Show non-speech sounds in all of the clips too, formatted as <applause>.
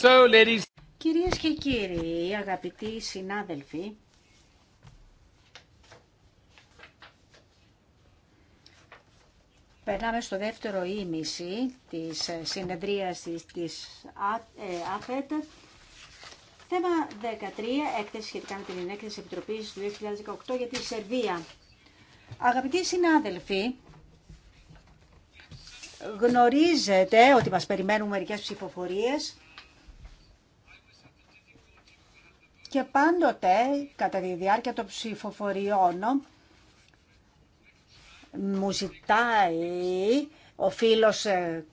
So, ladies... Κυρίες και κύριοι, αγαπητοί συνάδελφοι, περνάμε στο δεύτερο ήμιση της ε, συνεδρίασης της, ε, ΑΦΕΤ. Θέμα 13, έκθεση σχετικά με την έκθεση Επιτροπής του 2018 για τη Σερβία. Αγαπητοί συνάδελφοι, γνωρίζετε ότι μας περιμένουν μερικές ψηφοφορίες και πάντοτε κατά τη διάρκεια των ψηφοφοριών μου ζητάει ο φίλος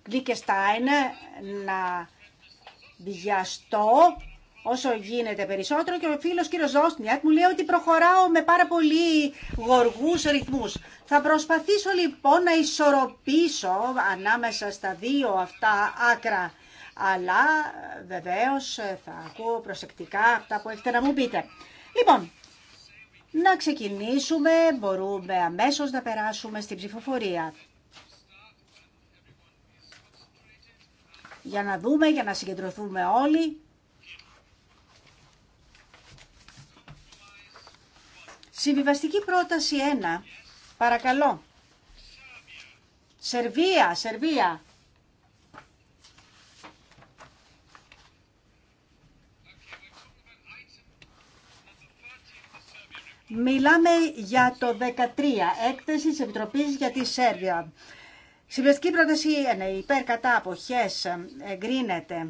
Κλίκεσταίν ε, να βιαστώ όσο γίνεται περισσότερο και ο φίλος κύριος Ζώστινιακ μου λέει ότι προχωράω με πάρα πολύ γοργούς ρυθμούς. Θα προσπαθήσω λοιπόν να ισορροπήσω ανάμεσα στα δύο αυτά άκρα αλλά βεβαίως θα ακούω προσεκτικά αυτά που έχετε να μου πείτε. Λοιπόν, να ξεκινήσουμε, μπορούμε αμέσως να περάσουμε στην ψηφοφορία. Για να δούμε, για να συγκεντρωθούμε όλοι. Συμβιβαστική πρόταση 1. Παρακαλώ. Σερβία, Σερβία. Μιλάμε για το 13, έκθεση της Επιτροπής για τη Σέρβια. Συμβιβαστική πρόταση 1. Υπέρ κατά αποχές εγκρίνεται.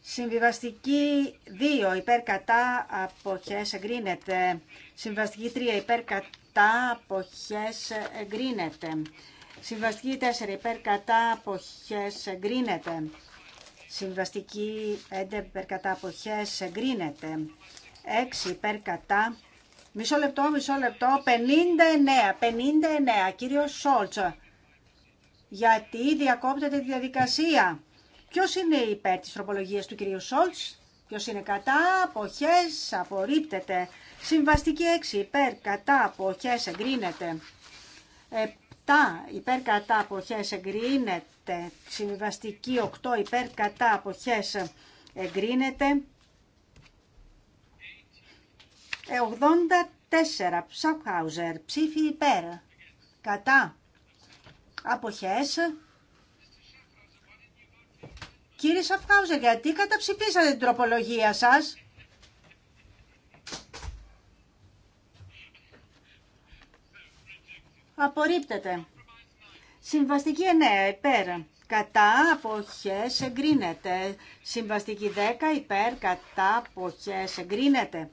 Συμβιβαστική 2. Υπέρ κατά αποχές εγκρίνεται. Συμβιβαστική 3. Υπέρ κατά αποχές εγκρίνεται. Συμβιβαστική 4. Υπέρ κατά αποχές εγκρίνεται. Συμβιβαστική 5. Υπέρ κατά αποχές εγκρίνεται. 6. Υπέρ κατά Μισό λεπτό, μισό λεπτό. 59, 59, κύριο Σόλτσα. Γιατί διακόπτεται τη διαδικασία. Ποιο είναι υπέρ τη τροπολογία του κυρίου Σόλτ, Ποιο είναι κατά, αποχές, απορρίπτεται. Συμβαστική 6, υπέρ, κατά, αποχές, εγκρίνεται. 7, υπέρ, κατά, αποχές, εγκρίνεται. Συμβαστική 8, υπέρ, κατά, αποχές, εγκρίνεται. 84. Σαφχάουζερ, Ψήφι υπέρ. Κατά. Αποχές. Κύριε Σαφχάουζερ, γιατί καταψηφίσατε την τροπολογία σας. Απορρίπτεται. Συμβαστική 9. Υπέρ. Κατά αποχές εγκρίνεται. Συμβαστική 10 υπέρ κατά αποχές εγκρίνεται.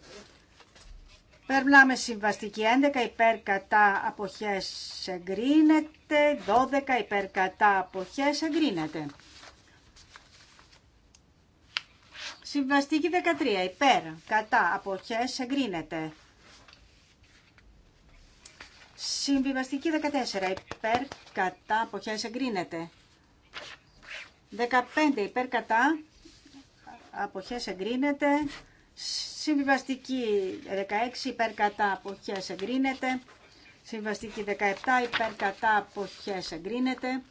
Περνάμε συμβαστική 11 υπέρ κατά αποχές εγκρίνεται, 12 υπέρ κατά αποχές εγκρίνεται. Συμβαστική 13 υπέρ κατά αποχές εγκρίνεται. Συμβιβαστική 14 υπέρ κατά αποχές εγκρίνεται. 15 υπέρ κατά αποχές εγκρίνεται. Συμβιβαστική 16 υπέρ κατά αποχές εγκρίνεται. Συμβαστική 17 υπέρ κατά αποχές εγκρίνεται.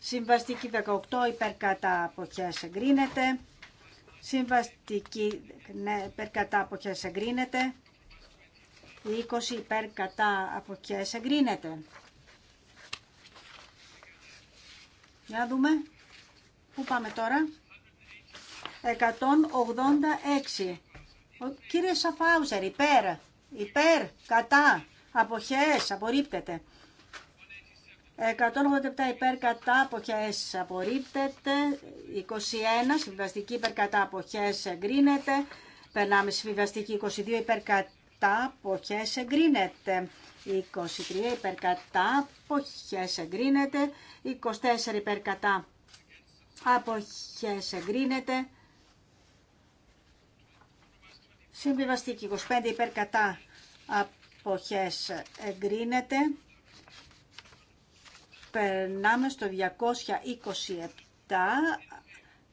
Συμβαστική 18 υπέρ κατά αποχές εγκρίνεται. Συμβαστική ναι, υπέρ κατά αποχές εγκρίνεται. 20 υπέρ κατά αποχές εγκρίνεται. Για να δούμε. Πού πάμε τώρα. 186 ο κύριε Σαφάουζερ, υπέρ, υπέρ, κατά, αποχές, απορρίπτεται. 187 υπέρ κατά αποχές απορρίπτεται, 21 συμβιβαστική υπέρ κατά αποχές εγκρίνεται, περνάμε συμβιβαστική 22 υπέρ κατά αποχές εγκρίνεται, 23 υπέρ κατά αποχές εγκρίνεται, 24 υπέρ κατά αποχές εγκρίνεται, Συμβιβαστική 25 υπέρ κατά αποχές εγκρίνεται. Περνάμε στο 227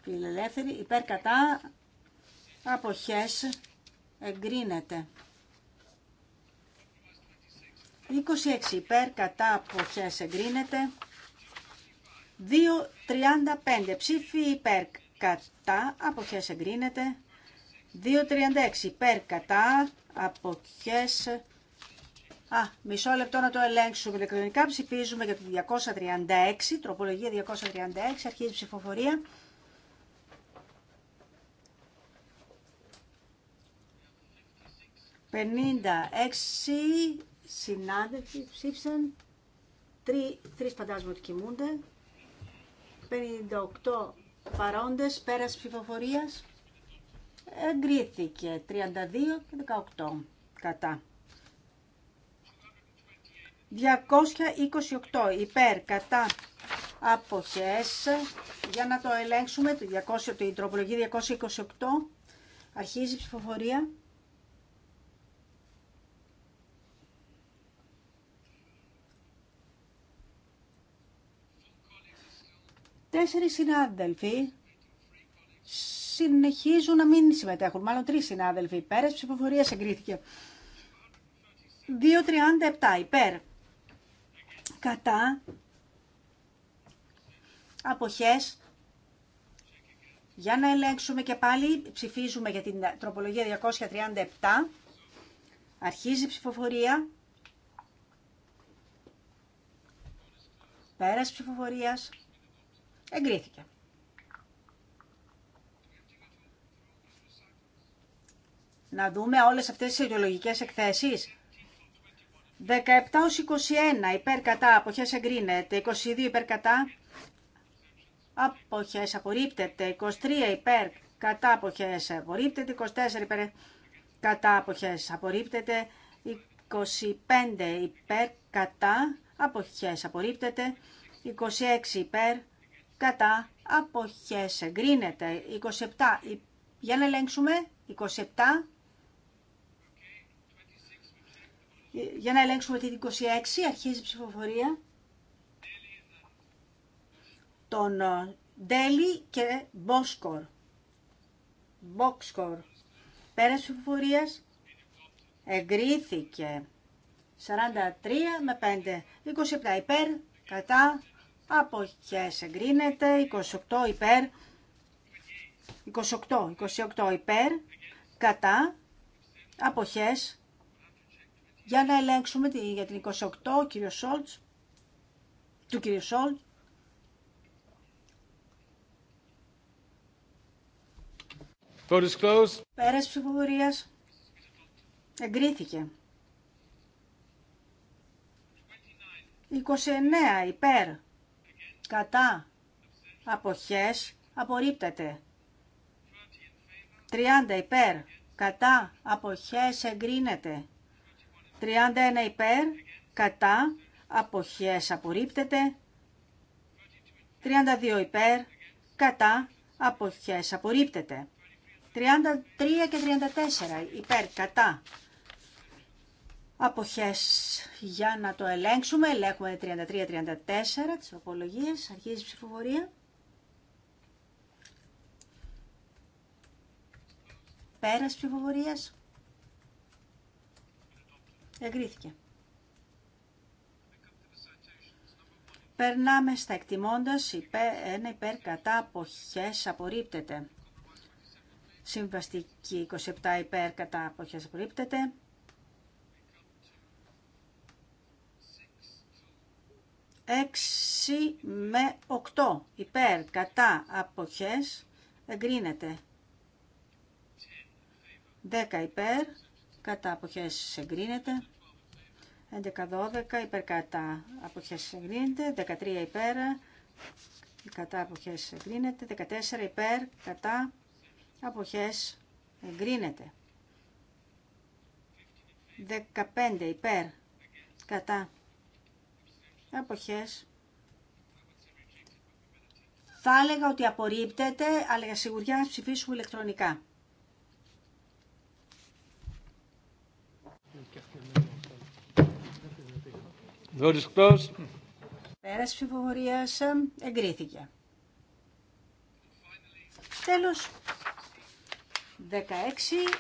φιλελεύθερη υπέρ κατά αποχές εγκρίνεται. 26 υπέρ κατά αποχές εγκρίνεται. 2.35 ψήφι υπέρ κατά αποχές εγκρίνεται. 2.36 υπέρ κατά αποχές Α, μισό λεπτό να το ελέγξουμε ηλεκτρονικά. Ψηφίζουμε για το 236, τροπολογία 236, αρχίζει η ψηφοφορία. 56 συνάδελφοι ψήφισαν, τρει, τρεις φαντάζομαι ότι κοιμούνται, 58 παρόντες πέρας ψηφοφορίας εγκρίθηκε 32 και 18 κατά. 228 υπέρ κατά αποχές. Για να το ελέγξουμε, το 200, το τροπολογία 228 αρχίζει η ψηφοφορία. Τέσσερις συνάδελφοι συνεχίζουν να μην συμμετέχουν. Μάλλον τρει συνάδελφοι υπέρ, Πέρασ ψηφοφορίας εγκρίθηκε. 2.37 υπέρ. Κατά. Αποχές. Για να ελέγξουμε και πάλι, ψηφίζουμε για την τροπολογία 237. Αρχίζει η ψηφοφορία. Πέρας ψηφοφορίας. Εγκρίθηκε. να δούμε όλες αυτές τις ιδεολογικές εκθέσεις. 17 ως 21 υπέρ κατά, αποχές εγκρίνεται. 22 υπέρ κατά, αποχές απορρίπτεται. 23 υπέρ κατά, αποχές απορρίπτεται. 24 υπέρ κατά, αποχές απορρίπτεται. 25 υπέρ κατά, αποχές απορρίπτεται. 26 υπέρ κατά, αποχές εγκρίνεται. 27 για να ελέγξουμε. 27 Για να ελέγξουμε την 26, αρχίζει η ψηφοφορία των ε, Ντέλη και Μπόσκορ. Μπόσκορ. Πέρας ψηφοφορίας εγκρίθηκε 43 με 5. 27 υπέρ, κατά, αποχές εγκρίνεται, 28 υπέρ, 28, 28 υπέρ, κατά, αποχές για να ελέγξουμε για την 28, ο του κύριου Σόλτ. Πέρας ψηφοφορίας εγκρίθηκε. 29 υπέρ, κατά, αποχές, απορρίπτεται. 30 υπέρ, κατά, αποχές, εγκρίνεται. 31 υπέρ, κατά, αποχές απορρίπτεται. 32 υπέρ, κατά, αποχές απορρίπτεται. 33 και 34 υπέρ, κατά, αποχές. Για να το ελέγξουμε, ελέγχουμε 33-34 τις απολογίες, αρχίζει η ψηφοφορία. Πέρας ψηφοφορίας. Εγκρίθηκε. Περνάμε στα εκτιμώντας, υπέ, ένα υπέρ κατά αποχές απορρίπτεται. Συμβαστική 27 υπέρ κατά αποχές απορρίπτεται. Έξι με 8 υπέρ κατά αποχές εγκρίνεται. 10 υπέρ κατά αποχές εγκρίνεται. 11-12 υπέρ κατά αποχές εγκρίνεται, 13 υπέρ κατά αποχές εγκρίνεται, 14 υπέρ κατά αποχές εγκρίνεται. 15 υπέρ κατά αποχές θα έλεγα ότι απορρίπτεται, αλλά για σιγουριά να ψηφίσουμε ηλεκτρονικά. Vote Πέρας ψηφοφορίας ε, εγκρίθηκε. Τέλος, 16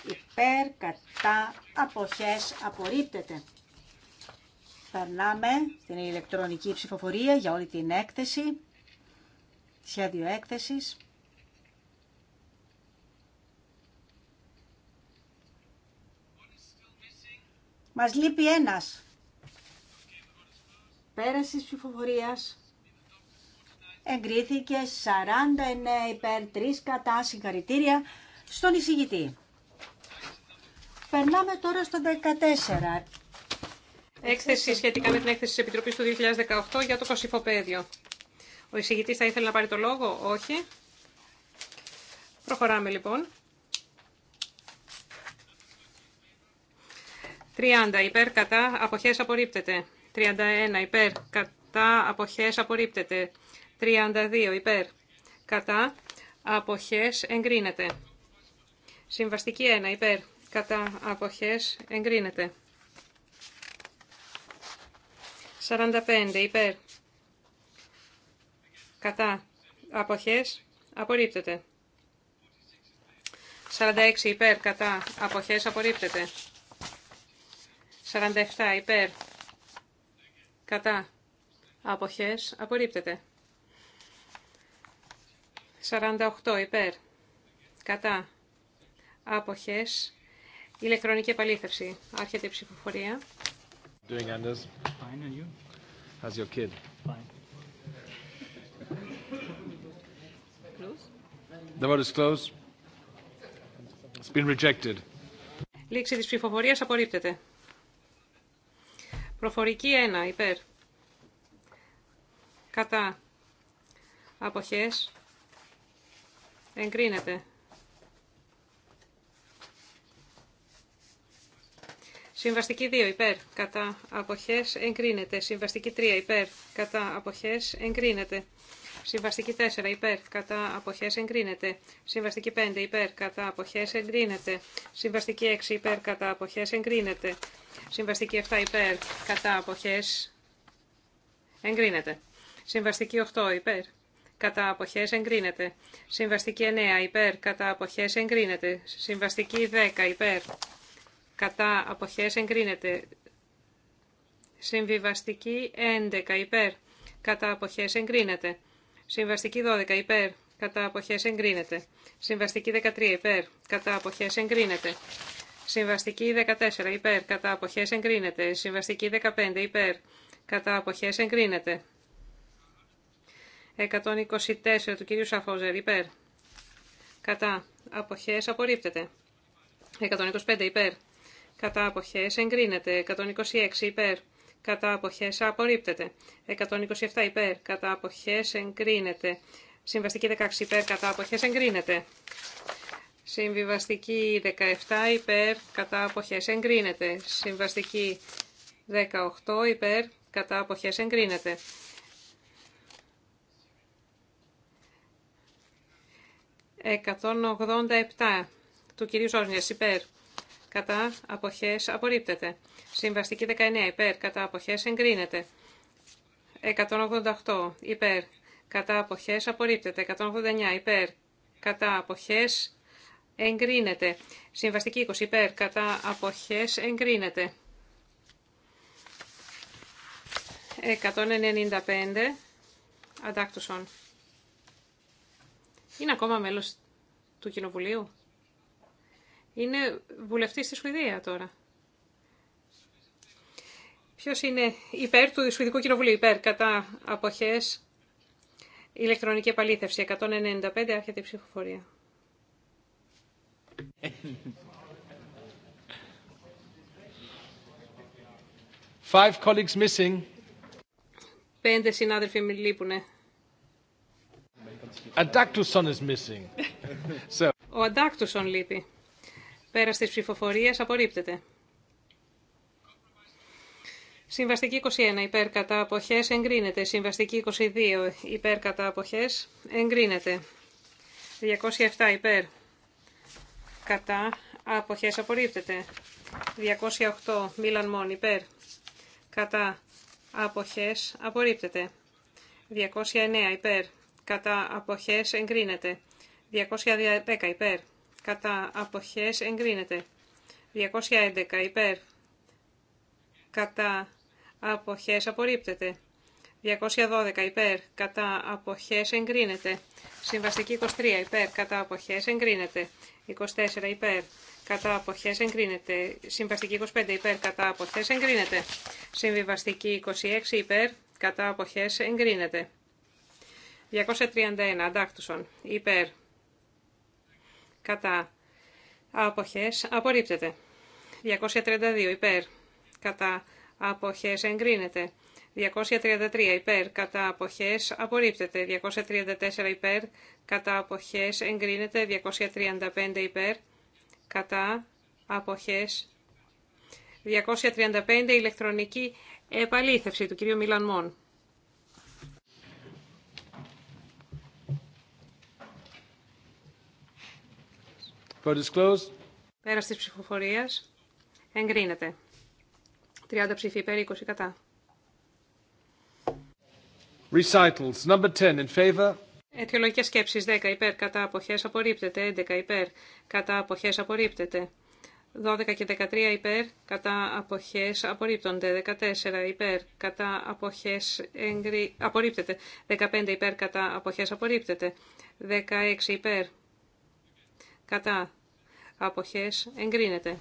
υπέρ κατά αποχές απορρίπτεται. Περνάμε στην ηλεκτρονική ψηφοφορία για όλη την έκθεση, σχέδιο έκθεσης. Μας λείπει ένας. Πέραση της εγκρίθηκε 49 υπέρ 3 κατά συγχαρητήρια στον εισηγητή. Περνάμε τώρα στο 14. Έκθεση σχετικά με την έκθεση τη Επιτροπής του 2018 για το κοσυφοπαίδιο. Ο εισηγητής θα ήθελε να πάρει το λόγο, όχι. Προχωράμε λοιπόν. 30 υπέρ κατά αποχές απορρίπτεται. 31 υπέρ κατά αποχές απορρίπτεται. 32 υπέρ κατά αποχές εγκρίνεται. Συμβαστική 1 υπέρ κατά αποχές εγκρίνεται. 45 υπέρ κατά αποχές απορρίπτεται. 46 υπέρ κατά αποχές απορρίπτεται. 47 υπέρ κατά αποχές απορρίπτεται. 48 υπέρ κατά αποχές ηλεκτρονική επαλήθευση. Άρχεται η ψηφοφορία. Doing Anders. Fine, and you? How's your kid? Fine. Close. The vote is closed. It's been rejected. Λήξη της ψηφοφορίας απορρίπτεται. Προφορική 1 υπέρ. Κατά. Αποχές. Εγκρίνεται. Συμβαστική 2 υπέρ. Κατά. Αποχές. Εγκρίνεται. Συμβαστική 3 υπέρ. Κατά. Αποχές. Εγκρίνεται. Συμβαστική 4 υπέρ κατά αποχές εγκρίνεται. Συμβαστική 5 υπέρ κατά αποχές εγκρίνεται. Συμβαστική 6 υπέρ κατά αποχές εγκρίνεται. Συμβαστική 7 υπέρ κατά αποχές εγκρίνεται. Συμβαστική 8 υπέρ κατά αποχές εγκρίνεται. Συμβαστική 9 υπέρ κατά αποχές εγκρίνεται. Συμβαστική 10 υπέρ κατά αποχές εγκρίνεται. Συμβιβαστική 11 υπέρ κατά αποχές εγκρίνεται. Συμβαστική 12 υπέρ κατά αποχές εγκρίνεται. Συμβαστική 13 υπέρ κατά αποχές εγκρίνεται. Συμβαστική 14 υπέρ κατά αποχές εγκρίνεται. Συμβαστική 15 υπέρ κατά αποχές εγκρίνεται. 124 του κυρίου Σαφόζερ υπέρ. Κατά αποχές απορρίπτεται. 125 υπέρ. Κατά αποχές εγκρίνεται. 126 υπέρ. Κατά αποχές απορρίπτεται. 127 υπέρ. Κατά αποχές εγκρίνεται. Συμβαστική 16 υπέρ. Κατά αποχές εγκρίνεται. Συμβιβαστική 17 υπέρ κατά αποχές εγκρίνεται. Συμβαστική 18 υπέρ κατά αποχές εγκρίνεται. «187» του κυρίου Ζόρνιας υπέρ κατά αποχές απορρίπτεται. Συμβαστική 19 υπέρ κατά αποχές εγκρίνεται. 188 υπέρ κατά αποχές απορρίπτεται. 189 υπέρ κατά αποχές εγκρίνεται. Συμβαστική 20 υπέρ κατά αποχές εγκρίνεται. 195 αντάκτουσον. Είναι ακόμα μέλος του Κοινοβουλίου. Είναι βουλευτής στη Σουηδία τώρα. Ποιος είναι υπέρ του Σουηδικού Κοινοβουλίου, υπέρ κατά αποχές ηλεκτρονική επαλήθευση. 195 άρχεται η ψηφοφορία. Five colleagues missing. Πέντε συνάδελφοι λείπουνε. Αντάκτουσον is missing. <laughs> so. Ο Αντάκτουσον λείπει. Πέρα στις ψηφοφορίες απορρίπτεται. Συμβαστική 21 υπέρ κατά αποχές εγκρίνεται. Συμβαστική 22 υπέρ κατά αποχές εγκρίνεται. 207 υπέρ κατά αποχές απορρίπτεται. 208 Μίλαν Μόν υπέρ κατά αποχές απορρίπτεται. 209 υπέρ κατά αποχές εγκρίνεται. 210 υπέρ κατά αποχές εγκρίνεται. 211 υπέρ κατά αποχές απορρίπτεται. 212 υπέρ κατά αποχές εγκρίνεται. Συμβαστική 23 υπέρ κατά αποχές εγκρίνεται. 24 υπέρ κατά αποχές εγκρίνεται. Συμβαστική 25 υπέρ κατά αποχές εγκρίνεται. Συμβιβαστική 26 υπέρ κατά αποχές εγκρίνεται. 231 αντάκτουσον υπέρ κατά αποχές απορρίπτεται. 232 υπέρ κατά αποχές εγκρίνεται. 233 υπέρ κατά αποχές απορρίπτεται. 234 υπέρ κατά αποχές εγκρίνεται. 235 υπέρ κατά αποχές. 235 ηλεκτρονική επαλήθευση του κυρίου Μίλαν Μόν. Πέρας της ψηφοφορίας εγκρίνεται. 30 ψηφί υπέρ 20 κατά. Recitals. Number 10. In favor. Αιτιολογικές σκέψεις 10 υπέρ κατά αποχές απορρίπτεται, 11 υπέρ κατά αποχές απορρίπτεται, 12 και 13 υπέρ κατά αποχές απορρίπτονται, 14 υπέρ κατά αποχές εγκρι... απορρίπτεται, 15 υπέρ κατά αποχές απορρίπτεται, 16 υπέρ κατά αποχές εγκρίνεται.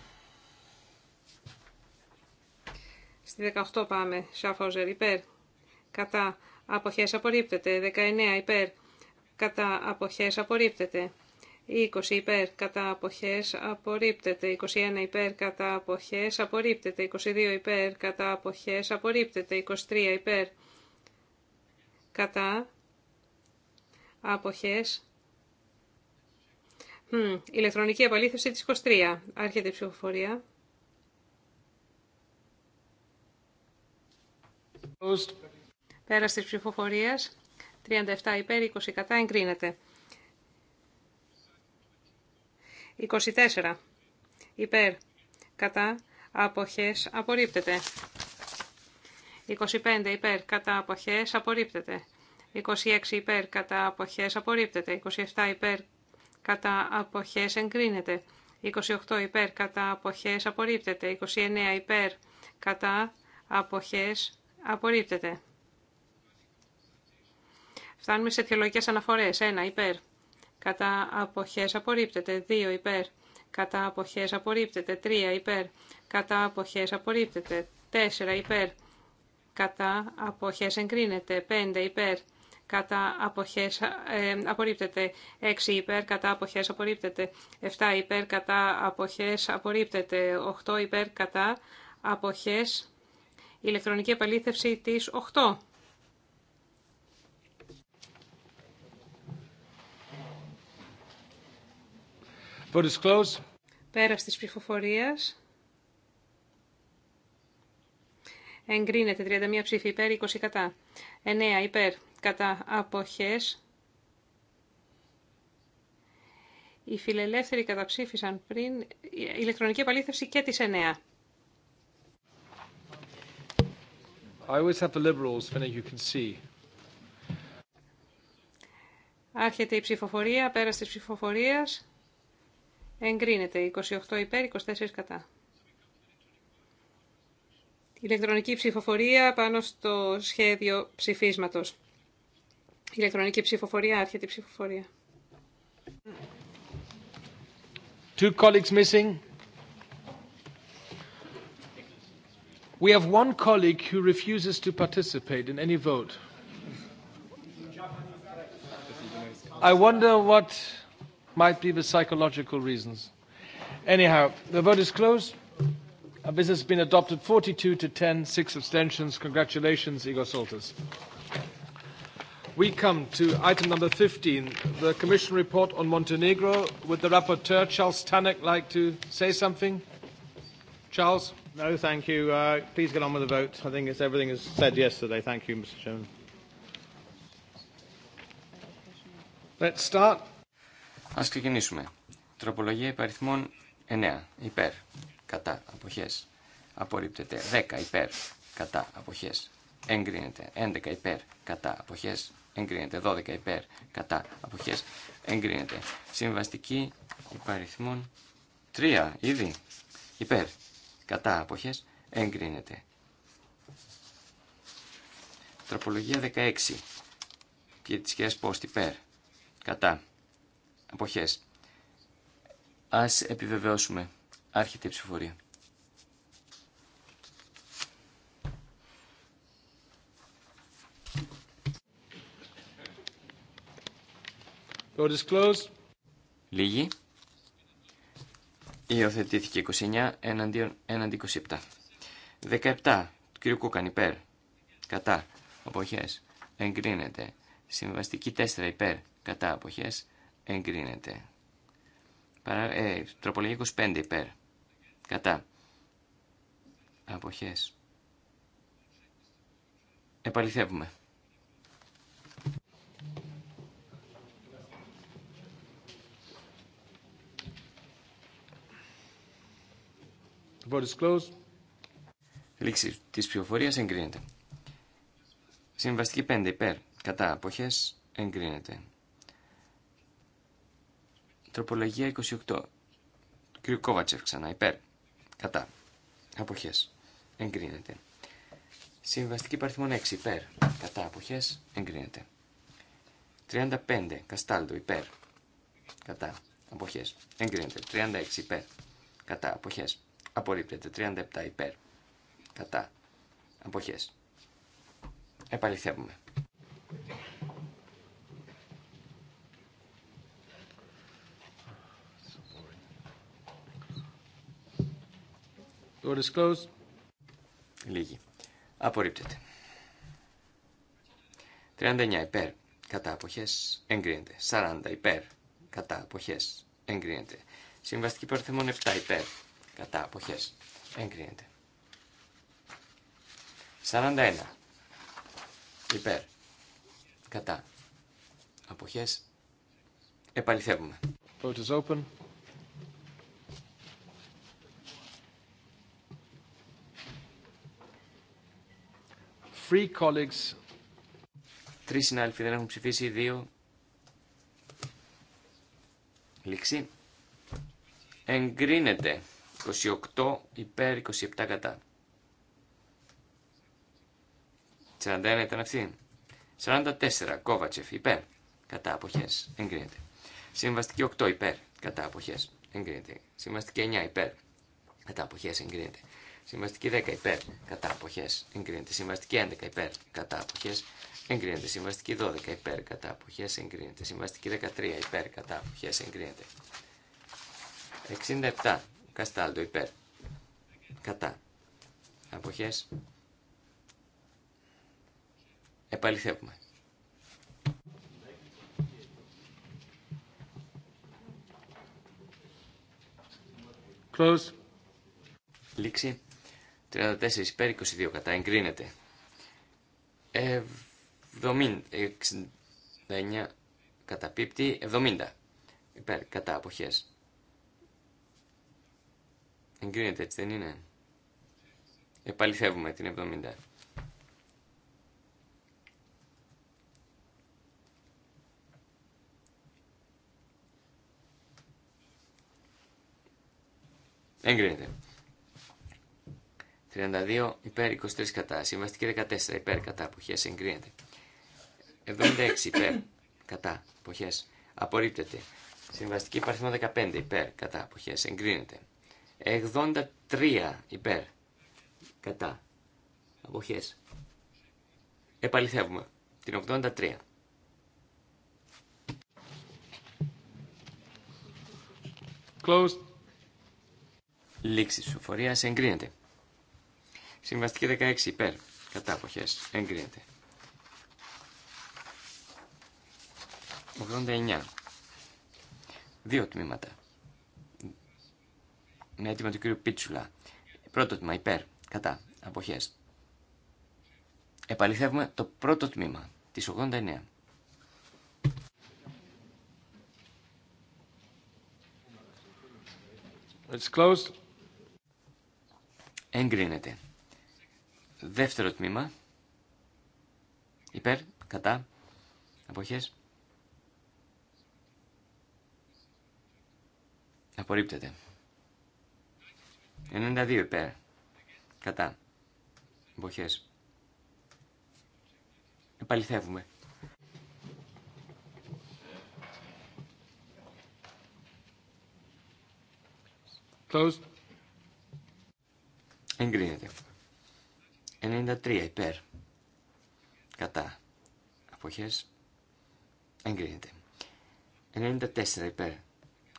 Στη 18 πάμε, Σαφόζερ υπέρ κατά αποχές απορρίπτεται. 19 υπέρ κατά αποχές απορρίπτεται. 20 υπέρ κατά αποχές απορρίπτεται, 21 υπέρ κατά αποχές απορρίπτεται, 22 υπέρ κατά αποχές απορρίπτεται, 23 υπέρ κατά αποχές. Ηλεκτρονική επαλήθευση της 23. Άρχεται η ψηφοφορία. Πέρα τη ψηφοφορία. 37 υπέρ, 20 κατά, εγκρίνεται. 24 υπέρ, κατά, αποχές, απορρίπτεται. 25 υπέρ, κατά, αποχές, απορρίπτεται. 26 υπέρ, κατά, αποχές, απορρίπτεται. 27 υπέρ, κατά, αποχές, εγκρίνεται. 28 υπέρ, κατά, αποχές, απορρίπτεται. 29 υπέρ, κατά, αποχές, απορρίπτεται. Φτάνουμε σε αιτιολογικές αναφορές. 1. Υπέρ. Κατά αποχές απορρίπτεται. 2. Υπέρ. Κατά αποχές απορρίπτεται. 3. Υπέρ. Κατά αποχές απορρίπτεται. 4. Υπέρ. Κατά αποχές εγκρίνεται. 5. Υπέρ. Κατά αποχές ε, απορρίπτεται. 6. Υπέρ. Κατά αποχές απορρίπτεται. 7. Υπέρ. Κατά αποχές απορρίπτεται. 8. Υπέρ. Κατά αποχές ηλεκτρονική επαλήθευση της 8. Πέρας της ψηφοφορίας. Εγκρίνεται 31 ψήφοι υπέρ, 20 κατά. 9 υπέρ, κατά αποχές. Οι φιλελεύθεροι καταψήφισαν πριν η ηλεκτρονική επαλήθευση και τις 9. have the liberals, you can see. Άρχεται η ψηφοφορία, πέρα της ψηφοφορίας. Εγκρίνεται. 28 υπέρ, 24 κατά. Ηλεκτρονική ψηφοφορία πάνω στο σχέδιο ψηφίσματος. Ηλεκτρονική ψηφοφορία, άρχεται η ψηφοφορία. Two colleagues what might be the psychological reasons. Anyhow, the vote is closed. This has been adopted 42 to 10, six abstentions. Congratulations, Igor Soltis. We come to item number 15, the Commission report on Montenegro. Would the rapporteur, Charles Tannock, like to say something? Charles? No, thank you. Please get on with the vote. I think it's everything is said yesterday. Thank you, Mr. Chairman. Let's start. Ας ξεκινήσουμε. Τροπολογία υπαριθμών 9. Υπέρ. Κατά. Αποχές. Απορρίπτεται. 10. Υπέρ. Κατά. Αποχές. Εγκρίνεται. 11. Υπέρ. Κατά. Αποχές. Εγκρίνεται. 12. Υπέρ. Κατά. Αποχές. Εγκρίνεται. Συμβαστική υπαριθμών 3. Ήδη. Υπέρ. Κατά. Αποχές. Εγκρίνεται. Τροπολογία 16. Και τις σχέσει Υπέρ. Κατά. Αποχές. Ας επιβεβαιώσουμε. Άρχεται η ψηφορία. Λίγη. Υιοθετήθηκε 29 εναντίον 27. 17. Του κ. Κούκαν υπέρ. Κατά. Αποχές. Εγκρίνεται. Συμβαστική 4 υπέρ. Κατά. Αποχές εγκρίνεται. Παρα... Ε, τροπολογία 25 υπέρ. Κατά. Αποχές. Επαληθεύουμε. Λήξη της ψηφοφορίας εγκρίνεται. Συμβαστική 5 υπέρ. Κατά. Αποχές εγκρίνεται. Τροπολογία 28. Κ. Κόβατσεφ ξανά υπέρ. Κατά. αποχέ. Εγκρίνεται. Συμβαστική παριθμόν 6 υπέρ. Κατά. Αποχές. Εγκρίνεται. 35. Καστάλτο υπέρ. Κατά. απόχέ. Εγκρίνεται. 36 υπέρ. Κατά. αποχέ. Απορρίπτεται. 37 υπέρ. Κατά. Αποχές. Επαληθεύουμε. Door is Λίγη. Απορρίπτεται. 39 υπέρ. Κατά αποχές εγκρίνεται. 40 υπέρ. Κατά αποχές εγκρίνεται. Συμβαστική προθεμόν 7 υπέρ. Κατά αποχές εγκρίνεται. 41 υπέρ. Κατά αποχές επαληθεύουμε. Vote is open. Τρεις συνάδελφοι δεν έχουν ψηφίσει, δύο. Λήξη. Εγκρίνεται. 28 υπέρ, 27 κατά. 41 ήταν αυτή. 44 Κόβατσεφ υπέρ. Κατά αποχές. Εγκρίνεται. Συμβαστική 8 υπέρ. Κατά αποχές. Εγκρίνεται. Συμβαστική 9 υπέρ. Κατά αποχές. Εγκρίνεται. Συμβαστική 10 υπέρ κατά αποχέ εγκρίνεται. Συμβαστική 11 υπέρ κατά αποχέ εγκρίνεται. Συμβαστική 12 υπέρ κατά αποχέ εγκρίνεται. Συμβαστική 13 υπέρ κατά αποχέ εγκρίνεται. 67 Καστάλτο υπέρ κατά αποχές επαληθεύουμε. Close. Λήξη. 34 υπέρ, 22 κατά, εγκρίνεται. 69 κατά πίπτη. 70 υπέρ, κατά, αποχές. Εγκρίνεται έτσι δεν είναι. Επαληθεύουμε την 70. Εγκρίνεται. 32 υπέρ 23 κατά. Συμβαστική 14 υπέρ κατά Αποχέ, εγκρίνεται. 76 υπέρ κατά Αποχέ, απορρίπτεται. Συμβαστική παρθμό 15 υπέρ κατά Αποχέ, εγκρίνεται. 83 υπέρ κατά αποχές. Επαληθεύουμε την 83. Closed. Λήξη ψηφοφορία εγκρίνεται. Συμβαστική 16 υπέρ. Κατά αποχές. Εγκρίνεται. 89. Δύο τμήματα. Με έτοιμα του κ. Πίτσουλα. Πρώτο τμήμα υπέρ. Κατά. Αποχές. Επαληθεύουμε το πρώτο τμήμα της 89. It's closed. Εγκρίνεται. Δεύτερο τμήμα. Υπέρ, κατά, αποχές. Απορρίπτεται. 92 υπέρ. Κατά. Αποχές. Επαληθεύουμε. Closed. Εγκρίνεται. 93 υπέρ. Κατά. Αποχές. Εγκρίνεται. 94 υπέρ.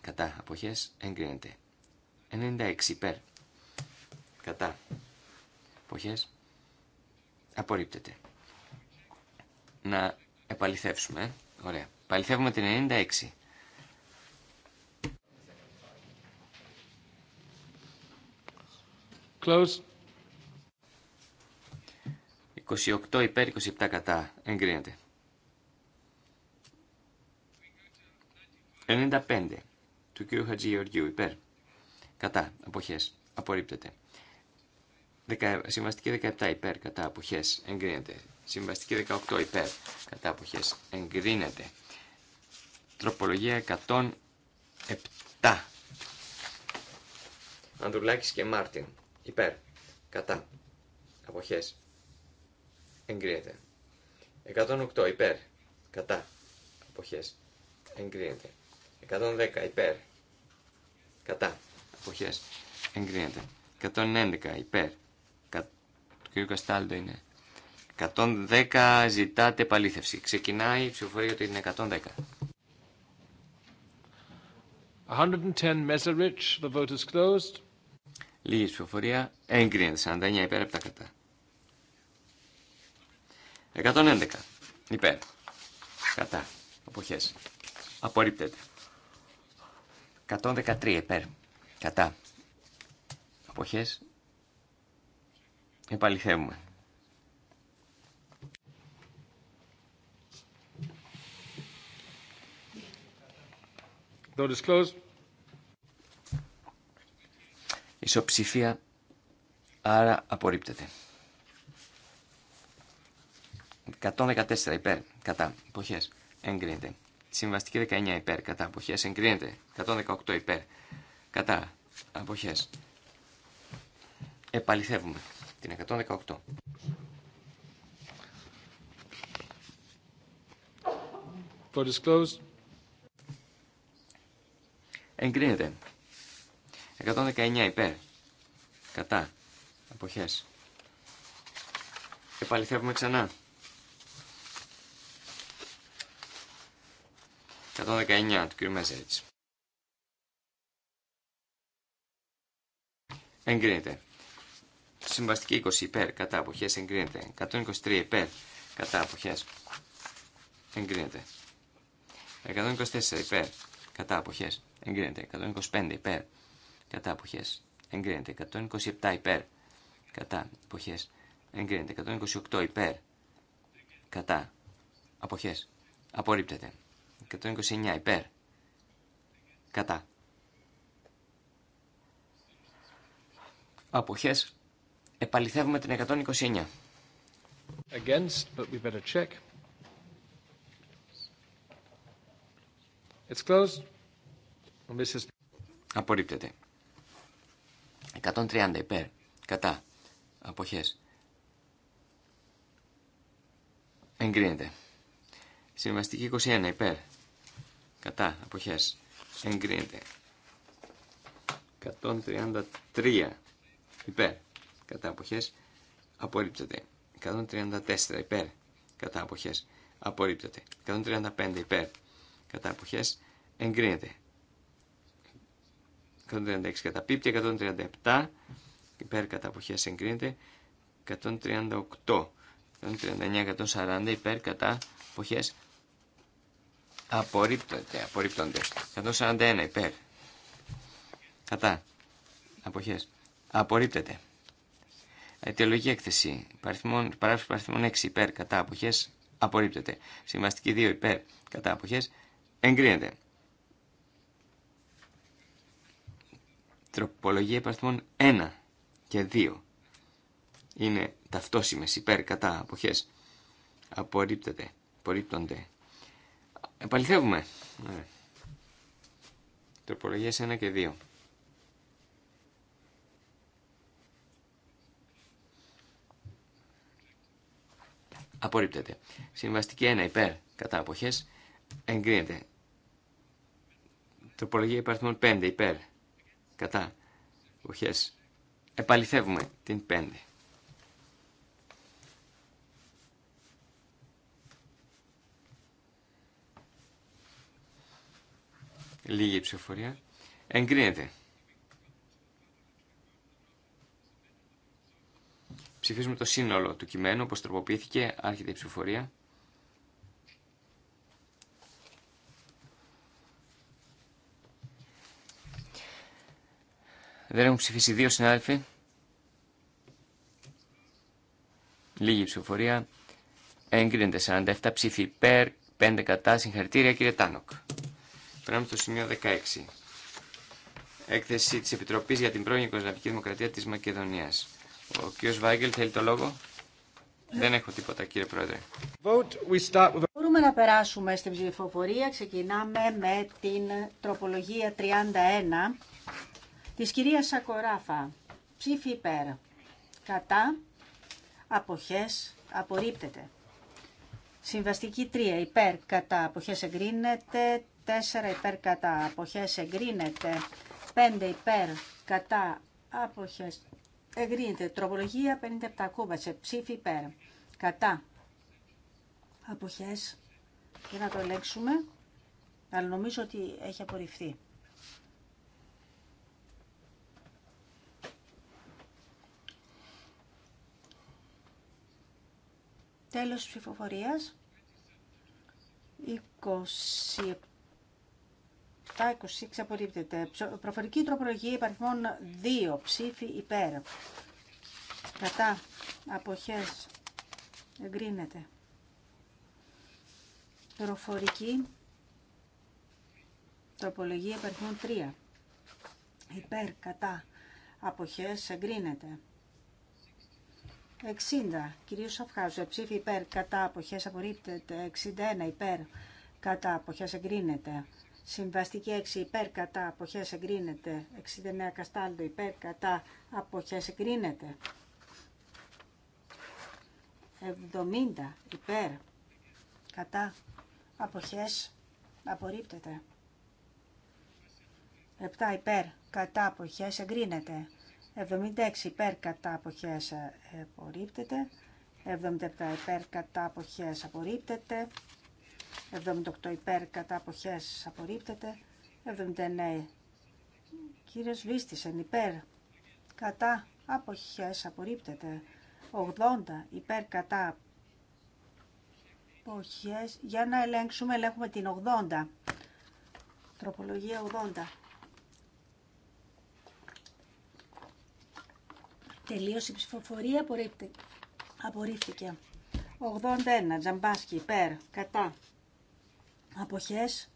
Κατά. Αποχές. Εγκρίνεται. 96 υπέρ. Κατά. Αποχές. Απορρίπτεται. Να επαληθεύσουμε. Ε. Ωραία. Επαληθεύουμε την 96. Close. 28 υπέρ 27 κατά. Εγκρίνεται. 95 του κ. Χατζηγεωργίου υπέρ. Κατά. Αποχές. Απορρίπτεται. Συμβαστική 17 υπέρ. Κατά. Αποχές. Εγκρίνεται. Συμβαστική 18 υπέρ. Κατά. Αποχές. Εγκρίνεται. Τροπολογία 107. Ανδρουλάκης και Μάρτιν. Υπέρ. Κατά. Αποχές εγκρίνεται. 108 υπέρ, κατά, Αποχέ. εγκρίνεται. 110 υπέρ, κατά, Αποχέ. εγκρίνεται. 111 υπέρ, κα... Το κ. Καστάλτο είναι. 110 ζητάτε επαλήθευση. Ξεκινάει η ψηφοφορία ότι είναι 110. 110 the vote closed. Λίγη ψηφοφορία, εγκρίνεται 49 υπέρ από τα κατά. 111. Υπέρ. Κατά. Αποχές. Απορρίπτεται. 113. Υπέρ. Κατά. Αποχές. Επαληθεύουμε. Ισοψηφία, άρα απορρίπτεται. 114 υπέρ, κατά, εποχέ εγκρίνεται. Συμβαστική 19 υπέρ, κατά, εποχέ εγκρίνεται. 118 υπέρ, κατά, εποχέ. Επαληθεύουμε την 118. Εγκρίνεται. 119 υπέρ. Κατά. Αποχές. Επαληθεύουμε ξανά. 119 του κ. Μέζεριτς. Εγκρίνεται. Συμβαστική 20 υπέρ κατά αποχές εγκρίνεται. 123 υπέρ κατά αποχέ. εγκρίνεται. 124 υπέρ κατά αποχές εγκρίνεται. 125 υπέρ κατά αποχές εγκρίνεται. 127 υπέρ κατά αποχές εγκρίνεται. 128 υπέρ κατά αποχές απορρίπτεται. 129 υπέρ. Κατά. Αποχές. Επαληθεύουμε την 129. Against, but we better check. It's closed. Απορρίπτεται. 130 υπέρ. Κατά. Αποχές. Εγκρίνεται. Συμβαστική 21 υπέρ. Κατά. Αποχές. Εγκρίνεται. 133 υπέρ. Κατά αποχές. Απορρίπτεται. 134 υπέρ. Κατά αποχές. Απορρίπτεται. 135 υπέρ. Κατά αποχές. Εγκρίνεται. 136 κατά πίπτη. 137 υπέρ. Κατά αποχές. Εγκρίνεται. 138. 139-140 υπέρ. Κατά αποχές. Απορρίπτονται, απορρίπτονται. 141 υπέρ. Κατά. Αποχές. Απορρίπτεται. Αιτιολογική έκθεση. Παράγραφος παριθμών 6 υπέρ. Κατά. Αποχές. Απορρίπτεται. Συμβαστική 2 υπέρ. Κατά. Αποχές. Εγκρίνεται. Τροπολογία παραθυμών 1 και 2 είναι ταυτόσιμες υπέρ κατά αποχές απορρίπτεται, απορρίπτονται Επαληθεύουμε. Ναι. Τροπολογίες 1 και 2. Απορρίπτεται. Συμβαστική 1 υπέρ κατά αποχές εγκρίνεται. Τροπολογία υπαρθμών 5 υπέρ κατά αποχές. Επαληθεύουμε την 5. Λίγη ψηφοφορία. Εγκρίνεται. Ψηφίζουμε το σύνολο του κειμένου, όπως τροποποιήθηκε, άρχεται η ψηφοφορία. Δεν έχουν ψηφίσει δύο συνάδελφοι. Λίγη ψηφοφορία. Εγκρίνεται 47 ψήφοι υπέρ, 5 κατά. Συγχαρητήρια κύριε Τάνοκ. Περνάμε στο σημείο 16. Έκθεση της Επιτροπής για την πρώην Οικοσλαβική Δημοκρατία της Μακεδονίας. Ο κ. Βάγκελ θέλει το λόγο. Δεν έχω τίποτα κύριε Πρόεδρε. Μπορούμε να περάσουμε στην ψηφοφορία. Ξεκινάμε με την τροπολογία 31 της κυρίας Σακοράφα. Ψήφι υπέρ. Κατά. Αποχές. Απορρίπτεται. Συμβαστική 3. Υπέρ. Κατά. Αποχές εγκρίνεται. 4 υπέρ κατά αποχές εγκρίνεται. 5 υπέρ κατά αποχές εγκρίνεται. Τροπολογία 57 σε Ψήφι υπέρ κατά αποχές. Για να το ελέγξουμε. Αλλά νομίζω ότι έχει απορριφθεί. Τέλος ψηφοφορίας. 27 τα 26 απορρίπτεται. Προφορική τροπολογία υπαριθμών 2. Ψήφι υπέρ. Κατά. Αποχές. Εγκρίνεται. Προφορική τροπολογία υπαριθμών 3. Υπέρ. Κατά. Αποχές. Εγκρίνεται. 60. κυρίω αυχάζω. Ψήφι υπέρ. Κατά. Αποχές. Απορρίπτεται. 61. Υπέρ. Κατά. Αποχές. Εγκρίνεται. Συμβαστική 6 υπέρ κατά αποχές εγκρίνεται. 69 Καστάλτο υπέρ κατά αποχές εγκρίνεται. 70 υπέρ κατά αποχές απορρίπτεται. 7 υπέρ κατά αποχές εγκρίνεται. 76 ε, υπέρ κατά αποχές απορρίπτεται. 77 υπέρ κατά αποχές απορρίπτεται. 78 υπέρ κατά αποχές απορρίπτεται. 79 Κύριε Βίστησεν υπέρ κατά αποχές απορρίπτεται. 80 υπέρ κατά αποχές. Για να ελέγξουμε, ελέγχουμε την 80. Τροπολογία 80. Τελείωσε η ψηφοφορία, απορρίφθηκε. 81, τζαμπάσκι, υπέρ, κατά, αποχές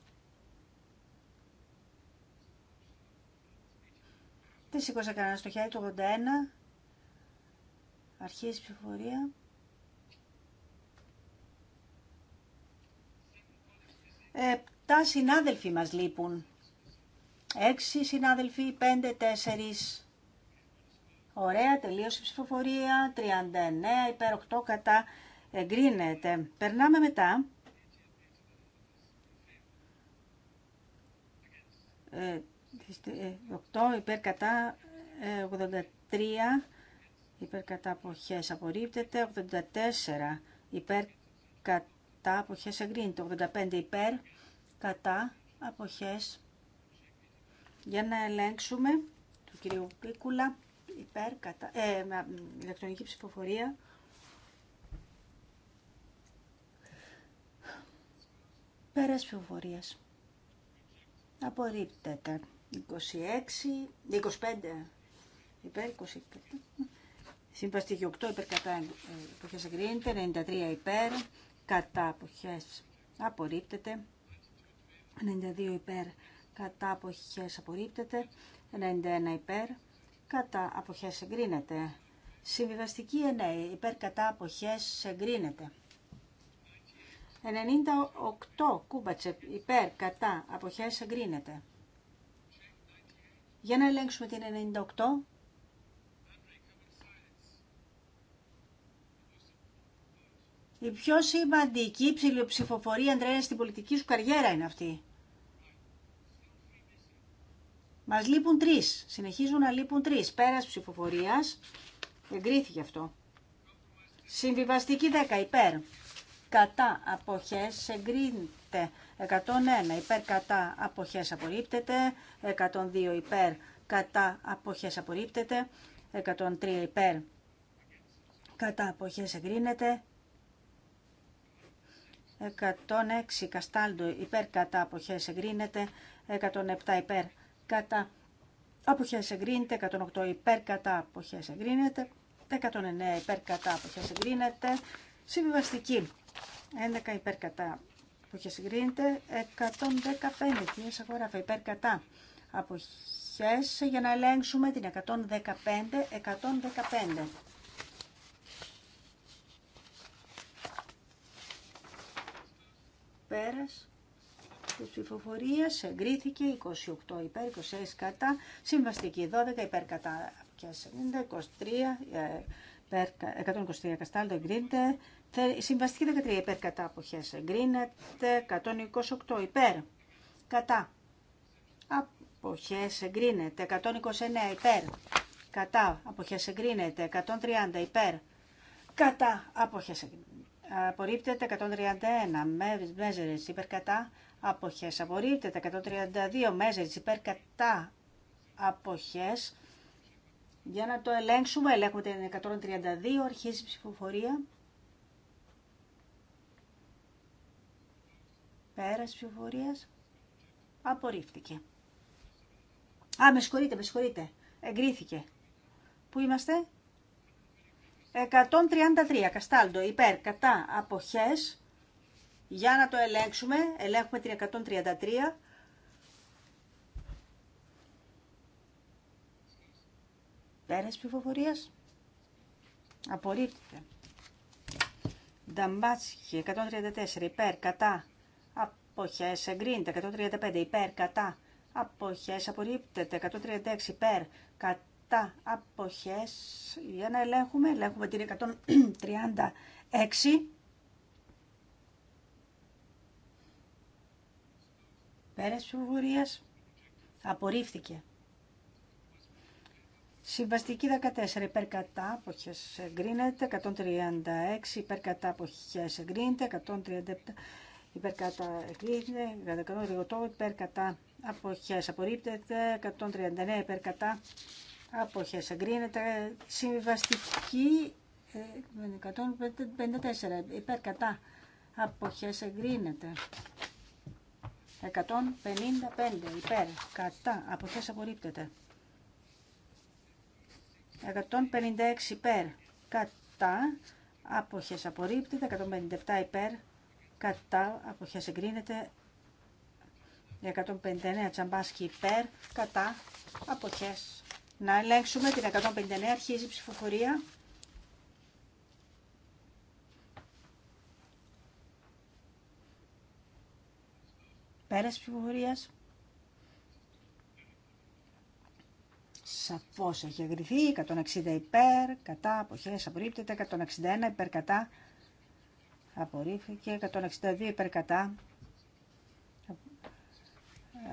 τι σήκωσε κανένα στο χέρι του 81 αρχίζει η ψηφοφορία Επτά συνάδελφοι μας λείπουν. Έξι συνάδελφοι, πέντε, τέσσερις. Ωραία, τελείωσε η ψηφοφορία. 39 υπέρ 8 κατά εγκρίνεται. Περνάμε μετά 8 ε, ε, υπέρ κατά 83 ε, υπέρ κατά αποχές απορρίπτεται 84 υπέρ κατά αποχές εγκρίνεται 85 υπέρ κατά αποχές για να ελέγξουμε του κυρίου Πίκουλα υπέρ κατά με ηλεκτρονική ψηφοφορία πέρας ψηφοφορίας απορρίπτεται. 26, 25 υπέρ, 25. Συμβαστική 8 υπέρ κατά εποχές εγκρίνεται, 93 υπέρ, κατά αποχές απορρίπτεται, 92 υπέρ, κατά αποχές απορρίπτεται, 91 υπέρ, κατά αποχές εγκρίνεται. Συμβιβαστική 9 υπέρ κατά αποχές εγκρίνεται. 98 κούμπατσεπ υπέρ κατά αποχές εγκρίνεται. Για να ελέγξουμε την 98. Η πιο σημαντική ψηλοψηφοφορία, Αντρέα, στην πολιτική σου καριέρα είναι αυτή. Μας λείπουν τρεις. Συνεχίζουν να λείπουν τρεις. Πέρας ψηφοφορίας. Εγκρίθηκε αυτό. Συμβιβαστική 10 υπέρ κατά αποχές εγκρίνεται 101 υπέρ κατά αποχές απορρίπτεται 102 υπέρ κατά αποχές απορρίπτεται 103 υπέρ κατά αποχές εγκρίνεται 106 Καστάλντο υπέρ κατά αποχές εγκρίνεται 107 υπέρ κατά αποχές εγκρίνεται 108 υπέρ κατά αποχές εγκρίνεται 109 υπέρ κατά αποχές εγκρίνεται συμβιβαστική 11 υπέρ κατά αποχές εγκρίνεται. 115 κυρίε αγοράφα υπέρ κατά αποχές για να ελέγξουμε την 115. 115. Πέρας της ψηφοφορίας εγκρίθηκε 28 υπέρ, 26 κατά, συμβαστική 12 υπέρ κατά και 90, 23, 123 καστάλτο εγκρίνεται, Συμβαστική 13 υπέρ κατά αποχές εγκρίνεται. 128 υπέρ κατά αποχές εγκρίνεται. 129 υπέρ κατά αποχές εγκρίνεται. 130 υπέρ κατά αποχές εγκρίνεται. Απορρίπτεται 131 μέζερες υπέρ κατά αποχές. Απορρίπτεται 132 μέζερες υπέρ κατά αποχές. Για να το ελέγξουμε, ελέγχουμε την 132, αρχίζει η ψηφοφορία. Πέρας ψηφοφορίας. Απορρίφθηκε. Α, με συγχωρείτε, με συγχωρείτε. Εγκρίθηκε. Πού είμαστε? 133. Καστάλτο Υπέρ. Κατά. Αποχές. Για να το ελέγξουμε. Ελέγχουμε την 133. Πέρας ψηφοφορίας. Απορρίφθηκε. Νταμπάτσικη. 134. Υπέρ. Κατά αποχές εγκρίνεται 135 υπέρ κατά αποχές απορρίπτεται 136 υπέρ κατά αποχές για να ελέγχουμε ελέγχουμε την 136 τη της απορρίφθηκε Συμβαστική 14 υπέρ κατά αποχές εγκρίνεται, 136 υπέρ κατά αποχές εγκρίνεται, 137 υπέρ κατά εγκρίνεται, λιγοτό, υπέρ κατά αποχές απορρίπτεται, 139 υπέρ κατά αποχές εγκρίνεται, συμβιβαστική 154 υπέρ κατά αποχές εγκρίνεται. 155 υπέρ κατά αποχές απορρίπτεται. 156 υπέρ κατά αποχές απορρίπτεται. 157 υπέρ κατά αποχές εγκρίνεται 159 τσαμπάσκι υπέρ κατά αποχές να ελέγξουμε την 159 αρχίζει η ψηφοφορία πέρας ψηφοφορίας σαφώς έχει αγριθεί, 160 υπέρ κατά αποχές απορρίπτεται 161 υπέρ κατά απορρίφθηκε 162 υπερκατά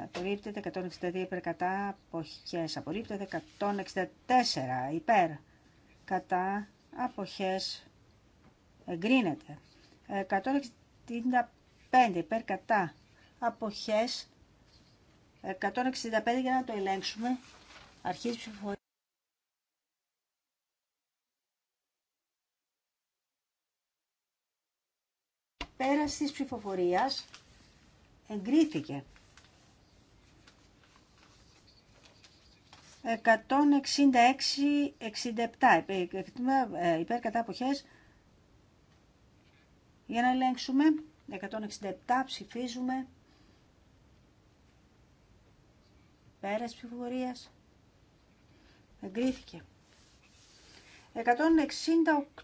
απορρίπτεται 162 υπερκατά αποχές απορρίπτεται 164 υπέρ κατά αποχές εγκρίνεται 165 υπέρ κατά αποχές 165 για να το ελέγξουμε αρχής ψηφοφορία Πέρας της ψηφοφορίας εγκρίθηκε. 166-67 ε, υπέρ κατά για να ελέγξουμε 167 ψηφίζουμε πέρας ψηφοφορίας εγκρίθηκε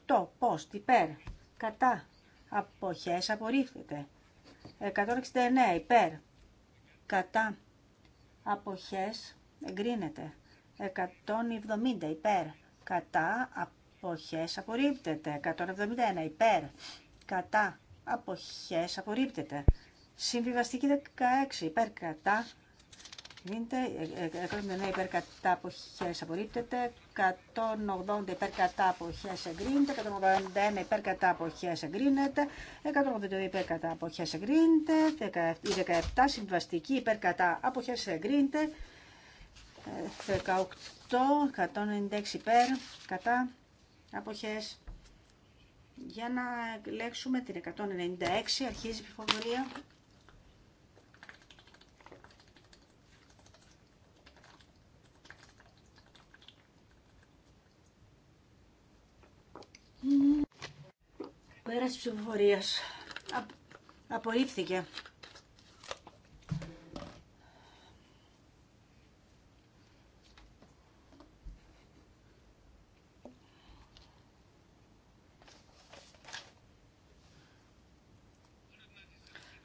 168 πώς υπέρ κατά αποχές απορρίφθηκε. 169 υπέρ κατά αποχές εγκρίνεται. 170 υπέρ κατά αποχές απορρίπτεται. 171 υπέρ κατά αποχές απορρίπτεται. Συμβιβαστική 16 υπέρ κατά 179 ε, ε, υπέρ κατά αποχές απορρίπτεται, 180 υπέρ κατά αποχές εγκρίνεται, 181 υπέρ κατά αποχές εγκρίνεται, 182 υπέρ κατά αποχές εγκρίνεται, 17 συμβαστική υπέρ κατά αποχές εγκρίνεται, 18, ε, 196 υπέρ κατά αποχές για να ελέγξουμε την 196 αρχίζει η ψηφοφορία. Πέρας ψηφοφορίας. Απολύφθηκε.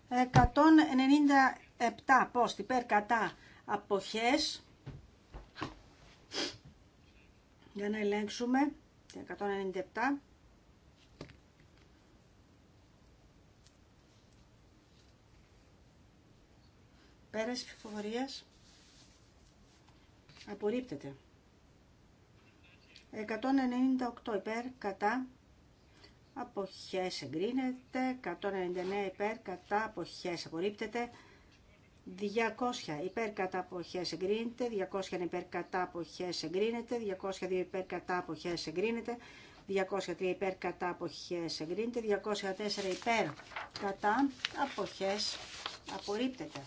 Εκατόν ενενήντα πώς υπέρ κατά αποχές για να ελέγξουμε 197 Πέρας ψηφοφορίας. Απορρίπτεται. 198 υπέρ κατά αποχές εγκρίνεται. 199 υπέρ κατά αποχές απορρίπτεται. 200 υπέρ κατά αποχές εγκρίνεται. 200 υπέρ κατά αποχές εγκρίνεται. 202 υπέρ κατά αποχές εγκρίνεται. 203 υπέρ κατά αποχές εγκρίνεται, 204 υπέρ κατά αποχές απορρίπτεται.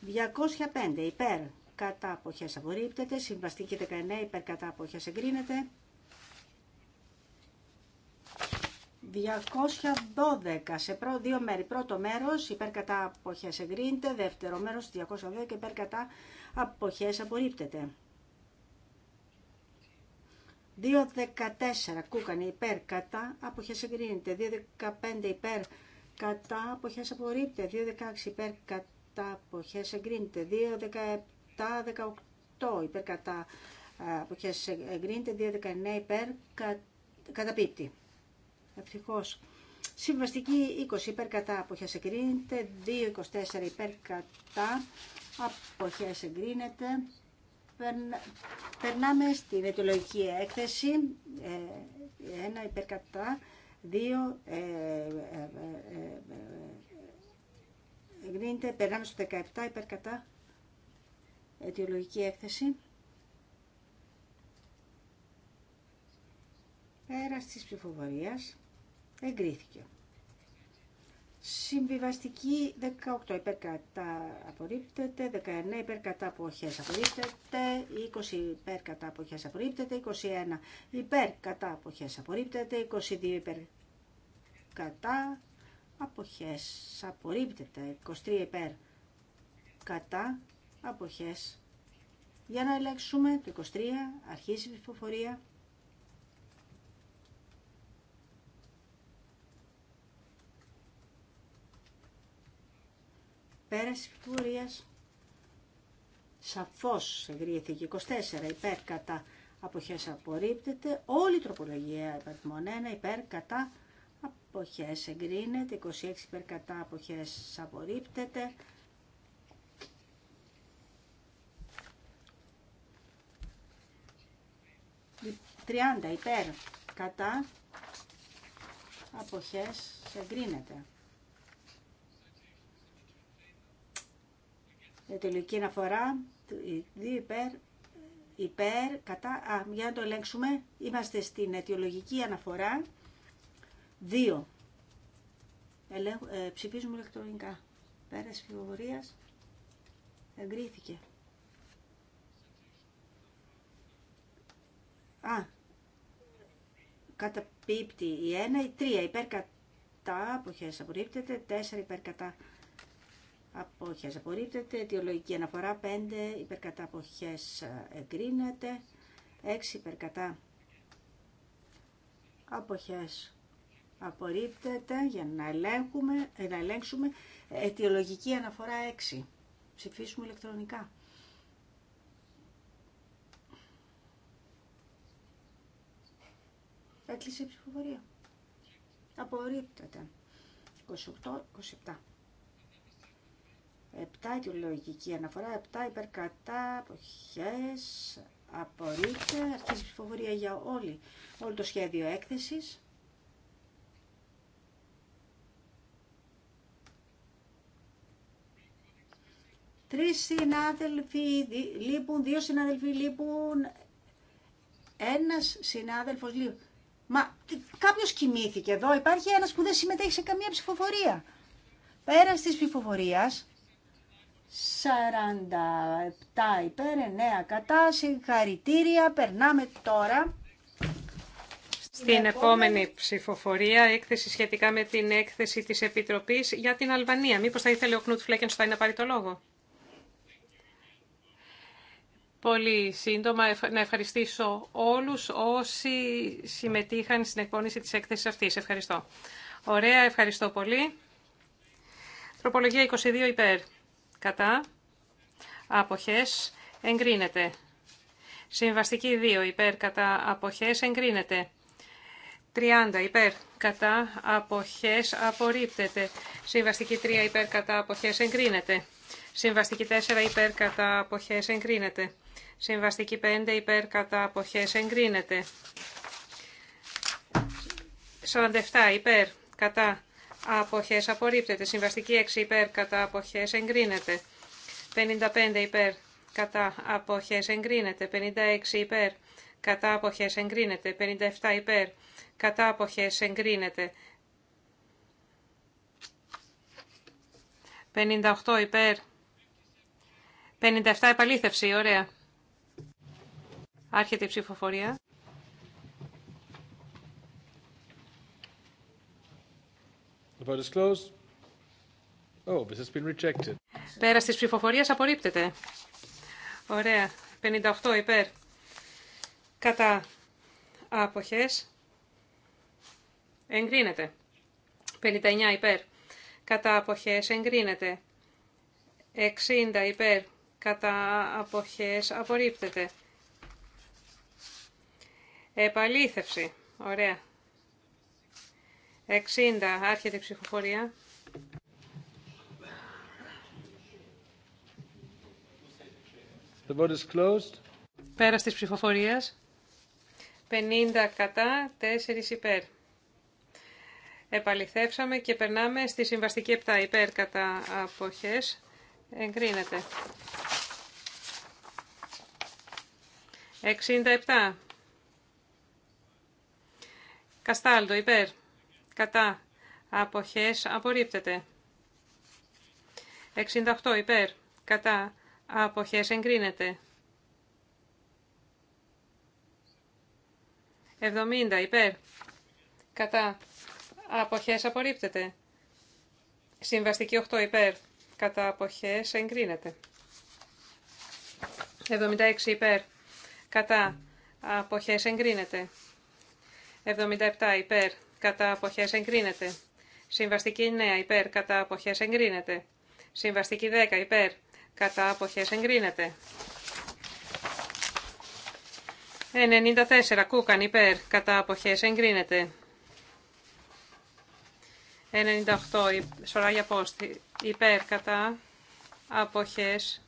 205 υπέρ κατά αποχές απορρίπτεται. Συμβαστική 19 υπέρ κατά αποχές εγκρίνεται. 212 σε πρώτο δύο μέρη. Πρώτο μέρος υπέρ κατά αποχές εγκρίνεται. Δεύτερο μέρος 212 υπέρ κατά αποχές απορρίπτεται. 2.14 κούκανε υπέρ κατά αποχές εγκρίνεται, 2.15 υπέρ κατά αποχές απορρίπτεται, 2.16 υπέρ κατά τα αποχές εγκρίνεται. 2, 17, 18 υπέρ κατά αποχές εγκρίνεται. 2, 19 υπέρ κα, καταπίπτει. Ευτυχώς. Συμβαστική 20 υπέρ κατά αποχές εγκρίνεται. 2, 24 υπέρ κατά αποχές εγκρίνεται. Περνάμε στην αιτιολογική έκθεση. 1 ε, υπερκατά, δύο ε, ε, ε, ε, ε Εγκρίνεται. Περνάμε στο 17 υπέρ αιτιολογική έκθεση. Πέρας της ψηφοφορίας εγκρίθηκε. Συμβιβαστική 18 υπέρ απορρίπτεται, 19 υπέρ κατά αποχές απορρίπτεται, 20 υπέρκατα κατά αποχές απορρίπτεται, 21 υπέρ κατά αποχές απορρίπτεται, 22 υπέρ κατά αποχές απορρίπτεται 23 υπέρ κατά αποχές για να ελέγξουμε το 23 αρχίζει η ψηφοφορία πέραση ψηφοφορίας σαφώς εγκρίθηκε 24 υπέρ κατά αποχές απορρίπτεται όλη η τροπολογία 1 υπέρ κατά αποχές εγκρίνεται, 26 υπέρ κατά αποχές απορρίπτεται. τριάντα 30 υπέρ κατά αποχές εγκρίνεται. Η αναφορά, 2 υπέρ, υπέρ, κατά, α, για να το ελέγξουμε, είμαστε στην αιτιολογική αναφορά. Δύο, ε, ψηφίζουμε ηλεκτρονικά. Πέρας ψηφοφορίας εγκρίθηκε. Α, καταπίπτει η ένα, η τρία υπέρ κατά αποχές απορρίπτεται, τέσσερα υπέρ κατά αποχές απορρίπτεται, αιτιολογική αναφορά πέντε υπέρ κατά αποχές ε, εγκρίνεται, έξι υπέρ κατά αποχές απορρίπτεται για να, ελέγχουμε, ε, να ελέγξουμε αιτιολογική αναφορά 6. Ψηφίσουμε ηλεκτρονικά. Έκλεισε η ψηφοφορία. Απορρίπτεται. 28-27. 7 αιτιολογική αναφορά, 7 υπερκατά, αποχές, απορρίπτεται. Αρχίζει η ψηφοφορία για όλη, όλο το σχέδιο έκθεσης. Τρεις συνάδελφοι λείπουν, δύο συνάδελφοι λείπουν, ένας συνάδελφος λείπουν. Μα κάποιος κοιμήθηκε εδώ, υπάρχει ένας που δεν συμμετέχει σε καμία ψηφοφορία. Πέρα της ψηφοφορίας, 47 υπέρ, 9 κατά, συγχαρητήρια, περνάμε τώρα. Στην επόμενη ψηφοφορία, έκθεση σχετικά με την έκθεση της Επιτροπής για την Αλβανία. Μήπως θα ήθελε ο Κνούτ Φλέκενστάιν να πάρει το λόγο. Πολύ σύντομα να ευχαριστήσω όλους όσοι συμμετείχαν στην εκπόνηση της έκθεσης αυτής. Ευχαριστώ. Ωραία, ευχαριστώ πολύ. Τροπολογία 22 υπέρ. Κατά. Αποχές. Εγκρίνεται. Συμβαστική 2 υπέρ. Κατά. Αποχές. Εγκρίνεται. 30 υπέρ. Κατά. Αποχές. Απορρίπτεται. Συμβαστική 3 υπέρ. Κατά. Αποχές. Εγκρίνεται. Συμβαστική 4 υπέρ. Κατά. Αποχές. Εγκρίνεται. Συμβαστική 5 υπέρ κατά αποχές εγκρίνεται. 47 υπέρ κατά αποχές απορρίπτεται. Συμβαστική 6 υπέρ κατά αποχές εγκρίνεται. 55 υπέρ κατά αποχές εγκρίνεται. 56 υπέρ κατά αποχές εγκρίνεται. 57 υπέρ κατά αποχές εγκρίνεται. 58 υπέρ. 57 επαλήθευση, ωραία. Άρχεται η ψηφοφορία. The vote is closed. Oh, this has been rejected. Πέρα στις ψηφοφορίες απορρίπτεται. Ωραία. 58 υπέρ. Κατά άποχες. Εγκρίνεται. 59 υπέρ. Κατά αποχές εγκρίνεται. 60 υπέρ. Κατά αποχές απορρίπτεται. Επαλήθευση. Ωραία. 60. Άρχεται η ψηφοφορία. The τη ψηφοφορία closed. ψηφοφορίας. 50 κατά, 4 υπέρ. Επαληθεύσαμε και περνάμε στη συμβαστική 7 υπέρ κατά αποχές. Εγκρίνεται. 67 Καστάλτο υπέρ. Κατά. Αποχές απορρίπτεται. 68 υπέρ. Κατά. Αποχές εγκρίνεται. 70 υπέρ. Κατά. Αποχές απορρίπτεται. Συμβαστική 8 υπέρ. Κατά αποχές εγκρίνεται. 76 υπέρ. Κατά αποχές εγκρίνεται. 77 υπέρ κατά αποχέ εγκρίνεται. Συμβαστική 9 υπέρ κατά αποχέ εγκρίνεται. Συμβαστική 10 υπέρ κατά αποχέ εγκρίνεται. 94 κούκαν υπέρ κατά αποχέ εγκρίνεται. 98 σωράγια πόστη υπέρ κατά αποχές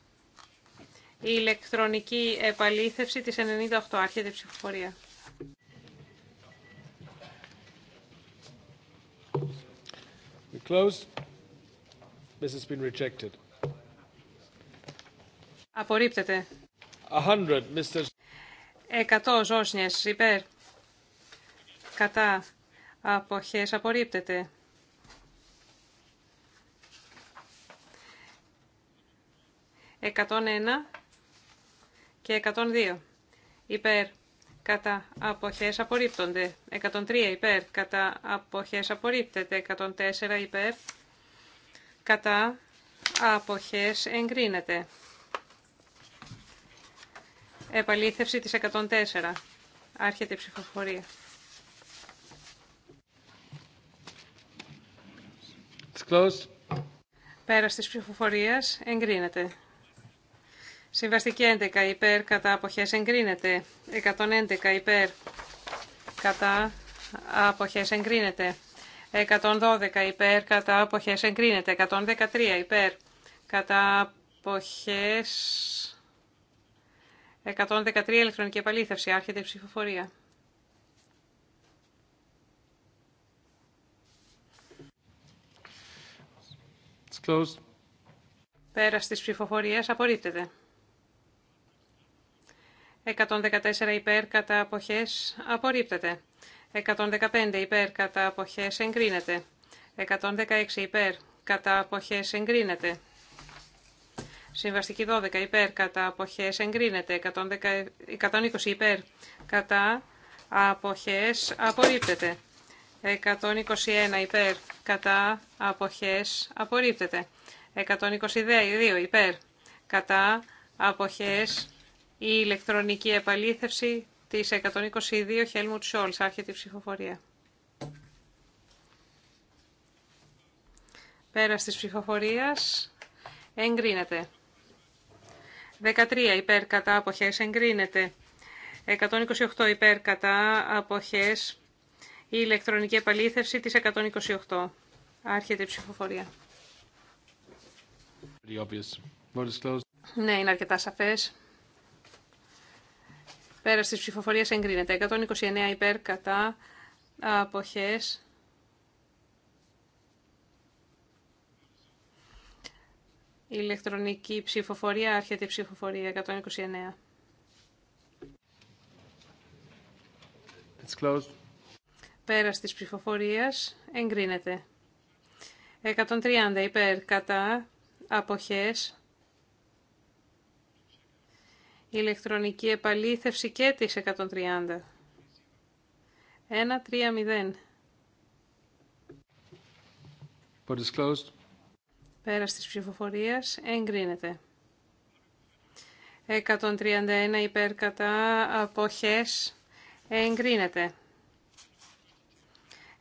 η ηλεκτρονική επαλήθευση της 98 άρχεται η ψηφοφορία. Closed. This has been rejected. Απορρίπτεται. 100, Mr. 100 Ζόσνιες υπέρ. Κατά. Αποχές απορρίπτεται. 101 και 102 υπέρ κατά αποχές απορρίπτονται. 103 υπέρ, κατά αποχές απορρίπτεται. 104 υπέρ, κατά αποχές εγκρίνεται. Επαλήθευση της 104. Άρχεται η ψηφοφορία. It's τη Πέρας της ψηφοφορίας εγκρίνεται. Συμβαστική 11 υπέρ κατά αποχές εγκρίνεται. 111 υπέρ κατά αποχές εγκρίνεται. 112 υπέρ κατά αποχές εγκρίνεται. 113 υπέρ κατά αποχές... 113 ηλεκτρονική επαλήθευση. Άρχεται η ψηφοφορία. Πέρα closed. Πέρας απορρίπτεται. 114 υπέρ κατά αποχές απορρίπτεται. 115 υπέρ κατά αποχές εγκρίνεται. 116 υπέρ κατά αποχές εγκρίνεται. Συμβαστική 12 υπέρ κατά αποχές εγκρίνεται. 120 υπέρ κατά αποχές απορρίπτεται. 121 υπέρ κατά αποχές απορρίπτεται. 122 υπέρ κατά αποχές η ηλεκτρονική επαλήθευση της 122 Helmut Scholz. Άρχεται η ψηφοφορία. Πέρα της ψηφοφορίας εγκρίνεται. 13 υπέρ κατά αποχές εγκρίνεται. 128 υπέρ κατά αποχές η ηλεκτρονική επαλήθευση της 128. Άρχεται η ψηφοφορία. Ναι, είναι αρκετά σαφές. Πέρας της ψηφοφορίας εγκρίνεται. 129 υπέρ κατά αποχές. Ηλεκτρονική ψηφοφορία, άρχεται η ψηφοφορία 129. It's closed. Πέρας της ψηφοφορίας εγκρίνεται. 130 υπέρ κατά αποχές ηλεκτρονική επαλήθευση και της 130. 1-3-0. τη εγκρίνεται. 131 υπέρ κατά αποχές εγκρίνεται.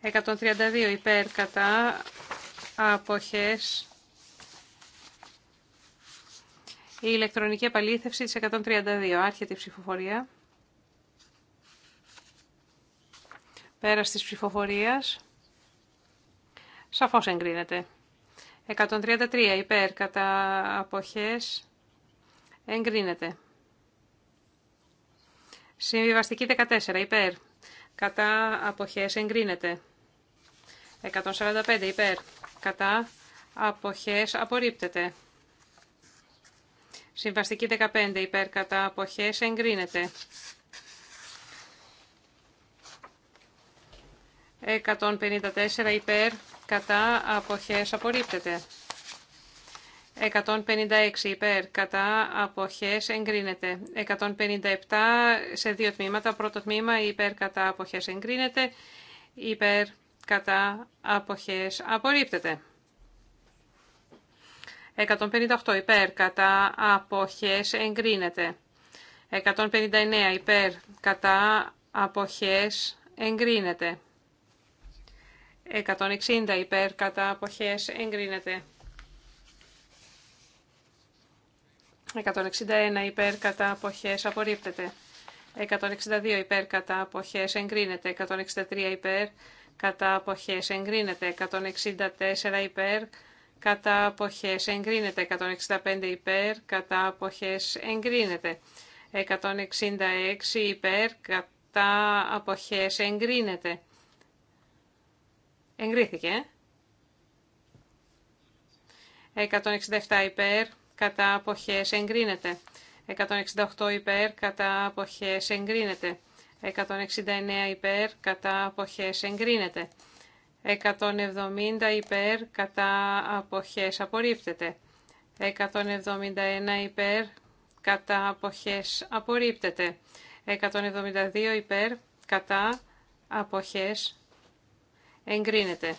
132 υπέρ κατά αποχές Η ηλεκτρονική επαλήθευση της 132. Άρχεται η ψηφοφορία. Πέρας της ψηφοφορίας. Σαφώς εγκρίνεται. 133 υπέρ κατά αποχές. Εγκρίνεται. Συμβιβαστική 14 υπέρ. Κατά αποχές εγκρίνεται. 145 υπέρ. Κατά αποχές απορρίπτεται. Συμβαστική 15 υπέρ κατά αποχές εγκρίνεται. 154 υπέρ κατά αποχές απορρίπτεται. 156 υπέρ κατά αποχές εγκρίνεται. 157 σε δύο τμήματα. Πρώτο τμήμα υπέρ κατά αποχές εγκρίνεται. Υπέρ κατά αποχές απορρίπτεται. 158 υπέρ κατά αποχές εγκρίνεται. 159 υπέρ κατά αποχές εγκρίνεται. 160 υπέρ κατά αποχές εγκρίνεται. 161 υπέρ κατά αποχές απορρίπτεται. 162 υπέρ κατά αποχές εγκρίνεται. 163 υπέρ κατά αποχές εγκρίνεται. 164 υπέρ κατά αποχές εγκρίνεται, 165 υπέρ, κατά αποχές εγκρίνεται, 166 υπέρ, κατά αποχές εγκρίνεται. Εγκρίθηκε. 167 ε? υπέρ, κατά αποχές εγκρίνεται. 168 υπέρ, κατά αποχές εγκρίνεται. 169 υπέρ, κατά αποχές εγκρίνεται. 170 υπέρ κατά αποχές απορρίπτεται. 171 υπέρ κατά αποχές απορρίπτεται. 172 υπέρ κατά αποχές εγκρίνεται.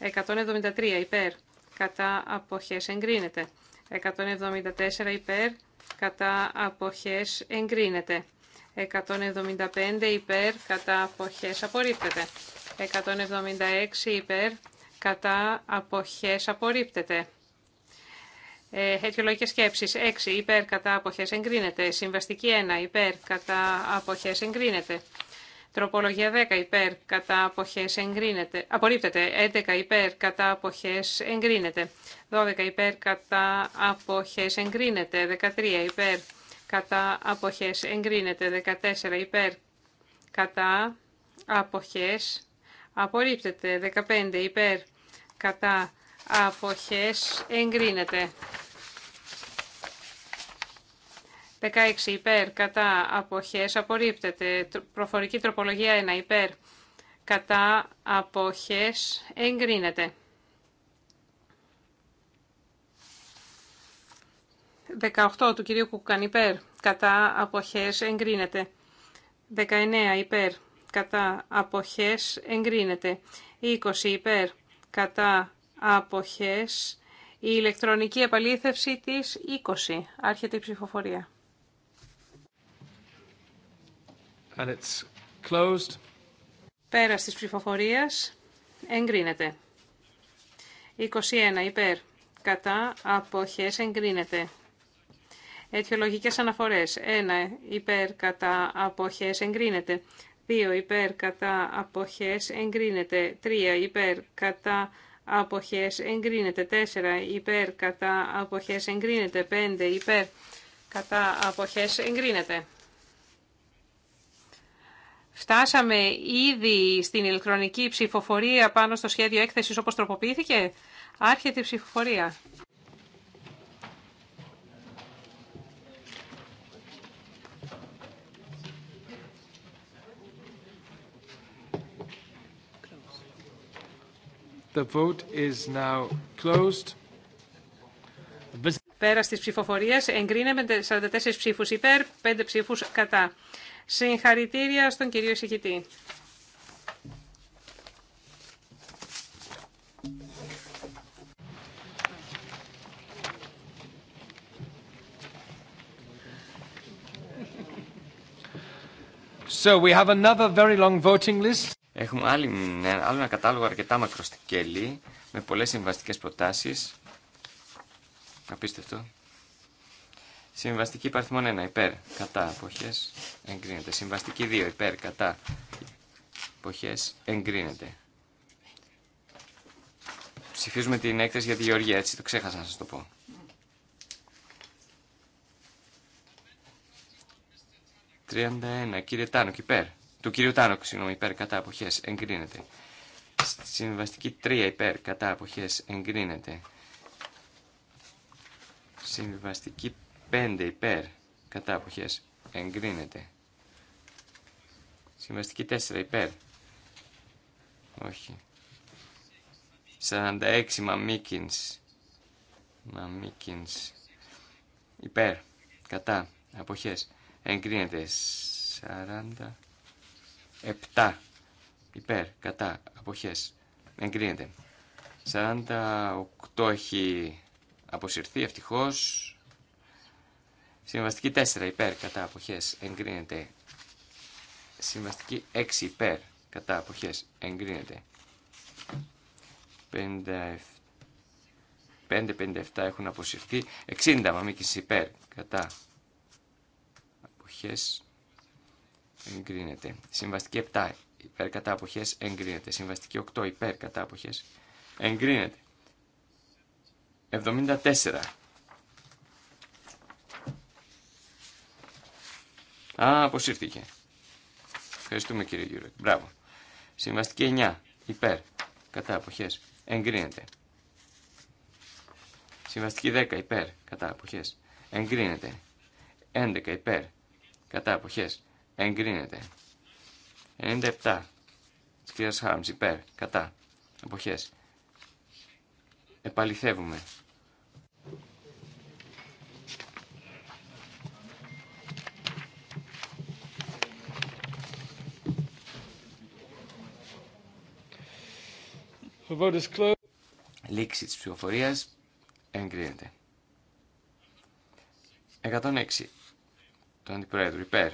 173 υπέρ κατά αποχές εγκρίνεται. 174 υπέρ κατά αποχές εγκρίνεται. 175 υπέρ κατά αποχές απορρίπτεται. 176 υπέρ κατά αποχές απορρίπτεται. Ε, σκέψεις 6 υπέρ κατά αποχές εγκρίνεται. Συμβαστική 1 υπέρ κατά αποχές εγκρίνεται. Τροπολογία 10 υπέρ κατά αποχές εγκρίνεται. Απορρίπτεται. 11 υπέρ κατά αποχές εγκρίνεται. 12 υπέρ κατά αποχές εγκρίνεται. 13 υπέρ κατά αποχές εγκρίνεται. 14 υπέρ κατά αποχές απορρίπτεται. 15 υπέρ κατά αποχές εγκρίνεται. 16 υπέρ κατά αποχές απορρίπτεται. Προφορική τροπολογία 1 υπέρ κατά αποχές εγκρίνεται. 18 του κυρίου Κουκκαν υπέρ κατά αποχές εγκρίνεται. 19 υπέρ κατά αποχές εγκρίνεται. 20 υπέρ κατά αποχές η ηλεκτρονική επαλήθευση της 20. Άρχεται η ψηφοφορία. And it's closed. Πέρας εγκρίνεται. 21 υπέρ κατά αποχές εγκρίνεται. Αιτιολογικές αναφορές. 1 υπέρ κατά αποχές εγκρίνεται. 2 υπέρ κατά αποχές εγκρίνεται. 3 υπέρ κατά αποχές εγκρίνεται. 4 υπέρ κατά αποχές εγκρίνεται. 5 υπέρ κατά αποχές εγκρίνεται. Φτάσαμε ήδη στην ηλεκτρονική ψηφοφορία πάνω στο σχέδιο έκθεσης όπως τροποποιήθηκε. Άρχεται η ψηφοφορία. The vote is now closed. Πέρα στις ψηφοφορίες εγκρίνεμε 44 ψήφους υπέρ, 5 ψήφους κατά. Συγχαρητήρια στον κύριο Συγητή. So we have another very long voting list. Έχουμε άλλη, άλλο ένα κατάλογο αρκετά μακροσκελή με πολλές συμβαστικές προτάσεις. Απίστευτο. Συμβαστική υπαριθμόν 1 υπέρ κατά εποχές εγκρίνεται. Συμβαστική 2 υπέρ κατά εποχές εγκρίνεται. Ψηφίζουμε την έκθεση για τη Γεωργία, έτσι το ξέχασα να σας το πω. τριάντα 31. Κύριε Τάνοκ, υπέρ του κυρίου Τάνοκ, συγγνώμη, υπέρ κατά εγκρίνεται. Συμβαστική 3 υπέρ κατά αποχές εγκρίνεται. Συμβιβαστική 5 υπέρ κατά αποχές εγκρίνεται. Συμβαστική 4 υπέρ. Όχι. 46 μαμίκινς. Μαμίκινς. Υπέρ. Κατά. Αποχές. Εγκρίνεται. 40. 7 υπέρ, κατά, αποχές, εγκρίνεται. 48 έχει αποσυρθεί ευτυχώς. Συμβαστική 4 υπέρ, κατά, αποχές, εγκρίνεται. Συμβαστική 6 υπέρ, κατά, αποχές, εγκρίνεται. 5-57 έχουν αποσυρθεί. 60 μαμίκης υπέρ, κατά, αποχές, εγκρίνεται. Συμβαστική 7 υπέρ κατά εγκρίνεται. Συμβαστική 8 υπέρ κατά αποχές εγκρίνεται. 74. Α, αποσύρθηκε. Ευχαριστούμε κύριε Γιούρεκ. Μπράβο. Συμβαστική 9 υπέρ κατά αποχές εγκρίνεται. Συμβαστική 10 υπέρ κατά αποχές εγκρίνεται. 11 υπέρ κατά αποχές Εγκρίνεται. 97. Τη κυρία Χάρμ. Υπέρ. Κατά. Εποχέ. Επαληθεύουμε. Λήξη της ψηφοφορίας εγκρίνεται. 106. Το αντιπρόεδρο. υπέρ.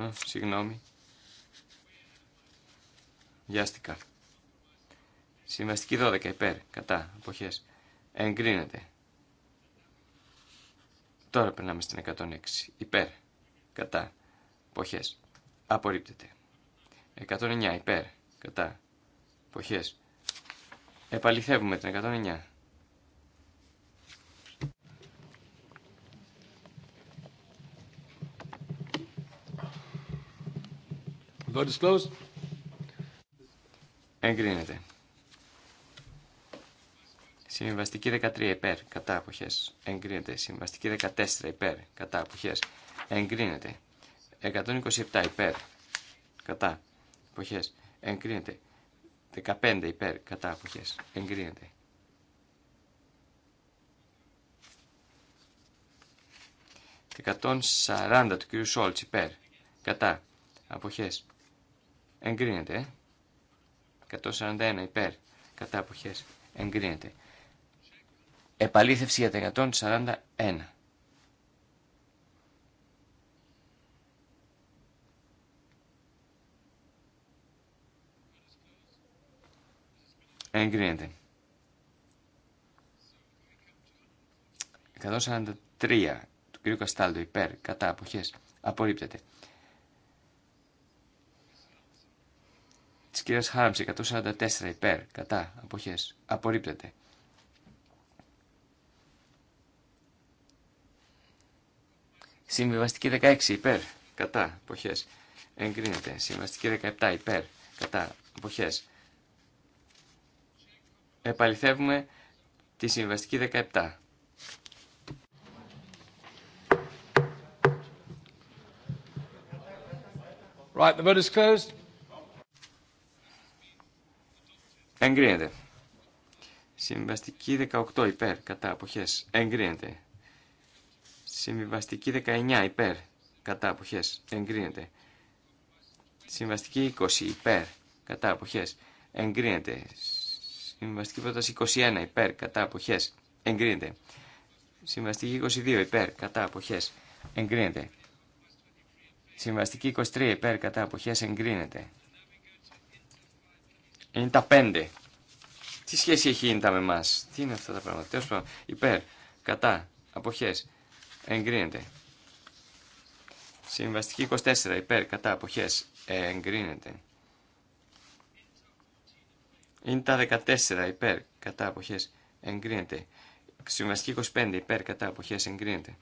Α, συγγνώμη. Βιάστηκα. Συμβαστική 12 υπέρ, κατά, αποχές. Εγκρίνεται. Τώρα περνάμε στην 106. Υπέρ, κατά, αποχές. Απορρίπτεται. 109 υπέρ, κατά, αποχές. Επαληθεύουμε την 109. Vote is closed. Εγκρίνεται. Συμβαστική 13 υπέρ, κατά αποχές. Εγκρίνεται. Συμβαστική 14 υπέρ, κατά αποχές. Εγκρίνεται. 127 υπέρ, κατά αποχές. Εγκρίνεται. 15 υπέρ, κατά αποχές. Εγκρίνεται. 140 του κ. Σόλτς υπέρ, κατά αποχές εγκρίνεται. 141 υπέρ κατά αποχές εγκρίνεται. Επαλήθευση για τα 141. Εγκρίνεται. 143 του κ. Καστάλτο υπέρ κατά αποχές απορρίπτεται. Τη κυρία Χάρμς 144 υπέρ κατά αποχέ. απορρίπτεται. Συμβιβαστική 16 υπέρ κατά αποχέ. εγκρίνεται. Συμβιβαστική 17 υπέρ κατά αποχέ. επαληθεύουμε τη συμβιβαστική 17. Right, the vote is closed. Εγκρίνεται. Συμβαστική 18 υπέρ. Κατά αποχές. Εγκρίνεται. Συμβαστική 19 υπέρ. Κατά αποχές. Εγκρίνεται. Συμβαστική 20 υπέρ. Κατά αποχές. Εγκρίνεται. Συμβαστική πρόταση 21 υπέρ. Κατά αποχές. Εγκρίνεται. Συμβαστική 22 υπέρ. Κατά αποχές. Εγκρίνεται. Συμβαστική 23 υπέρ. Κατά αποχές. Εγκρίνεται. 95. Τι σχέση έχει η με εμά. Τι είναι αυτά τα πράγματα. Τέλο πάντων, υπέρ, κατά, αποχέ, εγκρίνεται. Συμβαστική 24, υπέρ, κατά, αποχέ, εγκρίνεται. Είναι τα 14, υπέρ, κατά, αποχέ, εγκρίνεται. Συμβαστική 25, υπέρ, κατά, αποχέ, εγκρίνεται.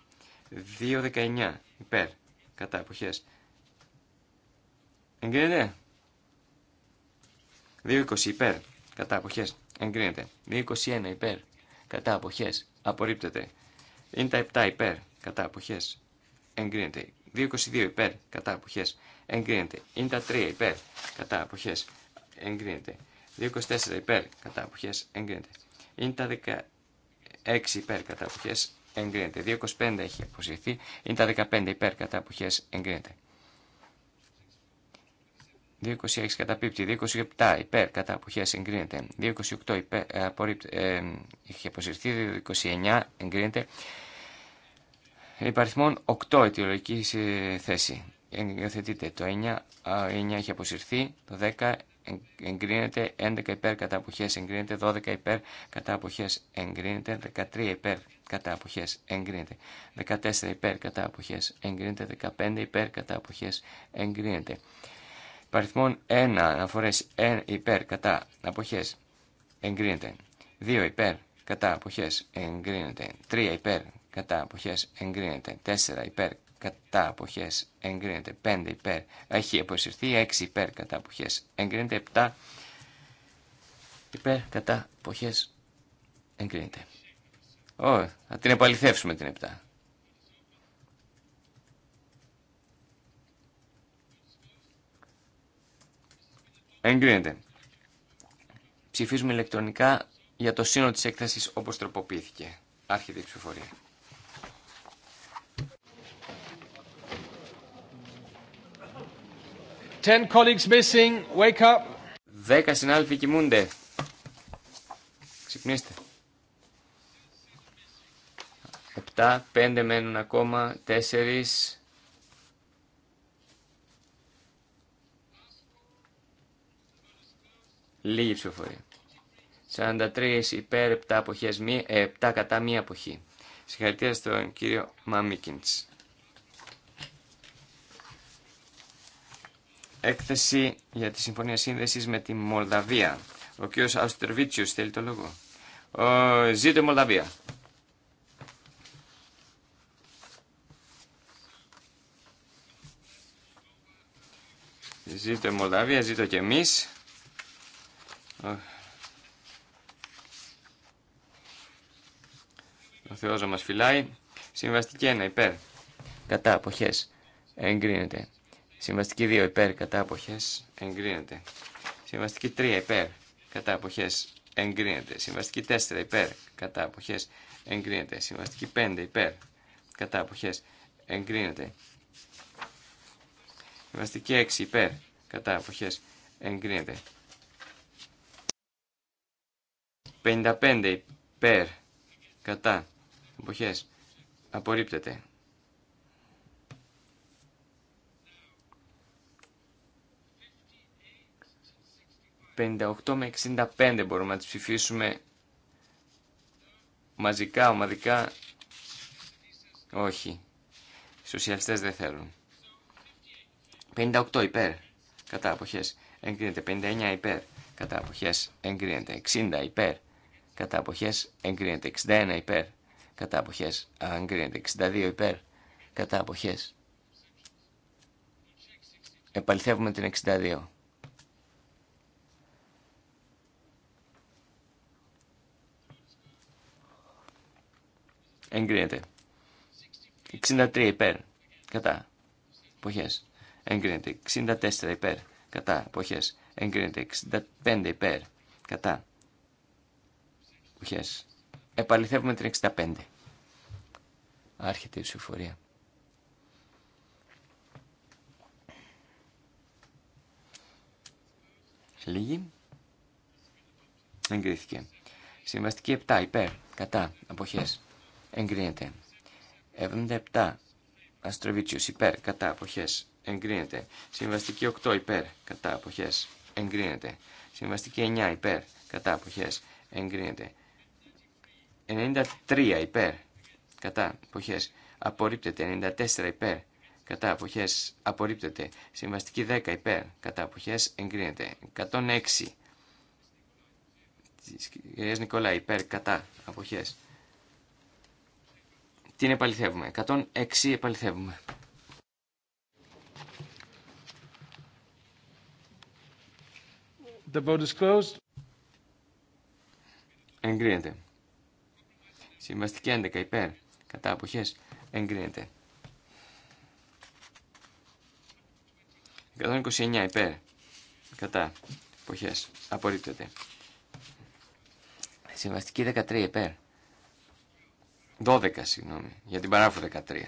219, υπέρ, κατά, αποχέ. Εγκρίνεται. 2.20 υπέρ. Κατά αποχές. Εγκρίνεται. 2.21 υπέρ. Κατά αποχές. Απορρίπτεται. Είναι τα 7 υπέρ. Κατά αποχές. Εγκρίνεται. 2.22 υπέρ. Κατά αποχές. Εγκρίνεται. Είναι τα 3 υπέρ. Κατά αποχές. Εγκρίνεται. 2.24 υπέρ. Κατά αποχές. Εγκρίνεται. Είναι τα 16 υπέρ. Κατά αποχές. Εγκρίνεται. 2.25 έχει αποσυρθεί. Είναι τα 15 υπέρ. Κατά αποχές. Εγκρίνεται. 226 καταπίπτει, 227 υπέρ κατά αποχές εγκρίνεται, 228 υπέρ, ε, απορρίπτει, ε, είχε αποσυρθεί, 29, εγκρίνεται. Υπαριθμών 8 αιτιολογική ε, θέση. Υιοθετείται το 9, 9 έχει αποσυρθεί, το 10 εγκρίνεται, 11 υπέρ κατά αποχές εγκρίνεται, 12 υπέρ κατά αποχές εγκρίνεται, 13 υπέρ κατά αποχές εγκρίνεται, 14 υπέρ κατά αποχές εγκρίνεται, 15 υπέρ κατά αποχές εγκρίνεται. Παριθμόν 1 αναφορές υπέρ κατά αποχές εγκρίνεται. 2 υπέρ κατά αποχές εγκρίνεται. 3 υπέρ κατά αποχές εγκρίνεται. 4 υπέρ κατά αποχές εγκρίνεται. 5 υπέρ έχει αποσυρθεί. 6 υπέρ κατά αποχές εγκρίνεται. 7 υπέρ κατά αποχές εγκρίνεται. Ω, θα την επαληθεύσουμε την 7. Εγκρίνεται. Ψηφίζουμε ηλεκτρονικά για το σύνολο της έκθεσης όπως τροποποιήθηκε. Άρχεται η ψηφοφορία. Ten colleagues missing. Wake up. Δέκα συνάδελφοι κοιμούνται. Ξυπνήστε. Επτά, πέντε μένουν ακόμα, τέσσερις. Λίγη ψηφοφορία. 43 υπέρ, 7, 7 ε, κατά μία αποχή. Συγχαρητήρια στον κύριο Μαμίκιντς. Έκθεση για τη Συμφωνία Σύνδεσης με τη Μολδαβία. Ο κύριος Αουστερβίτσιος θέλει το λόγο. Ο, ζήτω Μολδαβία. Ζήτω Μολδαβία, ζήτω και εμείς. Ο Θεός μας φυλάει. Συμβαστική 1 υπέρ. Κατά αποχές. Εγκρίνεται. Συμβαστική 2 υπέρ. Κατά αποχές. Εγκρίνεται. Συμβαστική 3 υπέρ. Κατά αποχές. Εγκρίνεται. Συμβαστική 4 υπέρ. Κατά αποχές. Εγκρίνεται. Συμβαστική 5 υπέρ. Κατά αποχές. Εγκρίνεται. Συμβαστική 6 υπέρ. Κατά αποχές. Εγκρίνεται. 55 υπέρ κατά εποχές απορρίπτεται. ...58 με 65 μπορούμε να τις ψηφίσουμε μαζικά, ομαδικά. Όχι. Οι σοσιαλιστές δεν θέλουν. 58 υπέρ. Κατά αποχές. Εγκρίνεται. 59 υπέρ. Κατά αποχές. Εγκρίνεται. 60 υπέρ κατά αποχές εγκρίνεται 61 υπέρ κατά αποχές εγκρίνεται 62 υπέρ κατά αποχές επαληθεύουμε την 62 εγκρίνεται 63 υπέρ κατά εποχέ. εγκρίνεται 64 υπέρ κατά εποχέ. εγκρίνεται 65 υπέρ κατά εποχές. Επαληθεύουμε την 65. Άρχεται η ψηφοφορία. Λίγη. Εγκρίθηκε. Συμβαστική 7. Υπέρ. Κατά. Αποχές. Εγκρίνεται. 77. Αστροβίτσιος. Υπέρ. Κατά. Αποχές. Εγκρίνεται. Συμβαστική 8. Υπέρ. Κατά. Αποχές. Εγκρίνεται. Συμβαστική 9. Υπέρ. Κατά. Αποχές. Εγκρίνεται. 93 υπέρ. Κατά αποχές απορρίπτεται. 94 υπέρ. Κατά αποχές απορρίπτεται. Συμβαστική 10 υπέρ. Κατά αποχές εγκρίνεται. 106 της κυρίας Νικολά υπέρ. Κατά αποχές. Την επαληθεύουμε. 106 επαληθεύουμε. The vote is closed. Εγκρίνεται. Συμβαστική 11 υπέρ. Κατά αποχές εγκρίνεται. 129 υπέρ. Κατά αποχές απορρίπτεται. Συμβαστική 13 υπέρ. 12 συγγνώμη. Για την παράφου 13.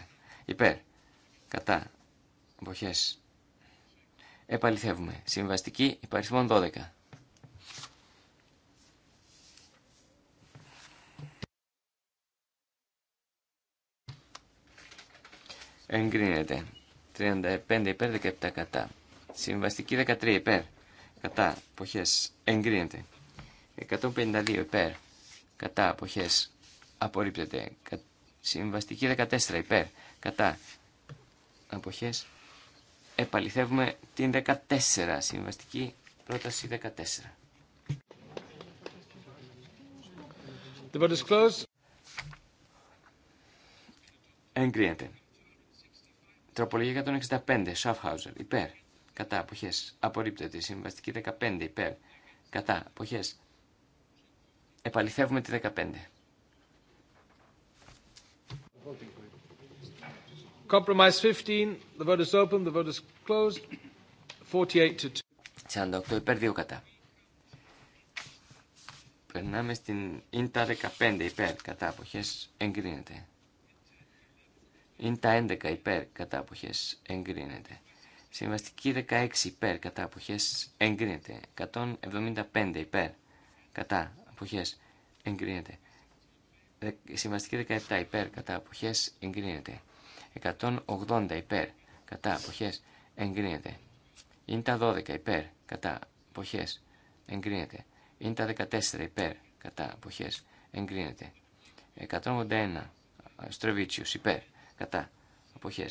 Υπέρ. Κατά αποχές επαληθεύουμε. Συμβαστική υπαριθμών 12. εγκρίνεται. 35 υπέρ, 17 κατά. Συμβαστική 13 υπέρ, κατά, αποχέ. εγκρίνεται. 152 υπέρ, κατά, αποχέ. απορρίπτεται. Συμβαστική 14 υπέρ, κατά, απόχε. επαληθεύουμε την 14, συμβαστική πρόταση 14. The vote is closed. Εγκρίνεται. Τροπολογία 165, Σαφχάουζερ, υπέρ. Κατά, αποχέ. Απορρίπτεται. Συμβαστική 15, υπέρ. Κατά, αποχέ. Επαληθεύουμε τη 15. Compromise 15. The vote is open. The vote is closed. 48 to 2. 48 υπέρ 2 κατά. Περνάμε στην ίντα 15 υπέρ κατά αποχές εγκρίνεται. Είναι τα 11 υπέρ κατά αποχές εγκρίνεται. Συμβαστική 16 υπέρ κατά αποχές εγκρίνεται. 175 υπέρ κατά αποχές εγκρίνεται. Συμβαστική 17 υπέρ κατά αποχές εγκρίνεται. 180 υπέρ κατά αποχές εγκρίνεται. Είναι τα 12 υπέρ κατά αποχές εγκρίνεται. Είναι τα 14 υπέρ κατά αποχές εγκρίνεται. 181 ε, Στρεβίτσιους υπέρ κατά εποχέ.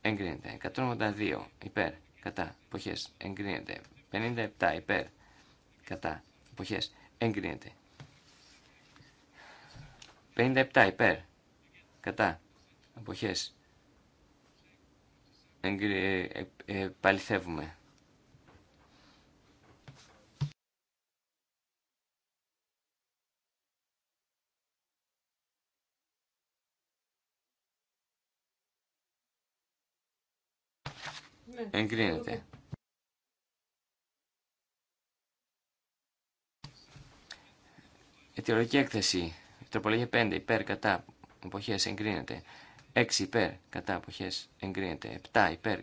εγκρίνεται 182 υπέρ κατά εποχέ. εγκρίνεται 57 υπέρ κατά εποχέ εγκρίνεται 57 υπέρ κατά εποχέ. εγκρι... ε, ε παληθεύουμε Ναι. Εγκρίνεται. 6. έκθεση. Τροπολογία 5. Υπέρ κατά αποχέ εγκρίνεται. 6. Υπέρ κατά αποχέ εγκρίνεται. 7. Υπέρ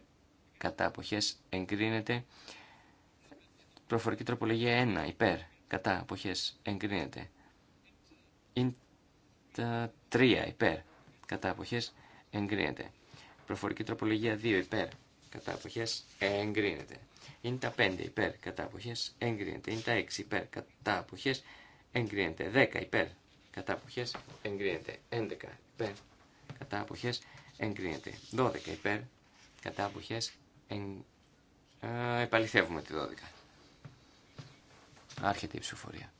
κατά αποχέ εγκρίνεται. Προφορική τροπολογία 1. Υπέρ κατά αποχέ εγκρίνεται. τα 3. Υπέρ κατά αποχέ εγκρίνεται. Προφορική τροπολογία 2. Υπέρ κατά εποχέ εγκρίνεται. Είναι τα 5 υπέρ κατά εποχέ εγκρίνεται. Είναι τα 6 υπέρ κατά εποχέ εγκρίνεται. 10 υπέρ κατά εποχέ εγκρίνεται. 11 υπέρ κατά εποχέ εγκρίνεται. 12 υπέρ κατά εποχέ εγκρίνεται. επαληθεύουμε τη 12. Άρχεται η ψηφοφορία.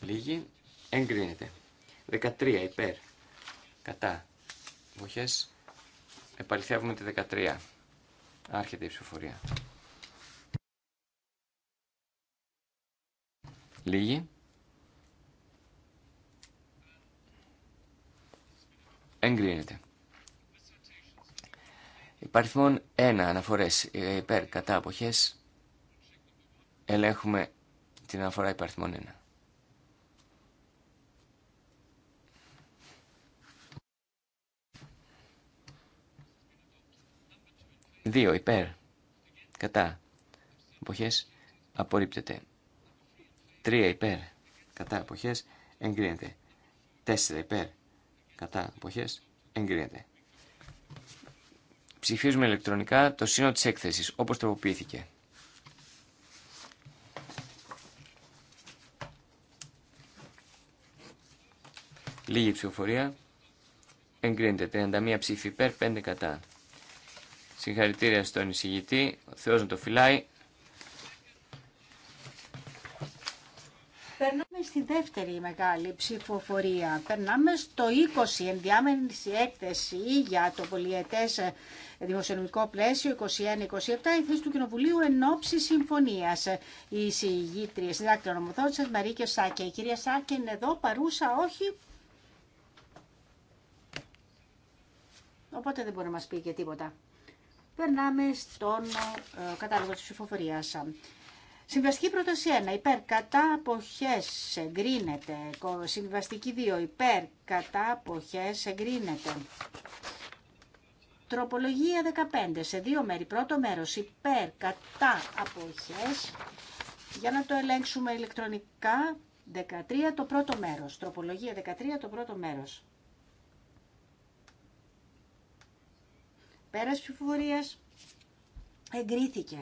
Λίγη εγκρίνεται. 13 υπέρ. Κατά. εποχέ. Επαληθεύουμε τη 13. Άρχεται η ψηφοφορία. Λίγη. Εγκρίνεται. Υπαριθμόν 1 αναφορές ε, υπέρ κατά αποχές. Ελέγχουμε την αναφορά υπαριθμών 1. 2 υπέρ. Κατά. εποχές απορρίπτεται. 3 υπέρ. Κατά εποχές εγκρίνεται. 4 υπέρ. Κατά εποχές εγκρίνεται. Ψηφίζουμε ηλεκτρονικά το σύνολο της έκθεσης όπως τροποποιήθηκε. Λίγη ψηφοφορία. Εγκρίνεται. 31 ψήφοι υπέρ, 5 κατά. Συγχαρητήρια στον εισηγητή. Ο Θεός να το φυλάει. Περνάμε στη δεύτερη μεγάλη ψηφοφορία. Περνάμε στο 20 ενδιάμενη έκθεση για το πολιετές δημοσιονομικό πλαίσιο 21-27 η θέση του Κοινοβουλίου εν ώψη συμφωνία. Η συγγήτρια συντάκτρια νομοθότησα Μαρίκε Η κυρία Σάκη είναι εδώ παρούσα, όχι. Οπότε δεν μπορεί να μας πει και τίποτα. Περνάμε στον ε, κατάλογο της ψηφοφορίας. Συμβαστική πρόταση 1. Υπέρ κατά αποχές εγκρίνεται. Συμβαστική 2. Υπέρ κατά αποχές εγκρίνεται. Τροπολογία 15. Σε δύο μέρη. Πρώτο μέρος υπέρ κατά αποχές. Για να το ελέγξουμε ηλεκτρονικά. 13 το πρώτο μέρος. Τροπολογία 13 το πρώτο μέρος. Πέρας ψηφοφορίας εγκρίθηκε.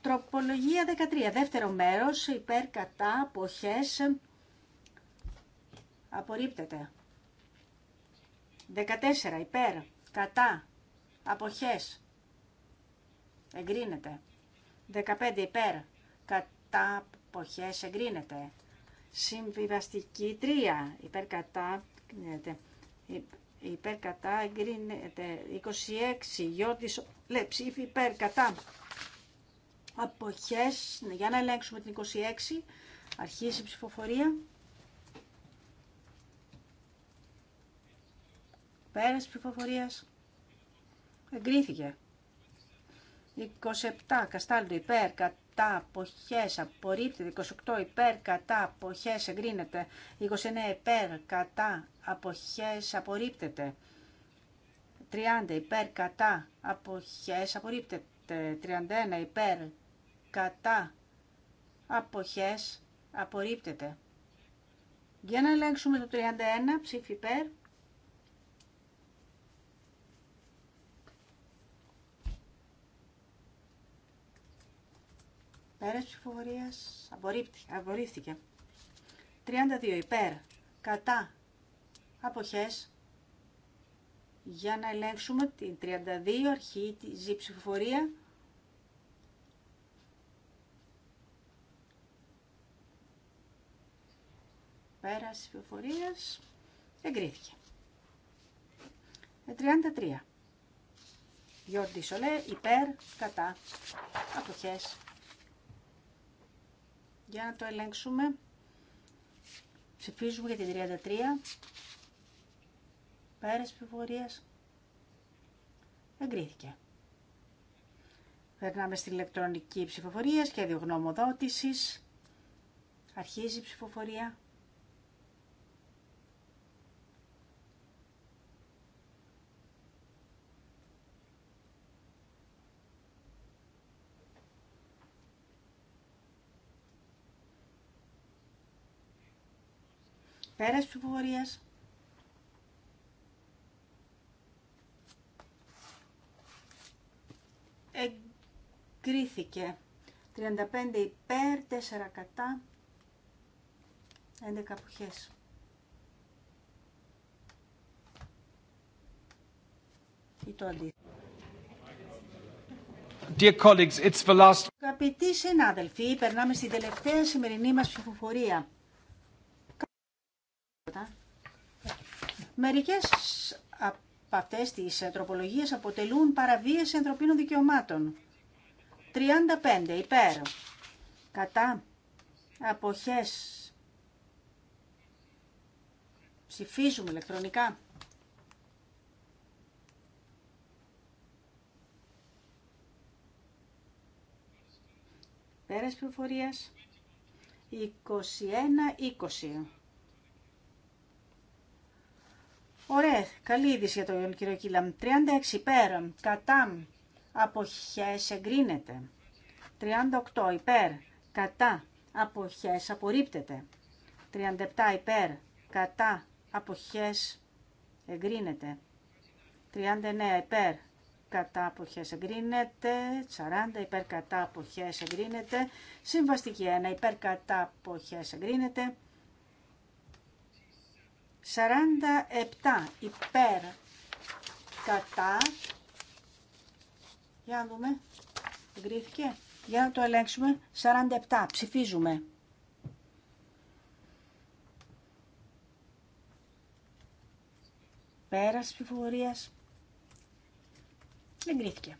Τροπολογία 13, δεύτερο μέρος, υπέρ κατά αποχές απορρίπτεται. 14, υπέρ κατά αποχές εγκρίνεται. 15, υπέρ κατά αποχές εγκρίνεται. Συμβιβαστική 3, υπέρ κατά εγκρίνεται υπέρ κατά εγκρίνεται 26 γιώτης ψήφι υπέρ κατά αποχές για να ελέγξουμε την 26 αρχίζει η ψηφοφορία πέρας ψηφοφορίας εγκρίθηκε 27 Καστάλτο υπέρ κατά αποχές απορρίπτεται. 28 υπέρ κατά αποχές εγκρίνεται. 29 υπέρ κατά αποχές απορρίπτεται. 30 υπέρ κατά αποχές απορρίπτεται. 31 υπέρ κατά αποχές απορρίπτεται. Για να ελέγξουμε το 31 ψήφι υπέρ. Πέρας ψηφοφορίας απορρίφθηκε. 32 υπέρ. Κατά. Αποχές. Για να ελέγξουμε την 32 αρχή της ψηφοφορία. Πέρας ψηφοφορίας εγκρίθηκε. 33. Ε, Γιώργη Σολέ υπέρ. Κατά. Αποχές για να το ελέγξουμε. Ψηφίζουμε για την 33. Πέρας ψηφοφορίας. Εγκρίθηκε. Περνάμε στην ηλεκτρονική ψηφοφορία, σχέδιο γνωμοδότησης. Αρχίζει η ψηφοφορία. Πέρας ψηφοφορίας. Εγκρίθηκε. 35 υπέρ, 4 κατά, 11 αποχές. Ή το αντίθετο. Dear colleagues, it's the last... Αγαπητοί συνάδελφοι, περνάμε στην τελευταία σημερινή μας ψηφοφορία. Μερικέ Μερικές από αυτές τις τροπολογίες αποτελούν παραβίαση ανθρωπίνων δικαιωμάτων. 35 υπέρ. Κατά αποχές. Ψηφίζουμε ηλεκτρονικά. Πέρας πληροφορίας. 21-20. Ωραία, καλή είδηση για τον κύριο Κίλαμ. 36 υπέρ, κατά, αποχές, εγκρίνεται. 38 υπέρ, κατά, αποχές, απορρίπτεται. 37 υπέρ, κατά, αποχές, εγκρίνεται. 39 υπέρ, κατά, αποχές, εγκρίνεται. 40 υπέρ, κατά, αποχές, εγκρίνεται. Συμβαστική 1 υπέρ, κατά, αποχές, εγκρίνεται. 47 υπέρ κατά. Για να δούμε. Εγκρίθηκε. Για να το ελέγξουμε. 47. Ψηφίζουμε. Πέρας ψηφοφορίας. Εγκρίθηκε.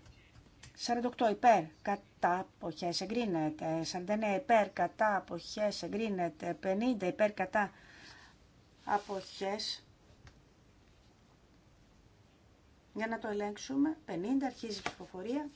48 υπέρ κατά αποχές εγκρίνεται, 49 υπέρ κατά αποχές εγκρίνεται, 50 υπέρ κατά αποχές για να το ελέγξουμε 50 αρχίζει η ψηφοφορία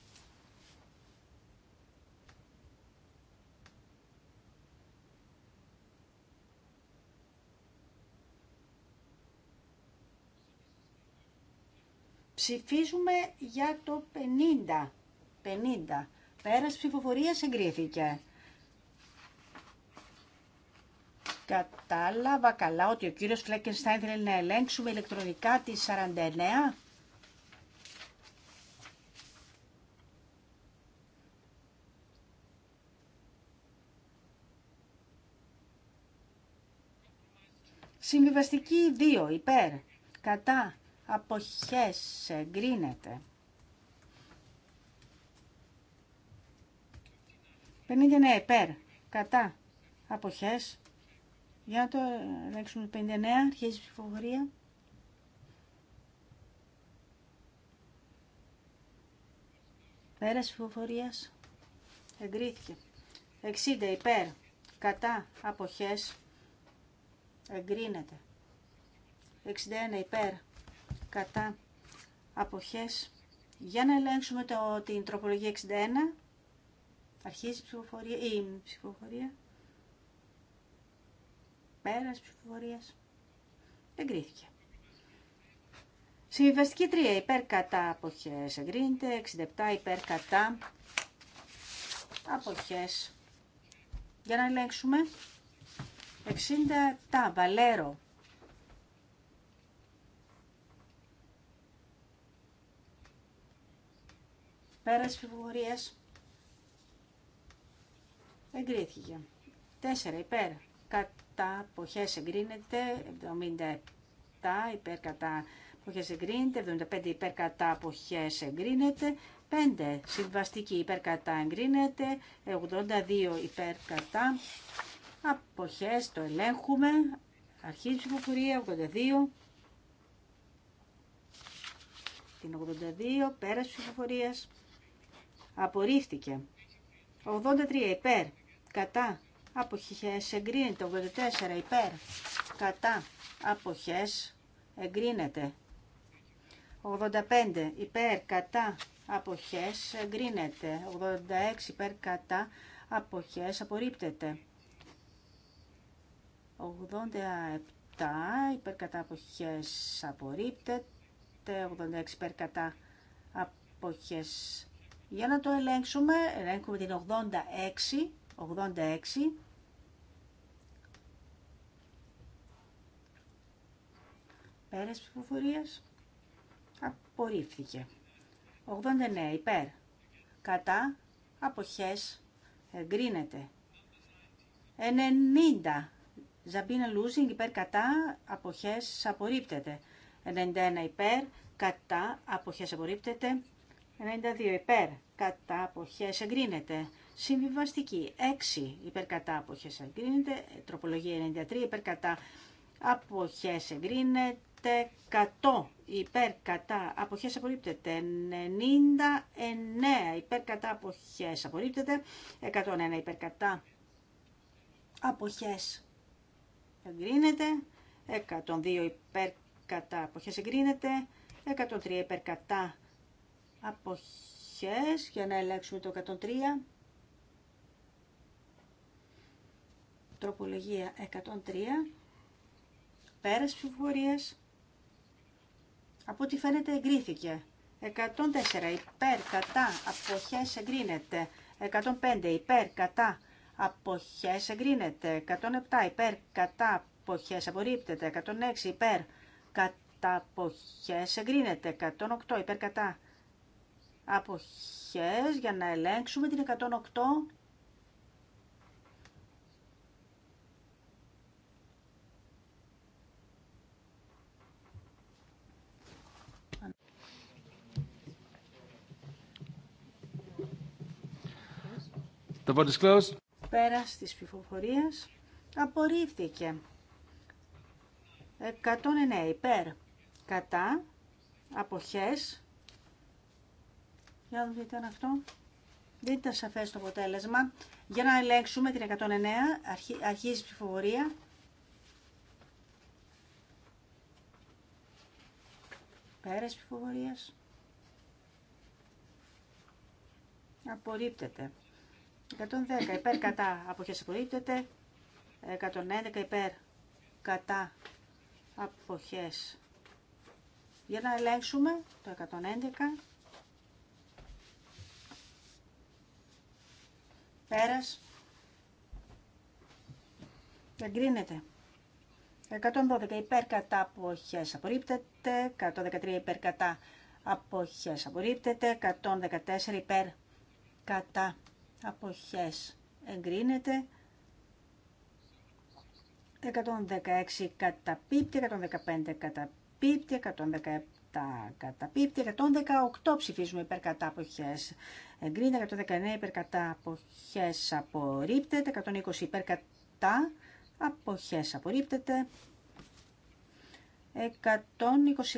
Ψηφίζουμε για το 50. 50. Πέρας ψηφοφορία εγκρίθηκε. Κατάλαβα καλά ότι ο κύριος Φλέκενστάιν θέλει να ελέγξουμε ηλεκτρονικά τη 49. Συμβιβαστική 2 υπέρ, κατά, αποχές, εγκρίνεται. 59 υπέρ, κατά, αποχές, για το ελέγξουμε 59, αρχίζει η ψηφοφορία. Πέρας ψηφοφορίας. Εγκρίθηκε. 60 υπέρ. Κατά αποχές. Εγκρίνεται. 61 υπέρ. Κατά αποχές. Για να ελέγξουμε το, την τροπολογία 61. Αρχίζει η ψηφοφορία. Η ψηφοφορία. Πέρας ψηφοφορίας. Εγκρίθηκε. Συμβιβαστική 3 υπέρ κατά αποχέ εγκρίνεται, 67 υπέρ κατά αποχέ. Για να ελέγξουμε. 67 Βαλέρο. Πέρας ψηφοφορία. Εγκρίθηκε. 4 υπέρ κατά τα ποχέ εγκρίνεται, 77 υπέρ κατά ποχέ εγκρίνεται, 75 υπέρ κατά αποχές εγκρίνεται, 5 συμβαστική υπέρ κατά εγκρίνεται, 82 υπέρ κατά αποχές, το ελέγχουμε, αρχή της υποφορία, 82, την 82, πέρας ψηφοφορίας, απορρίφθηκε. 83 υπέρ, κατά, αποχές εγκρίνεται 84 υπέρ κατά αποχές εγκρίνεται 85 υπέρ κατά αποχές εγκρίνεται 86 υπέρ κατά αποχές απορρίπτεται 87 υπέρ κατά αποχές απορρίπτεται 86 υπέρ κατά αποχές για να το ελέγξουμε ελέγχουμε την 86 86 Πέρας ψηφοφορίας. Απορρίφθηκε. 89 υπέρ. Κατά. Αποχές. Εγκρίνεται. 90. Ζαμπίνα Λούζινγκ υπέρ κατά, αποχές απορρίπτεται. 91 υπέρ, κατά, αποχές απορρίπτεται. 92 υπέρ, κατά, αποχές εγκρίνεται. Συμβιβαστική 6 υπέρ κατά, αποχές εγκρίνεται. Τροπολογία 93 υπέρ κατά, αποχές εγκρίνεται. 100 υπέρ κατά αποχές απορρίπτεται, 99 υπέρ κατά αποχές απορρίπτεται, 101 υπέρ κατά αποχές εγκρίνεται, 102 υπέρ κατά αποχές εγκρίνεται, 103 υπέρ κατά αποχές, για να ελέγξουμε το 103, τροπολογία 103, πέρας ψηφοφορίας, από ό,τι φαίνεται εγκρίθηκε. 104 υπέρ κατά αποχές εγκρίνεται. 105 υπέρ κατά αποχές εγκρίνεται. 107 υπέρ κατά αποχές απορρίπτεται. 106 υπέρ κατά αποχές εγκρίνεται. 108 υπέρ κατά αποχές για να ελέγξουμε την 108 The vote is Πέρας της ψηφοφορίας απορρίφθηκε. 109 υπέρ. Κατά. Αποχές. Για να δούμε τι αυτό. Δεν ήταν σαφές το αποτέλεσμα. Για να ελέγξουμε την 109. αρχίζει η ψηφοφορία. Πέρας ψηφοφορίας. Απορρίπτεται. 110 υπέρ κατά αποχές απορρίπτεται. 111 υπέρ κατά αποχές. Για να ελέγξουμε το 111. Πέρας. Εγκρίνεται. 112 υπέρ κατά αποχές απορρίπτεται. 113 υπέρ κατά αποχές απορρίπτεται. 114 υπέρ κατά αποχές εγκρίνεται 116 καταπίπτει 115 καταπίπτει 117 καταπίπτει 118 ψηφίζουμε υπέρ κατά αποχές εγκρίνεται 119 υπέρ κατά αποχές απορρίπτεται 120 υπέρ κατά αποχές απορρίπτεται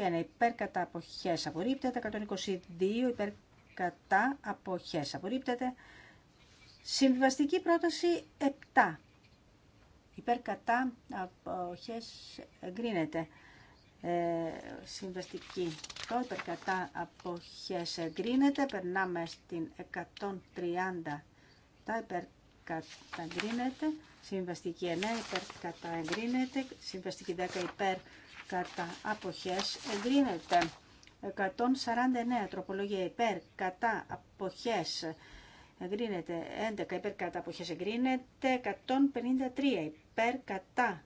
121 υπέρ κατά αποχές απορρίπτεται 122 υπέρ κατά αποχές απορρίπτεται Συμβιβαστική πρόταση 7. Υπέρ κατά αποχές εγκρίνεται. Ε, συμβαστική 8 υπέρ κατά αποχές εγκρίνεται. Περνάμε στην 130. Τα υπέρ κατά εγκρίνεται. Συμβαστική 9 υπέρ κατά εγκρίνεται. Συμβαστική 10 υπέρ κατά αποχές εγκρίνεται. 149 τροπολογία υπέρ κατά αποχές εγκρίνεται εγκρίνεται 11 υπέρ κατά αποχές εγκρίνεται 153 υπέρ κατά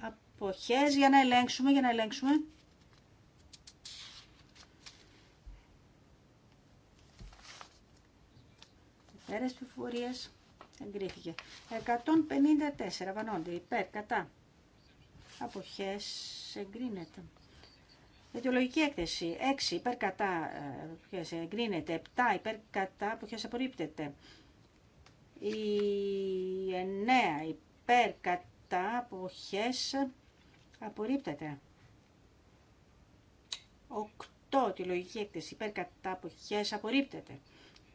αποχές για να ελέγξουμε για να ελέγξουμε Υπέρες πληροφορίες εγκρίθηκε 154 βανόνται, υπέρ κατά αποχές εγκρίνεται Αιτιολογική έκθεση 6 υπέρ κατά ε, ποιες εγκρίνεται, 7 υπέρ κατά ποιες απορρίπτεται, η 9 ε, υπέρ κατά ποιες απορρίπτεται, 8 αιτιολογική έκθεση υπέρ κατά ποιες απορρίπτεται,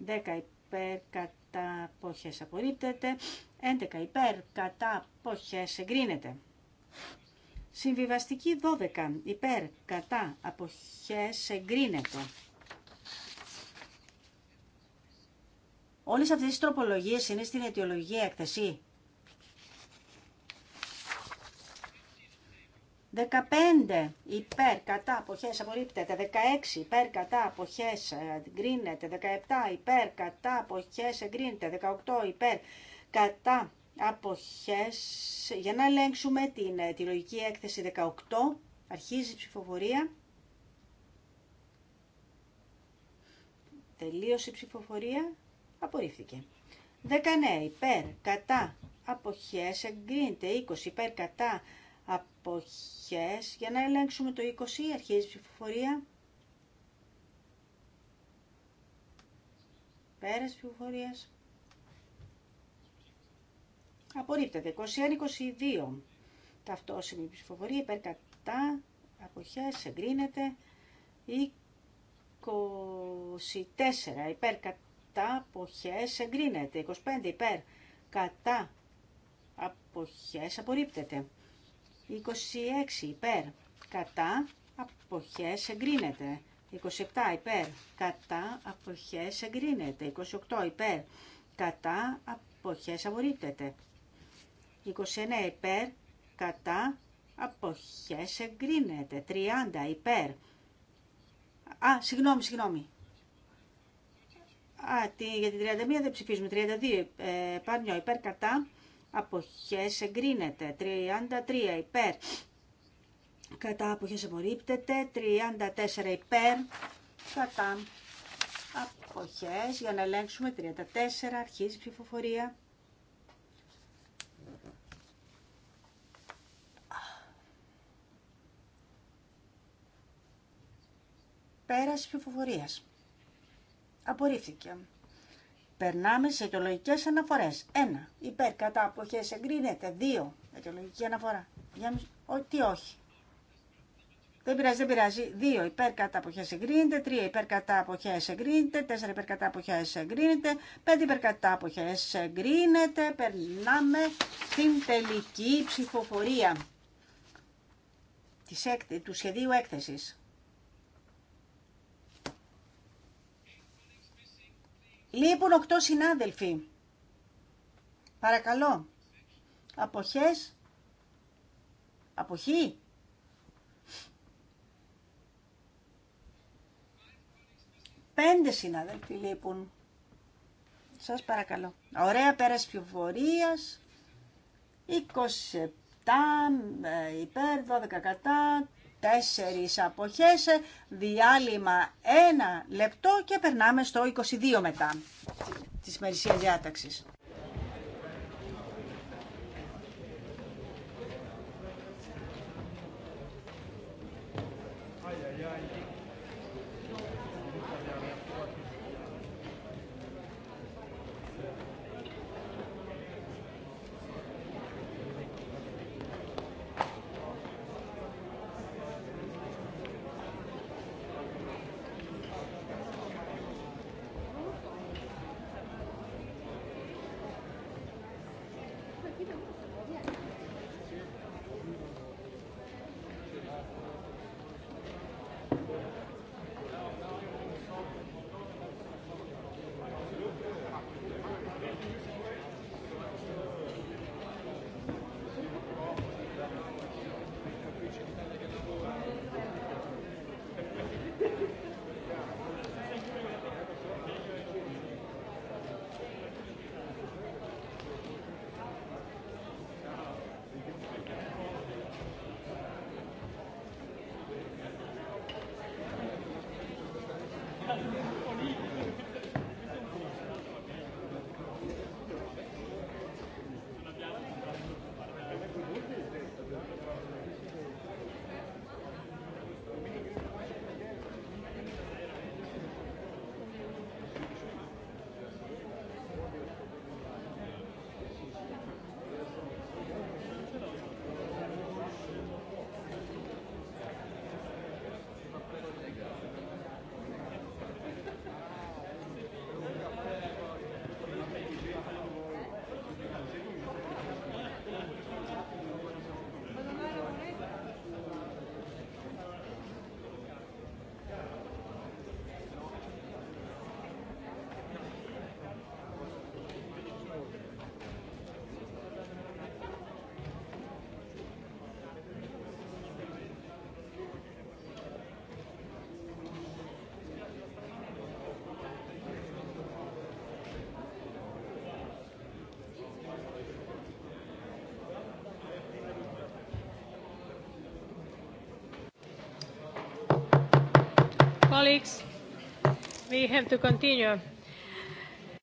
10 υπέρ κατά ποιες απορρίπτεται, 11 υπέρ κατά ποιες εγκρίνεται. Συμβιβαστική 12. Υπέρ, κατά, αποχές, εγκρίνεται. Όλες αυτές οι τροπολογίες είναι στην αιτιολογία έκθεση. 15 υπέρ κατά αποχές απορρίπτεται, 16 υπέρ κατά αποχές εγκρίνεται, 17 υπέρ κατά αποχές εγκρίνεται, 18 υπέρ κατά αποχές, για να ελέγξουμε την, ε, τη λογική έκθεση 18, αρχίζει η ψηφοφορία. Τελείωσε η ψηφοφορία, απορρίφθηκε. 19 υπέρ, κατά, αποχές, εγκρίνεται 20 υπέρ, κατά, αποχές, για να ελέγξουμε το 20, αρχίζει η ψηφοφορία. Πέρας ψηφοφορίας, Απορρίπτεται. 21-22. Ταυτόσημη ψηφοφορία υπέρ κατά αποχές εγκρίνεται. 24 υπέρ κατά αποχές εγκρίνεται. 25 υπέρ κατά αποχές απορρίπτεται. 26 υπέρ κατά αποχές εγκρίνεται. 27 υπέρ κατά αποχές εγκρίνεται. 28 υπέρ κατά αποχές απορρίπτεται. 21 υπέρ, κατά, αποχές εγκρίνεται. 30 υπέρ. Α, συγγνώμη, συγγνώμη. Α, τι για την 31 δεν ψηφίζουμε. 32 ε, παρνιό υπέρ, κατά, αποχές εγκρίνεται. 33 υπέρ, κατά, αποχές εμπορύπτεται. 34 υπέρ, κατά, αποχές. Για να ελέγξουμε 34, αρχίζει η ψηφοφορία. Πέραση ψηφοφορία. Απορρίφθηκε. Περνάμε σε αιτιολογικές αναφορές. 1. Υπέρ κατά αποχές εγκρίνεται. 2. Αιτιολογική αναφορά. Για Ότι όχι. Δεν πειράζει, δεν πειράζει. 2 υπέρ κατά αποχέ εγκρίνεται. 3 υπέρ κατά αποχέ εγκρίνεται. 4 υπέρ κατά αποχέ εγκρίνεται. 5 υπέρ κατά αποχέ εγκρίνεται. Περνάμε στην τελική ψηφοφορία του σχεδίου έκθεση. Λείπουν οκτώ συνάδελφοι. Παρακαλώ. Αποχές. Αποχή. Πέντε συνάδελφοι λείπουν. Σας παρακαλώ. Ωραία πέρας πιοφορίας. 27 ε, υπέρ, 12 κατά, τέσσερις αποχές, διάλειμμα ένα λεπτό και περνάμε στο 22 μετά της μερισίας διάταξης.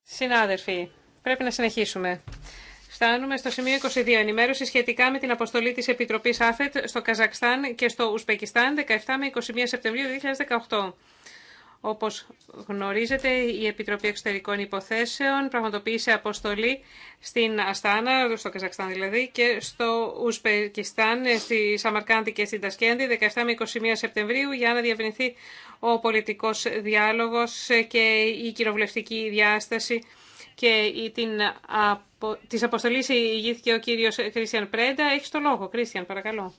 Συνάδελφοι, πρέπει να συνεχίσουμε. Φτάνουμε στο σημείο 22. Ενημέρωση σχετικά με την αποστολή της Επιτροπής ΑΦΕΤ στο Καζακστάν και στο Ουσπεκιστάν 17 με 21 Σεπτεμβρίου 2018. Όπως γνωρίζετε, η Επιτροπή Εξωτερικών Υποθέσεων πραγματοποίησε αποστολή στην Αστάνα, στο Καζακστάν δηλαδή, και στο Ουσπερκιστάν, στη Σαμαρκάντη και στην τασκεντη 17 με 21 Σεπτεμβρίου, για να διευρυνθεί ο πολιτικός διάλογος και η κυροβουλευτική διάσταση και η, την, απο, της αποστολής ηγήθηκε ο κύριος Κρίστιαν Πρέντα. Έχει το λόγο, Κρίστιαν, παρακαλώ.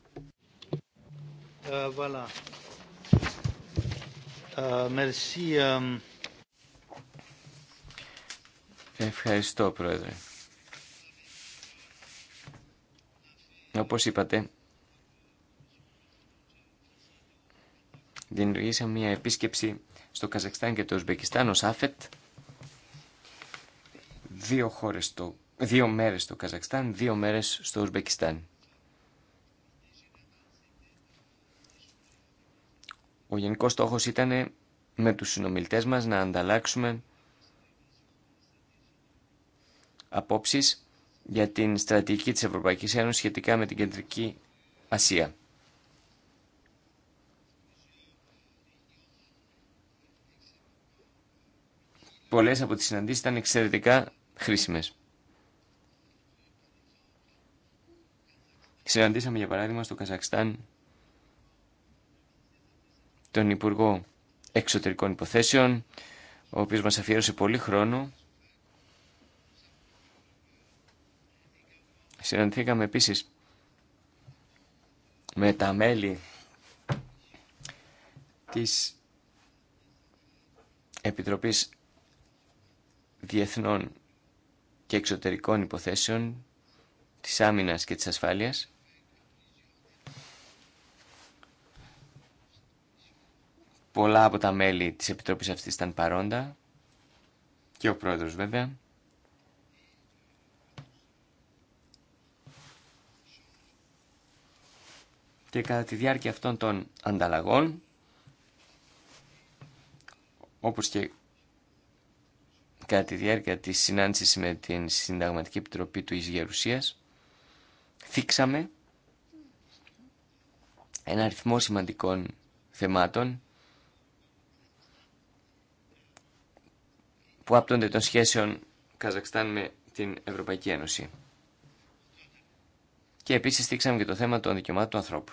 Ε, voilà. Ε, ε, Ευχαριστώ, Πρόεδρε. Όπως είπατε, δημιουργήσαμε μια επίσκεψη στο Καζακστάν και το Ουσμπεκιστάν ως ΑΦΕΤ. Δύο, χώρες στο, δύο μέρες στο Καζακστάν, δύο μέρες στο Ουσμπεκιστάν. Ο γενικός στόχος ήταν με τους συνομιλητές μας να ανταλλάξουμε απόψεις για την στρατηγική της Ευρωπαϊκής Ένωσης σχετικά με την Κεντρική Ασία. Πολλές από τις συναντήσεις ήταν εξαιρετικά χρήσιμες. Συναντήσαμε για παράδειγμα στο Καζακστάν τον Υπουργό Εξωτερικών Υποθέσεων, ο οποίος μας αφιέρωσε πολύ χρόνο. Συναντηθήκαμε επίσης με τα μέλη της Επιτροπής Διεθνών και Εξωτερικών Υποθέσεων της Άμυνας και της Ασφάλειας Πολλά από τα μέλη της Επιτροπής αυτής ήταν παρόντα και ο πρόεδρος βέβαια. Και κατά τη διάρκεια αυτών των ανταλλαγών, όπως και κατά τη διάρκεια της συνάντησης με την Συνταγματική Επιτροπή του γερουσίας. θίξαμε ένα αριθμό σημαντικών θεμάτων που άπτονται των σχέσεων Καζακστάν με την Ευρωπαϊκή Ένωση. Και επίση στήξαμε και το θέμα των δικαιωμάτων του ανθρώπου.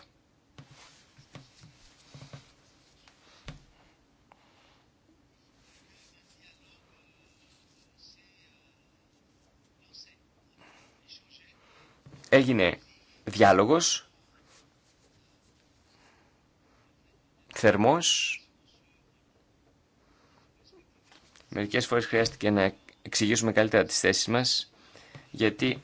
Έγινε διάλογος, θερμός, Μερικές φορές χρειάστηκε να εξηγήσουμε καλύτερα τις θέσεις μας, γιατί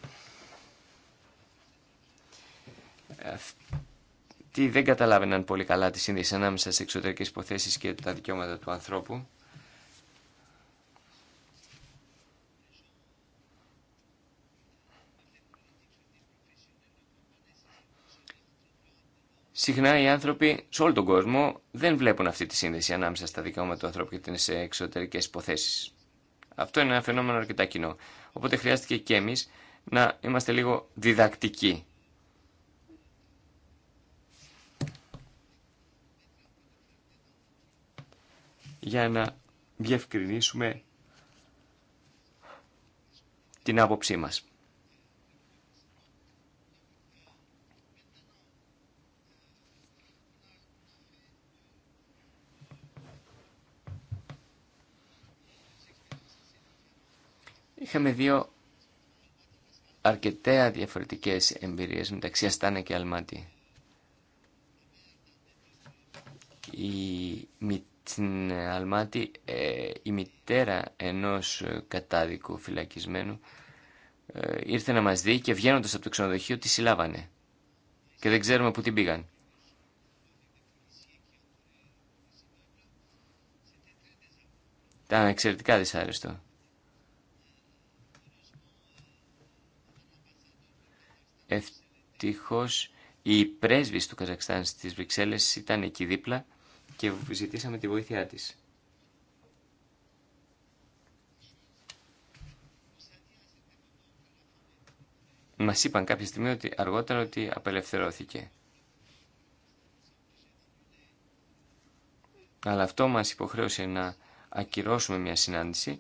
ε, αυτοί δεν καταλάβαιναν πολύ καλά τη σύνδεση ανάμεσα στις εξωτερικές υποθέσεις και τα δικαιώματα του ανθρώπου. συχνά οι άνθρωποι σε όλο τον κόσμο δεν βλέπουν αυτή τη σύνδεση ανάμεσα στα δικαιώματα του ανθρώπου και τι εξωτερικέ υποθέσει. Αυτό είναι ένα φαινόμενο αρκετά κοινό. Οπότε χρειάστηκε και εμεί να είμαστε λίγο διδακτικοί. για να διευκρινίσουμε την άποψή μας. Είχαμε δύο αρκετά διαφορετικές εμπειρίες μεταξύ Αστάνα και Αλμάτι. Η, Αλμάτι ε, η μητέρα ενός κατάδικου φυλακισμένου ε, ήρθε να μας δει και βγαίνοντας από το ξενοδοχείο τη συλλάβανε και δεν ξέρουμε πού την πήγαν. Ήταν εξαιρετικά δυσάρεστο. Ευτυχώ η πρέσβης του Καζακστάν στις Βρυξέλλε ήταν εκεί δίπλα και ζητήσαμε τη βοήθειά της. Μα είπαν κάποια στιγμή ότι αργότερα ότι απελευθερώθηκε. Αλλά αυτό μας υποχρέωσε να ακυρώσουμε μια συνάντηση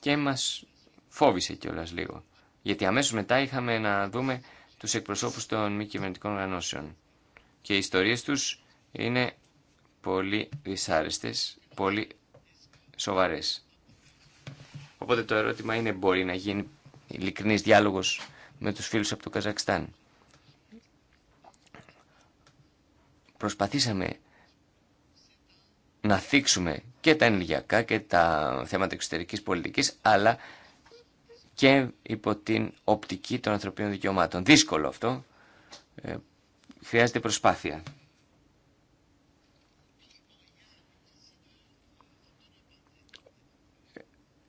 και μας φόβησε κιόλας λίγο. Γιατί αμέσως μετά είχαμε να δούμε τους εκπροσώπους των μη κυβερνητικών οργανώσεων. Και οι ιστορίες τους είναι πολύ δυσάρεστες, πολύ σοβαρές. Οπότε το ερώτημα είναι μπορεί να γίνει ειλικρινής διάλογος με τους φίλους από το Καζακστάν. Προσπαθήσαμε να θίξουμε και τα ενεργειακά και τα θέματα εξωτερικής πολιτικής, αλλά και υπό την οπτική των ανθρωπίνων δικαιωμάτων. Δύσκολο αυτό. Ε, χρειάζεται προσπάθεια.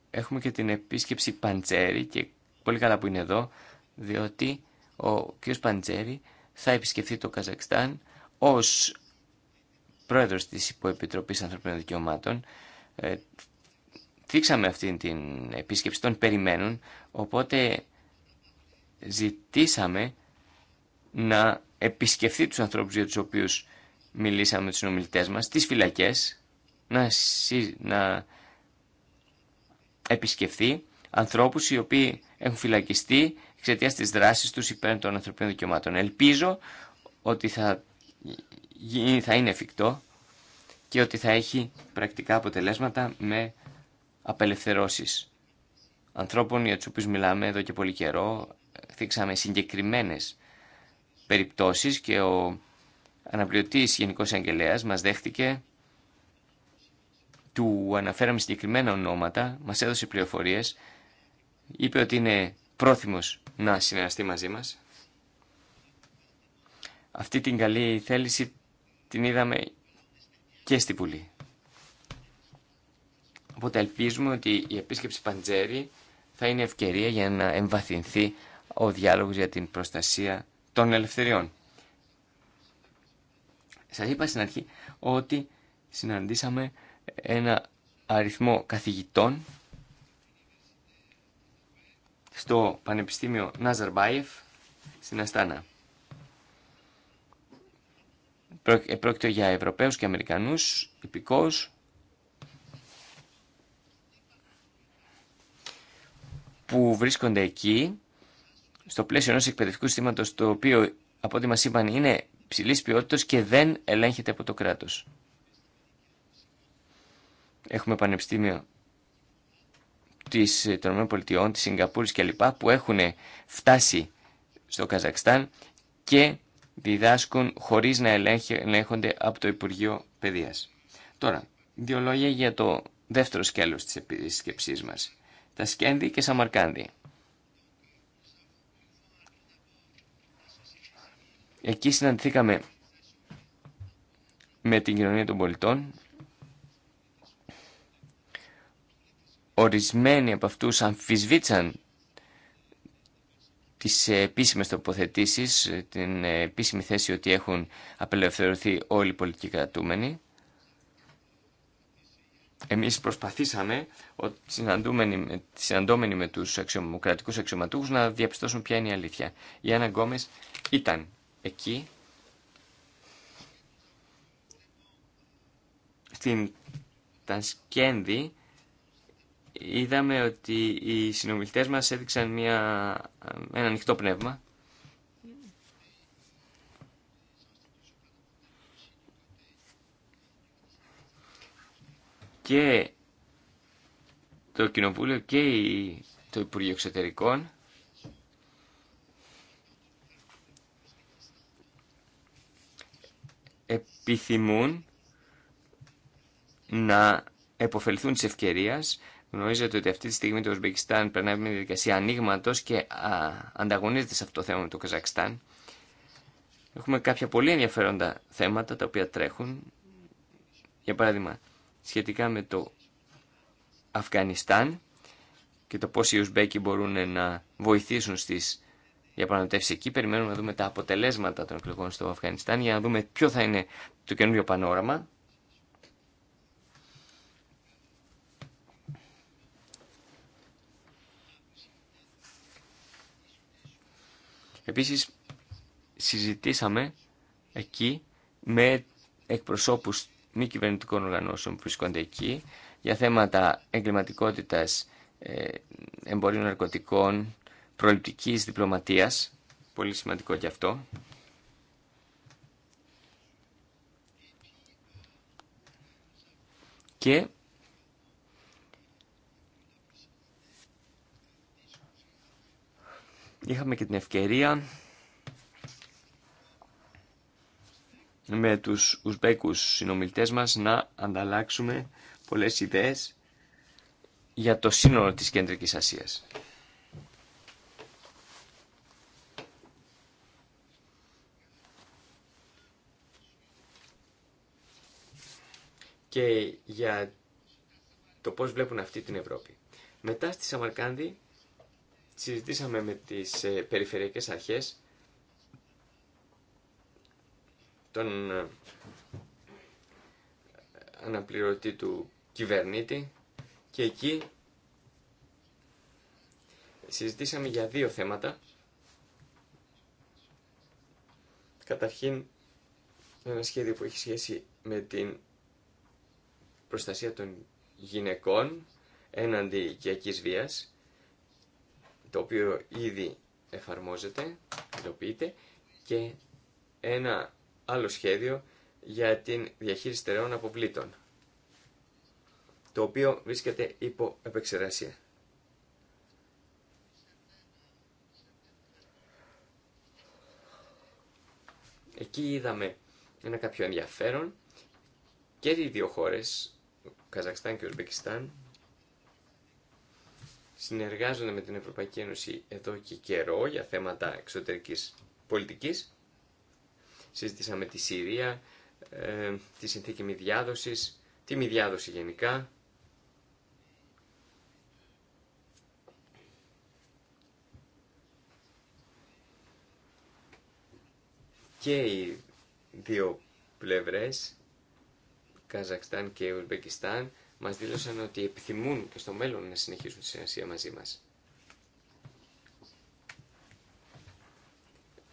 Έχουμε και την επίσκεψη Παντζέρη και πολύ καλά που είναι εδώ, διότι ο κ. Παντζέρη θα επισκεφθεί το Καζακστάν ως πρόεδρος της Υποεπιτροπής Ανθρωπίνων Δικαιωμάτων ε, θίξαμε αυτή την επίσκεψη, τον περιμένουν, οπότε ζητήσαμε να επισκεφθεί τους ανθρώπους για τους οποίους μιλήσαμε με τους συνομιλητές μας, τις φυλακές, να, να επισκεφθεί ανθρώπους οι οποίοι έχουν φυλακιστεί εξαιτία της δράσης τους υπέρ των ανθρωπίνων δικαιωμάτων. Ελπίζω ότι θα, θα είναι εφικτό και ότι θα έχει πρακτικά αποτελέσματα με απελευθερώσεις ανθρώπων για τους οποίους μιλάμε εδώ και πολύ καιρό. Θίξαμε συγκεκριμένες περιπτώσεις και ο αναπληρωτής Γενικός Αγγελέας μας δέχτηκε του αναφέραμε συγκεκριμένα ονόματα, μας έδωσε πληροφορίες, είπε ότι είναι πρόθυμος να συνεργαστεί μαζί μας. Αυτή την καλή θέληση την είδαμε και στη Βουλή. Οπότε ελπίζουμε ότι η επίσκεψη Παντζέρη θα είναι ευκαιρία για να εμβαθυνθεί ο διάλογος για την προστασία των ελευθεριών. Σας είπα στην αρχή ότι συναντήσαμε ένα αριθμό καθηγητών στο Πανεπιστήμιο Ναζαρμπάιεφ στην Αστάνα. Ε, πρόκειται για Ευρωπαίους και Αμερικανούς υπηκόους που βρίσκονται εκεί, στο πλαίσιο ενό εκπαιδευτικού συστήματο, το οποίο από ό,τι μα είπαν είναι ψηλή ποιότητα και δεν ελέγχεται από το κράτο. Έχουμε πανεπιστήμιο της, των ΗΠΑ, της Σιγκαπούρης κλπ. που έχουν φτάσει στο Καζακστάν και διδάσκουν χωρίς να ελέγχονται από το Υπουργείο Παιδείας. Τώρα, δύο λόγια για το δεύτερο σκέλος της επισκεψής μας. Σκένδη και Σαμαρκάνδη. Εκεί συναντηθήκαμε με την κοινωνία των πολιτών. Ορισμένοι από αυτούς αμφισβήτησαν τις επίσημες τοποθετήσεις, την επίσημη θέση ότι έχουν απελευθερωθεί όλοι οι πολιτικοί κρατούμενοι. Εμείς προσπαθήσαμε, συναντώμενοι με τους αξιωματικούς αξιωματούχους, να διαπιστώσουν ποια είναι η αλήθεια. Η Άννα Γκόμες ήταν εκεί, στην Τανσκένδη, είδαμε ότι οι συνομιλητές μας έδειξαν μια, ένα ανοιχτό πνεύμα και το Κοινοβούλιο και το Υπουργείο Εξωτερικών επιθυμούν να επωφελθούν τη ευκαιρία. Γνωρίζετε ότι αυτή τη στιγμή το Ουσμπεκιστάν περνάει μια διαδικασία ανοίγματο και α, ανταγωνίζεται σε αυτό το θέμα με το Καζακστάν. Έχουμε κάποια πολύ ενδιαφέροντα θέματα τα οποία τρέχουν. Για παράδειγμα, σχετικά με το Αφγανιστάν και το πώς οι Ουσμπέκοι μπορούν να βοηθήσουν στις διαπραγματεύσεις εκεί. Περιμένουμε να δούμε τα αποτελέσματα των εκλογών στο Αφγανιστάν για να δούμε ποιο θα είναι το καινούριο πανόραμα. Επίσης συζητήσαμε εκεί με εκπροσώπους μη κυβερνητικών οργανώσεων που βρίσκονται εκεί για θέματα εγκληματικότητας, ε, εμπορίων ναρκωτικών, προληπτικής διπλωματίας, πολύ σημαντικό και αυτό. Και είχαμε και την ευκαιρία με τους Ουσμπέκους συνομιλητές μας να ανταλλάξουμε πολλές ιδέες για το σύνολο της Κεντρικής Ασίας. Και για το πώς βλέπουν αυτή την Ευρώπη. Μετά στη Σαμαρκάνδη συζητήσαμε με τις ε, περιφερειακές αρχές τον ε, αναπληρωτή του κυβερνήτη και εκεί συζητήσαμε για δύο θέματα. Καταρχήν ένα σχέδιο που έχει σχέση με την προστασία των γυναικών έναντι οικιακής βίας, το οποίο ήδη εφαρμόζεται, υλοποιείται, και ένα άλλο σχέδιο για την διαχείριση τεραιών αποβλήτων, το οποίο βρίσκεται υπό επεξεργασία. Εκεί είδαμε ένα κάποιο ενδιαφέρον και οι δύο χώρες, Καζακστάν και Ουσμπεκιστάν, συνεργάζονται με την Ευρωπαϊκή Ένωση εδώ και καιρό για θέματα εξωτερικής πολιτικής Συζήτησαμε τη Συρία, ε, τη συνθήκη μη διάδοσης, τη μη διάδοση γενικά. Και οι δύο πλευρές, Καζακστάν και Ουσμπεκιστάν, μας δήλωσαν ότι επιθυμούν και στο μέλλον να συνεχίσουν τη συνεργασία μαζί μας.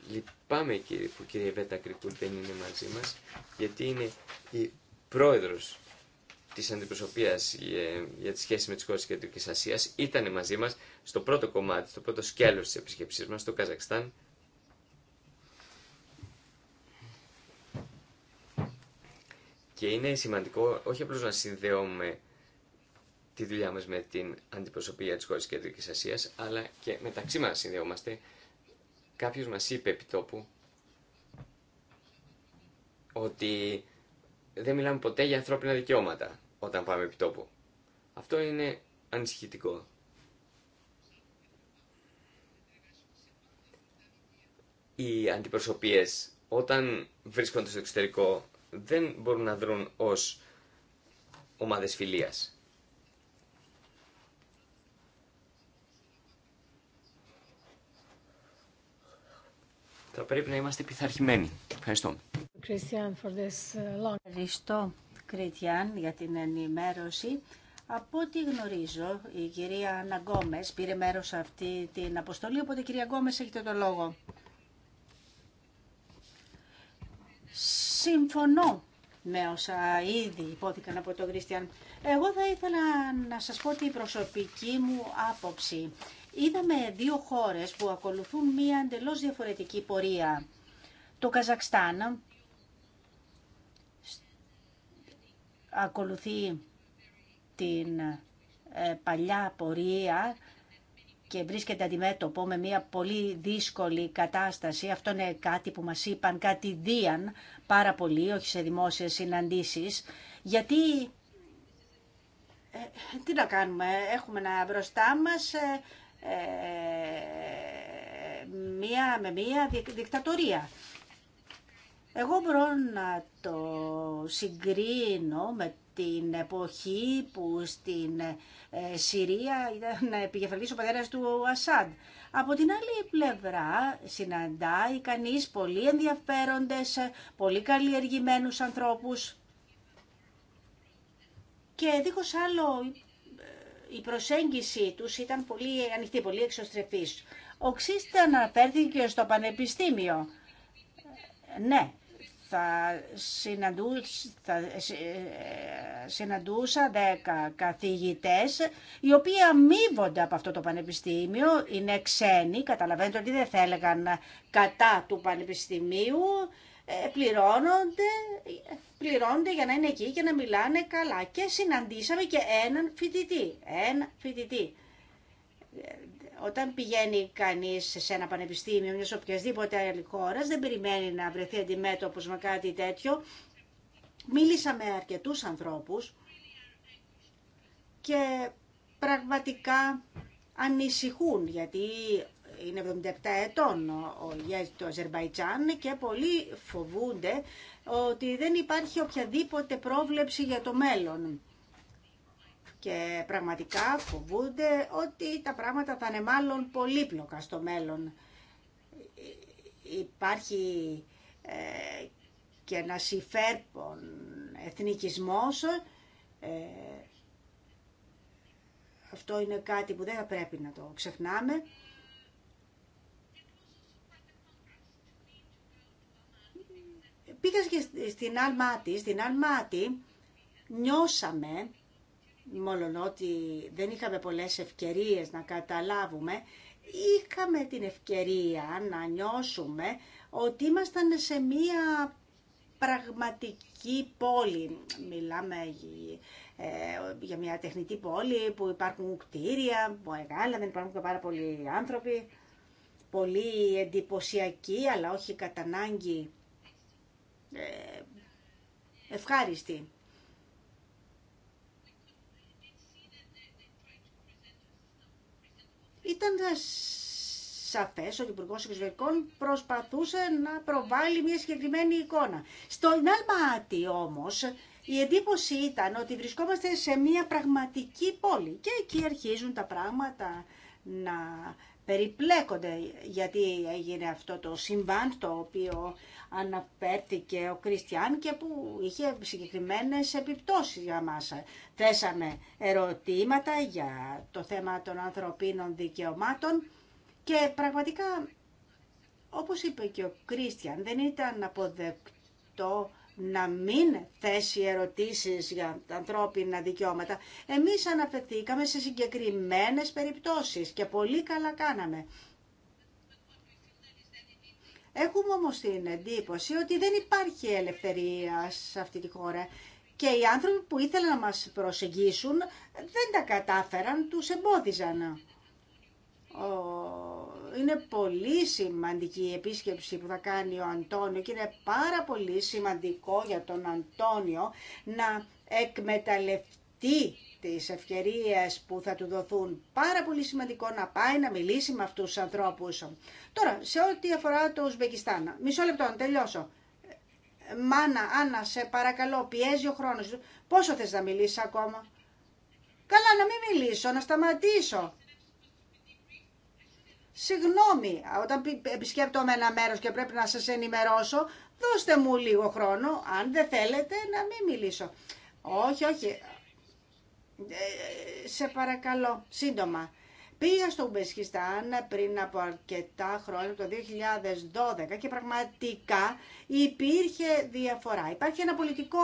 Λυπάμαι κύριε, που κύριε Βέτα Κρικούλ δεν είναι μαζί μας, γιατί είναι η πρόεδρος της αντιπροσωπείας για, τη σχέση με τις χώρες της Κεντρικής Ασίας. Ήταν μαζί μας στο πρώτο κομμάτι, στο πρώτο σκέλος της επισκεψής μας, στο Καζακστάν. Και είναι σημαντικό όχι απλώς να συνδέουμε τη δουλειά μας με την αντιπροσωπεία της χώρες της Κεντρικής Ασίας, αλλά και μεταξύ μας συνδέομαστε Κάποιος μας είπε επί τόπου ότι δεν μιλάμε ποτέ για ανθρώπινα δικαιώματα όταν πάμε επί τόπου. Αυτό είναι ανησυχητικό. Οι αντιπροσωπείες όταν βρίσκονται στο εξωτερικό δεν μπορούν να δρουν ως ομάδες φιλίας. Θα πρέπει να είμαστε πειθαρχημένοι. Ευχαριστώ. Uh, Ευχαριστώ, Κριτιάν, για την ενημέρωση. Από ό,τι γνωρίζω, η κυρία Αναγκόμε. πήρε μέρο σε αυτή την αποστολή, οπότε κυρία Γκόμε, έχετε το λόγο. Συμφωνώ με όσα ήδη υπόθηκαν από τον Κρίστιαν. Εγώ θα ήθελα να σας πω την προσωπική μου άποψη είδαμε δύο χώρες που ακολουθούν μία εντελώς διαφορετική πορεία. Το Καζακστάν ακολουθεί την ε, παλιά πορεία και βρίσκεται αντιμέτωπο με μια πολύ δύσκολη κατάσταση. Αυτό είναι κάτι που μας είπαν, κάτι δίαν πάρα πολύ, όχι σε δημόσιες συναντήσεις, γιατί ε, τι να κάνουμε, έχουμε να μπροστά μας ε, ε, ε, ε, μία, με μία δικτατορία. Εγώ μπορώ να το συγκρίνω με την εποχή που στην Συρία ήταν επικεφαλής ο πατέρας του Ασάντ. Από την άλλη πλευρά συναντάει κανείς πολύ ενδιαφέροντες, πολύ καλλιεργημένους ανθρώπους και δίχως άλλο η προσέγγιση τους ήταν πολύ ανοιχτή, πολύ εξωστρεφής. Ο Ξίστα αναφέρθηκε στο Πανεπιστήμιο. Ναι, θα, θα ε, ε, συναντούσα δέκα καθηγητές οι οποίοι αμείβονται από αυτό το πανεπιστήμιο, είναι ξένοι, καταλαβαίνετε ότι δεν θέλεγαν κατά του πανεπιστημίου, ε, πληρώνονται, πληρώνονται για να είναι εκεί και να μιλάνε καλά. Και συναντήσαμε και έναν φοιτητή. Ένα φοιτητή. Ε, όταν πηγαίνει κανεί σε ένα πανεπιστήμιο μια οποιασδήποτε άλλη χώρα, δεν περιμένει να βρεθεί αντιμέτωπο με κάτι τέτοιο. Μίλησα με αρκετού ανθρώπου και πραγματικά ανησυχούν γιατί είναι 77 ετών ο ηγέτης του Αζερβαϊτζάν και πολλοί φοβούνται ότι δεν υπάρχει οποιαδήποτε πρόβλεψη για το μέλλον. Και πραγματικά φοβούνται ότι τα πράγματα θα είναι μάλλον πολύπλοκα στο μέλλον. Υπάρχει ε, και ένα υφέρπον εθνικισμός ε, αυτό είναι κάτι που δεν θα πρέπει να το ξεχνάμε. Πήγα στην Αλμάτη, στην άλματι νιώσαμε, μόλον ότι δεν είχαμε πολλές ευκαιρίες να καταλάβουμε, είχαμε την ευκαιρία να νιώσουμε ότι ήμασταν σε μία πραγματική πόλη. Μιλάμε ε, για μια τεχνητή πόλη που υπάρχουν κτίρια, που μεγάλα, δεν υπάρχουν και πάρα πολλοί άνθρωποι, πολύ εντυπωσιακοί, αλλά όχι κατανάγκη. Ε, ευχάριστη. Ήταν σαφές ότι ο Υπουργός Εξωτερικών προσπαθούσε να προβάλλει μια συγκεκριμένη εικόνα. Στο μάτι όμως η εντύπωση ήταν ότι βρισκόμαστε σε μια πραγματική πόλη και εκεί αρχίζουν τα πράγματα να περιπλέκονται γιατί έγινε αυτό το συμβάν το οποίο αναφέρθηκε ο Κριστιαν και που είχε συγκεκριμένες επιπτώσεις για μας. Θέσαμε ερωτήματα για το θέμα των ανθρωπίνων δικαιωμάτων και πραγματικά όπως είπε και ο Κρίστιαν δεν ήταν αποδεκτό να μην θέσει ερωτήσεις για τα ανθρώπινα δικαιώματα. Εμείς αναφερθήκαμε σε συγκεκριμένες περιπτώσεις και πολύ καλά κάναμε. Έχουμε όμως την εντύπωση ότι δεν υπάρχει ελευθερία σε αυτή τη χώρα και οι άνθρωποι που ήθελαν να μας προσεγγίσουν δεν τα κατάφεραν, τους εμπόδιζαν. Ο είναι πολύ σημαντική η επίσκεψη που θα κάνει ο Αντώνιο και είναι πάρα πολύ σημαντικό για τον Αντώνιο να εκμεταλλευτεί τις ευκαιρίες που θα του δοθούν. Πάρα πολύ σημαντικό να πάει να μιλήσει με αυτούς τους ανθρώπους. Τώρα, σε ό,τι αφορά το Ουσβεκιστάν, μισό λεπτό να τελειώσω. Μάνα, Άννα, σε παρακαλώ, πιέζει ο χρόνος. Πόσο θες να μιλήσεις ακόμα. Καλά, να μην μιλήσω, να σταματήσω. Συγγνώμη, όταν επισκέπτομαι ένα μέρος και πρέπει να σας ενημερώσω, δώστε μου λίγο χρόνο, αν δεν θέλετε, να μην μιλήσω. Όχι, όχι. Ε, ε, σε παρακαλώ, σύντομα. Πήγα στον Ουμπεσχιστάν πριν από αρκετά χρόνια, το 2012 και πραγματικά υπήρχε διαφορά. Υπάρχει ένα πολιτικό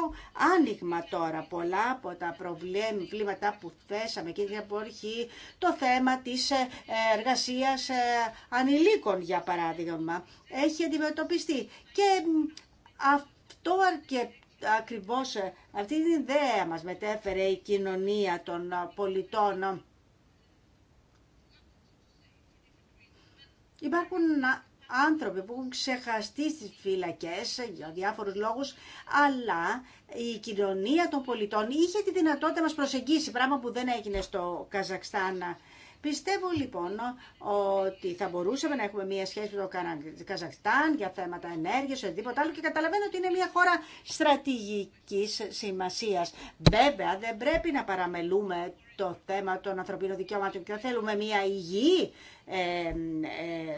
άνοιγμα τώρα. Πολλά από τα προβλήματα που θέσαμε και την αρχή, το θέμα της ε, εργασίας ε, ανηλίκων για παράδειγμα, έχει αντιμετωπιστεί. Και αυτό αρκετά ακριβώς ε, αυτή την ιδέα μας μετέφερε η κοινωνία των πολιτών Υπάρχουν άνθρωποι που έχουν ξεχαστεί στις φυλακές για διάφορους λόγους, αλλά η κοινωνία των πολιτών είχε τη δυνατότητα να μας προσεγγίσει, πράγμα που δεν έγινε στο Καζακστάν. Πιστεύω λοιπόν ότι θα μπορούσαμε να έχουμε μία σχέση με το Καζακστάν για θέματα ενέργεια, οτιδήποτε άλλο και καταλαβαίνω ότι είναι μία χώρα στρατηγική σημασία. Βέβαια, δεν πρέπει να παραμελούμε το θέμα των ανθρωπίνων δικαιωμάτων και θέλουμε μια υγιή ε, ε,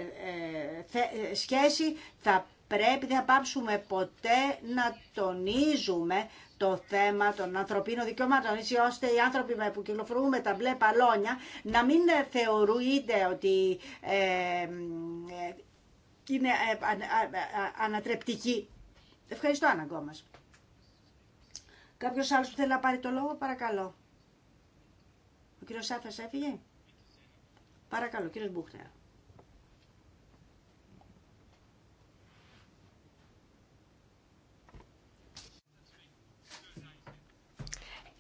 ε, ε σχέση, θα πρέπει, να πάψουμε ποτέ να τονίζουμε το θέμα των ανθρωπίνων δικαιωμάτων, έτσι ώστε οι άνθρωποι που κυκλοφορούν με τα μπλε παλόνια να μην θεωρούνται ότι ε, ε, είναι ε, ανατρεπτική. Ευχαριστώ, άναγκό μας. Κάποιος άλλος που θέλει να πάρει το λόγο, παρακαλώ. Ο κύριος Σάφας έφυγε. Παρακαλώ, κύριος Μπούχνερ.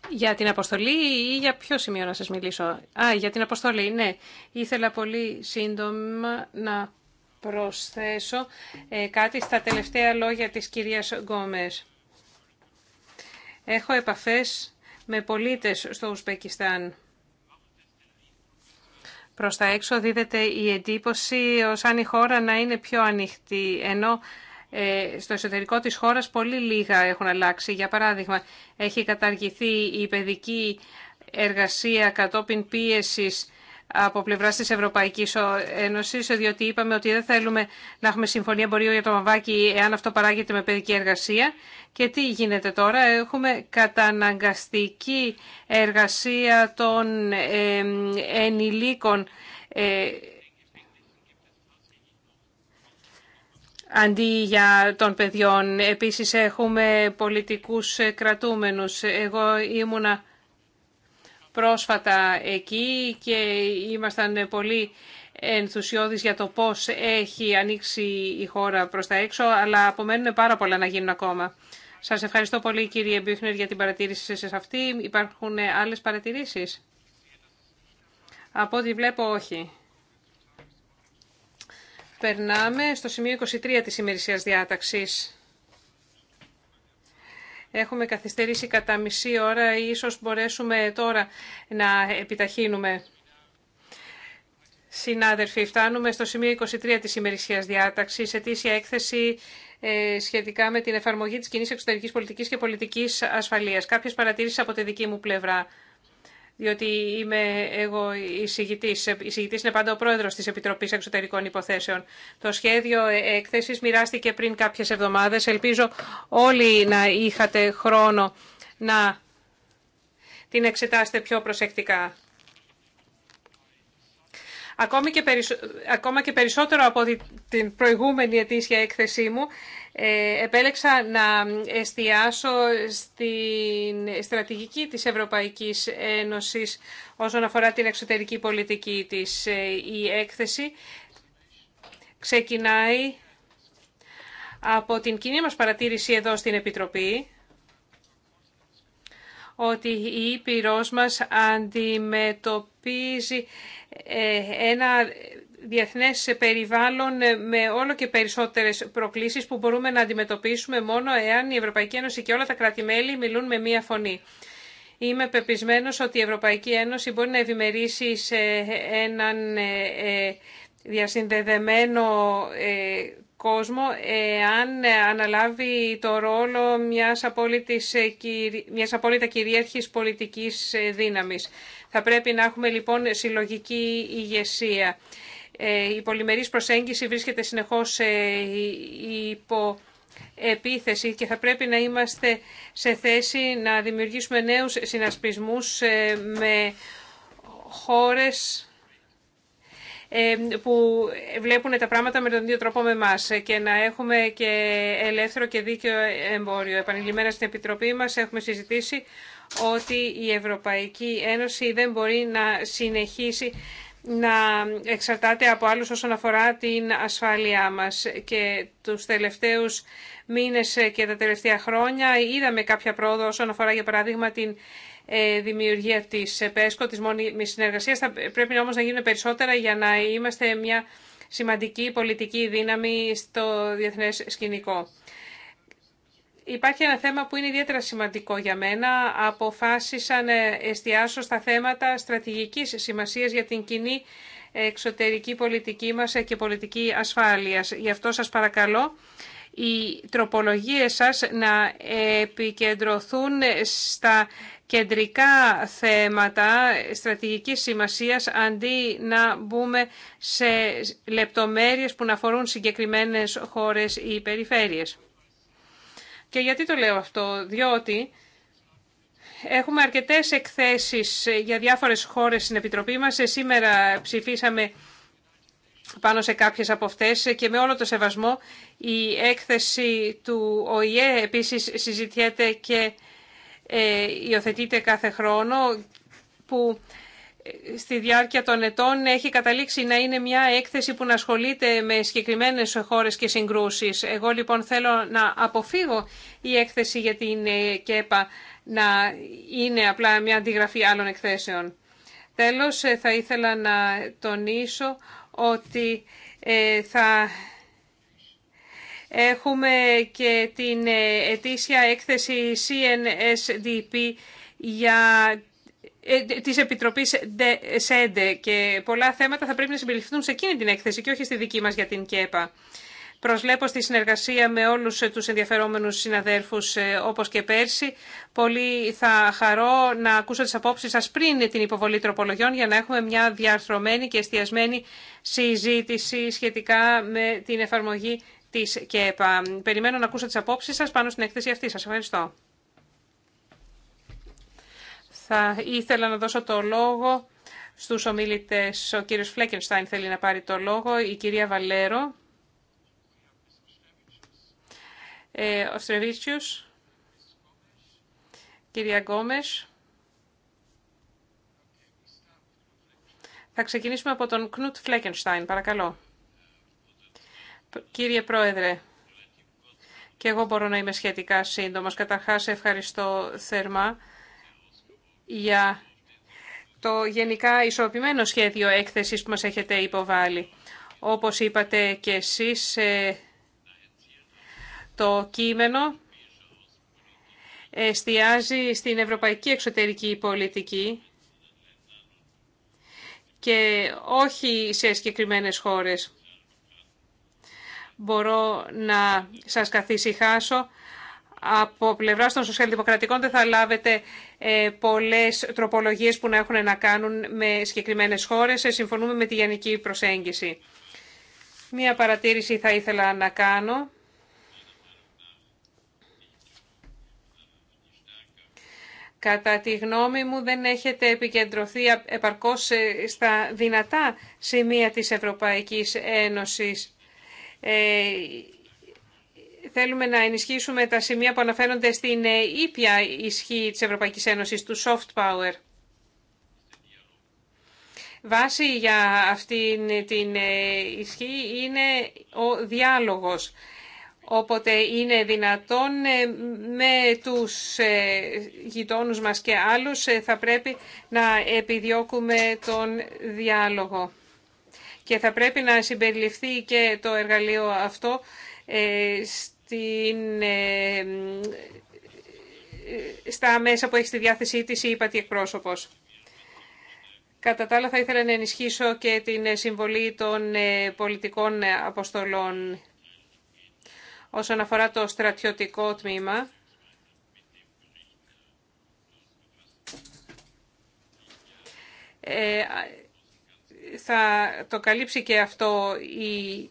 Για την αποστολή ή για ποιο σημείο να σας μιλήσω. Α, για την αποστολή, ναι. Ήθελα πολύ σύντομα να προσθέσω ε, κάτι στα τελευταία λόγια της κυρίας Γκόμες. Έχω επαφές με πολίτες στο Ουσπεκιστάν. Προς τα έξω δίδεται η εντύπωση ως αν η χώρα να είναι πιο ανοιχτή, ενώ ε, στο εσωτερικό της χώρας πολύ λίγα έχουν αλλάξει. Για παράδειγμα, έχει καταργηθεί η παιδική εργασία κατόπιν πίεσης από πλευρά τη Ευρωπαϊκή Ένωση, διότι είπαμε ότι δεν θέλουμε να έχουμε συμφωνία μπορεί για το μαμβάκι εάν αυτό παράγεται με παιδική εργασία. Και τι γίνεται τώρα, έχουμε καταναγκαστική εργασία των ε, ενηλίκων ε, αντί για των παιδιών. Επίσης έχουμε πολιτικούς κρατούμενους. Εγώ ήμουνα πρόσφατα εκεί και ήμασταν πολύ ενθουσιώδης για το πώς έχει ανοίξει η χώρα προς τα έξω, αλλά απομένουν πάρα πολλά να γίνουν ακόμα. Σας ευχαριστώ πολύ κύριε Μπίχνερ για την παρατήρηση σας αυτή. Υπάρχουν άλλες παρατηρήσεις. Από ό,τι βλέπω όχι περνάμε στο σημείο 23 της ημερησίας διάταξης. Έχουμε καθυστερήσει κατά μισή ώρα ή ίσως μπορέσουμε τώρα να επιταχύνουμε. Συνάδελφοι, φτάνουμε στο σημείο 23 της ημερησίας διάταξης, ετήσια έκθεση ε, σχετικά με την εφαρμογή της κοινή εξωτερικής πολιτικής και πολιτικής ασφαλείας. Κάποιες παρατήρησεις από τη δική μου πλευρά διότι είμαι εγώ Η Εισηγητής είναι πάντα ο πρόεδρος της Επιτροπής Εξωτερικών Υποθέσεων. Το σχέδιο έκθεσης μοιράστηκε πριν κάποιες εβδομάδες. Ελπίζω όλοι να είχατε χρόνο να την εξετάσετε πιο προσεκτικά. Ακόμα και, περισσότερο από την προηγούμενη ετήσια έκθεσή μου, ε, επέλεξα να εστιάσω στην στρατηγική της Ευρωπαϊκής Ένωσης όσον αφορά την εξωτερική πολιτική της. Ε, η έκθεση ξεκινάει από την κοινή μας παρατήρηση εδώ στην Επιτροπή ότι η Ήπειρός μας αντιμετωπίζει ε, ένα Διεθνέ περιβάλλον ε, με όλο και περισσότερες προκλήσεις που μπορούμε να αντιμετωπίσουμε μόνο εάν η Ευρωπαϊκή Ένωση και όλα τα κράτη-μέλη μιλούν με μία φωνή. Είμαι πεπισμένος ότι η Ευρωπαϊκή Ένωση μπορεί να ευημερήσει σε έναν ε, ε, διασυνδεδεμένο κόσμο εάν αναλάβει το ρόλο μιας, απόλυτης, μιας απόλυτα κυρίαρχης πολιτικής δύναμης. Θα πρέπει να έχουμε λοιπόν συλλογική ηγεσία. Ε, η πολυμερής προσέγγιση βρίσκεται συνεχώς υπό επίθεση και θα πρέπει να είμαστε σε θέση να δημιουργήσουμε νέους συνασπισμούς ε, με χώρες ε, που βλέπουν τα πράγματα με τον ίδιο τρόπο με εμά και να έχουμε και ελεύθερο και δίκαιο εμπόριο. Επανειλημμένα στην Επιτροπή μας έχουμε συζητήσει ότι η Ευρωπαϊκή Ένωση δεν μπορεί να συνεχίσει να εξαρτάται από άλλους όσον αφορά την ασφάλειά μας. Και τους τελευταίους μήνες και τα τελευταία χρόνια είδαμε κάποια πρόοδο όσον αφορά για παράδειγμα την ε, δημιουργία της ΠΕΣΚΟ, της μόνιμης συνεργασίας. Θα πρέπει όμως να γίνουν περισσότερα για να είμαστε μια σημαντική πολιτική δύναμη στο διεθνές σκηνικό. Υπάρχει ένα θέμα που είναι ιδιαίτερα σημαντικό για μένα. Αποφάσισαν να ε, εστιάσω στα θέματα στρατηγικής σημασίας για την κοινή εξωτερική πολιτική μας ε, και πολιτική ασφάλειας. Γι' αυτό σας παρακαλώ οι τροπολογίες σας να επικεντρωθούν στα κεντρικά θέματα στρατηγικής σημασίας αντί να μπούμε σε λεπτομέρειες που να αφορούν συγκεκριμένες χώρες ή περιφέρειες. Και γιατί το λέω αυτό, διότι έχουμε αρκετές εκθέσεις για διάφορες χώρες στην Επιτροπή μας. Ε, σήμερα ψηφίσαμε πάνω σε κάποιες από αυτές και με όλο το σεβασμό η έκθεση του ΟΗΕ επίσης συζητιέται και ε, υιοθετείται κάθε χρόνο που στη διάρκεια των ετών έχει καταλήξει να είναι μια έκθεση που να ασχολείται με συγκεκριμένες χώρες και συγκρούσεις. Εγώ λοιπόν θέλω να αποφύγω η έκθεση για την ε, ΚΕΠΑ να είναι απλά μια αντιγραφή άλλων εκθέσεων. Τέλος, ε, θα ήθελα να τονίσω ότι ε, θα έχουμε και την ετήσια έκθεση CNSDP για ε, τη Επιτροπή ΣΕΝΤΕ και πολλά θέματα θα πρέπει να συμπεριληφθούν σε εκείνη την έκθεση και όχι στη δική μα για την ΚΕΠΑ. Προσλέπω στη συνεργασία με όλους τους ενδιαφερόμενους συναδέρφους ε, όπως και πέρσι. Πολύ θα χαρώ να ακούσω τις απόψεις σας πριν την υποβολή τροπολογιών για να έχουμε μια διαρθρωμένη και εστιασμένη συζήτηση σχετικά με την εφαρμογή της ΚΕΠΑ. Περιμένω να ακούσω τις απόψεις σας πάνω στην έκθεση αυτή. Σας ευχαριστώ. Θα ήθελα να δώσω το λόγο στους ομιλητές. Ο κύριος Φλέκενστάιν θέλει να πάρει το λόγο, η κυρία Βαλέρο, ε, ο Στρεβίτσιος, κυρία Γκόμες. Θα ξεκινήσουμε από τον Κνούτ Φλέκενστάιν, παρακαλώ. Κύριε Πρόεδρε, και εγώ μπορώ να είμαι σχετικά σύντομος. Καταρχάς, ευχαριστώ θερμά για το γενικά ισορροπημένο σχέδιο έκθεσης που μας έχετε υποβάλει. Όπως είπατε και εσείς, ε, το κείμενο εστιάζει στην ευρωπαϊκή εξωτερική πολιτική και όχι σε συγκεκριμένες χώρες. Μπορώ να σας καθησυχάσω από πλευράς των σοσιαλδημοκρατικών δεν θα λάβετε ε, πολλές τροπολογίες που να έχουν να κάνουν με συγκεκριμένες χώρες. Ε, συμφωνούμε με τη γενική προσέγγιση. Μία παρατήρηση θα ήθελα να κάνω. Κατά τη γνώμη μου δεν έχετε επικεντρωθεί επαρκώς ε, στα δυνατά σημεία της Ευρωπαϊκής Ένωσης. Θέλουμε να ενισχύσουμε τα σημεία που αναφέρονται στην ε, ήπια ισχύ της Ευρωπαϊκής Ένωσης, του soft power. Βάση για αυτήν την ε, ισχύ είναι ο διάλογος. Όποτε είναι δυνατόν ε, με τους γειτόνους μας και άλλους θα πρέπει να επιδιώκουμε τον διάλογο. Και θα πρέπει να συμπεριληφθεί και το εργαλείο αυτό ε, στα μέσα που έχει στη διάθεσή της η ύπατη εκπρόσωπος. Κατά τα άλλα θα ήθελα να ενισχύσω και την συμβολή των ε, πολιτικών αποστολών όσον αφορά το στρατιωτικό τμήμα. Ε, θα το καλύψει και αυτό η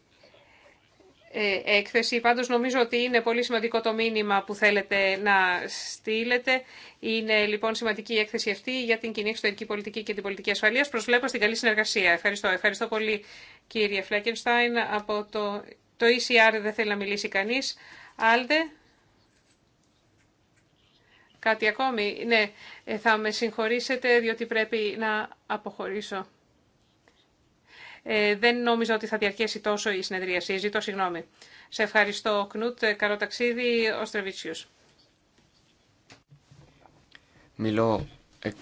ε, έκθεση. Πάντως νομίζω ότι είναι πολύ σημαντικό το μήνυμα που θέλετε να στείλετε. Είναι λοιπόν σημαντική η έκθεση αυτή για την κοινή εξωτερική πολιτική και την πολιτική ασφαλείας. Προσβλέπω στην καλή συνεργασία. Ευχαριστώ. Ευχαριστώ πολύ κύριε Φλέκενστάιν. Από το, το ECR δεν θέλει να μιλήσει κανείς. Άλτε. Κάτι ακόμη. Ναι, ε, θα με συγχωρήσετε διότι πρέπει να αποχωρήσω. Ε, δεν νόμιζα ότι θα διαρκέσει τόσο η συνεδρίαση. Ζητώ συγγνώμη. Σε ευχαριστώ, Κνούτ. Καλό ταξίδι, Οστρεβίτσιους. Μιλώ εκ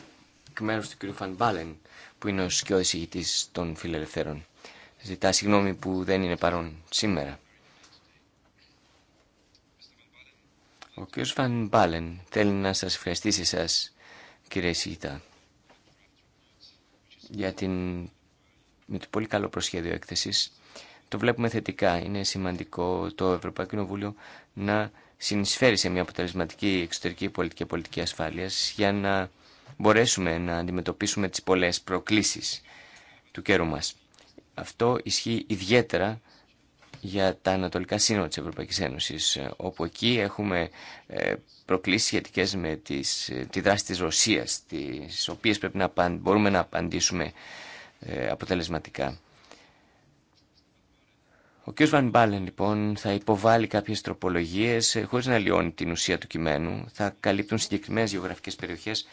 μέρους του κ. Φανμπάλεν, που είναι ο σκιώδης ηγητής των φιλελευθέρων. Ζητά συγγνώμη που δεν είναι παρόν σήμερα. Ο κ. Φαν θέλει να σας ευχαριστήσει σας, κύριε Σίγητα, για την με το πολύ καλό προσχέδιο έκθεση. Το βλέπουμε θετικά. Είναι σημαντικό το Ευρωπαϊκό Κοινοβούλιο να συνεισφέρει σε μια αποτελεσματική εξωτερική πολιτική και πολιτική ασφάλεια για να μπορέσουμε να αντιμετωπίσουμε τι πολλέ προκλήσεις του καιρού μα. Αυτό ισχύει ιδιαίτερα για τα ανατολικά σύνορα της Ευρωπαϊκής Ένωσης, όπου εκεί έχουμε ε, προκλήσεις σχετικές με τις, ε, τη δράση της Ρωσίας, τις οποίες πρέπει να μπορούμε να απαντήσουμε ε, αποτελεσματικά. Ο κ. Βαν Μπάλεν λοιπόν θα υποβάλει κάποιες τροπολογίες ε, χωρίς να λιώνει την ουσία του κειμένου. Θα καλύπτουν συγκεκριμένες γεωγραφικές περιοχές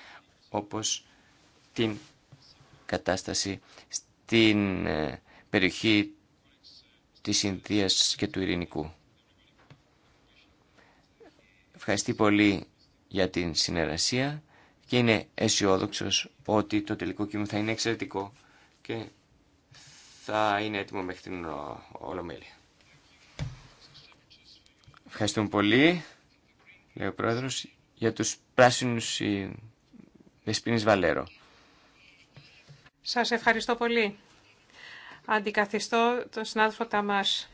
όπως την κατάσταση στην ε, περιοχή της Ινδίας και του Ειρηνικού. Ευχαριστώ πολύ για την συνεργασία και είναι αισιόδοξο ότι το τελικό κείμενο θα είναι εξαιρετικό και θα είναι έτοιμο μέχρι την Ολομέλεια. Ευχαριστούμε πολύ, λέει ο Πρόεδρος, για τους πράσινους Δεσποίνης Βαλέρο. Σας ευχαριστώ πολύ. Αντικαθιστώ τον συνάδελφο Ταμάς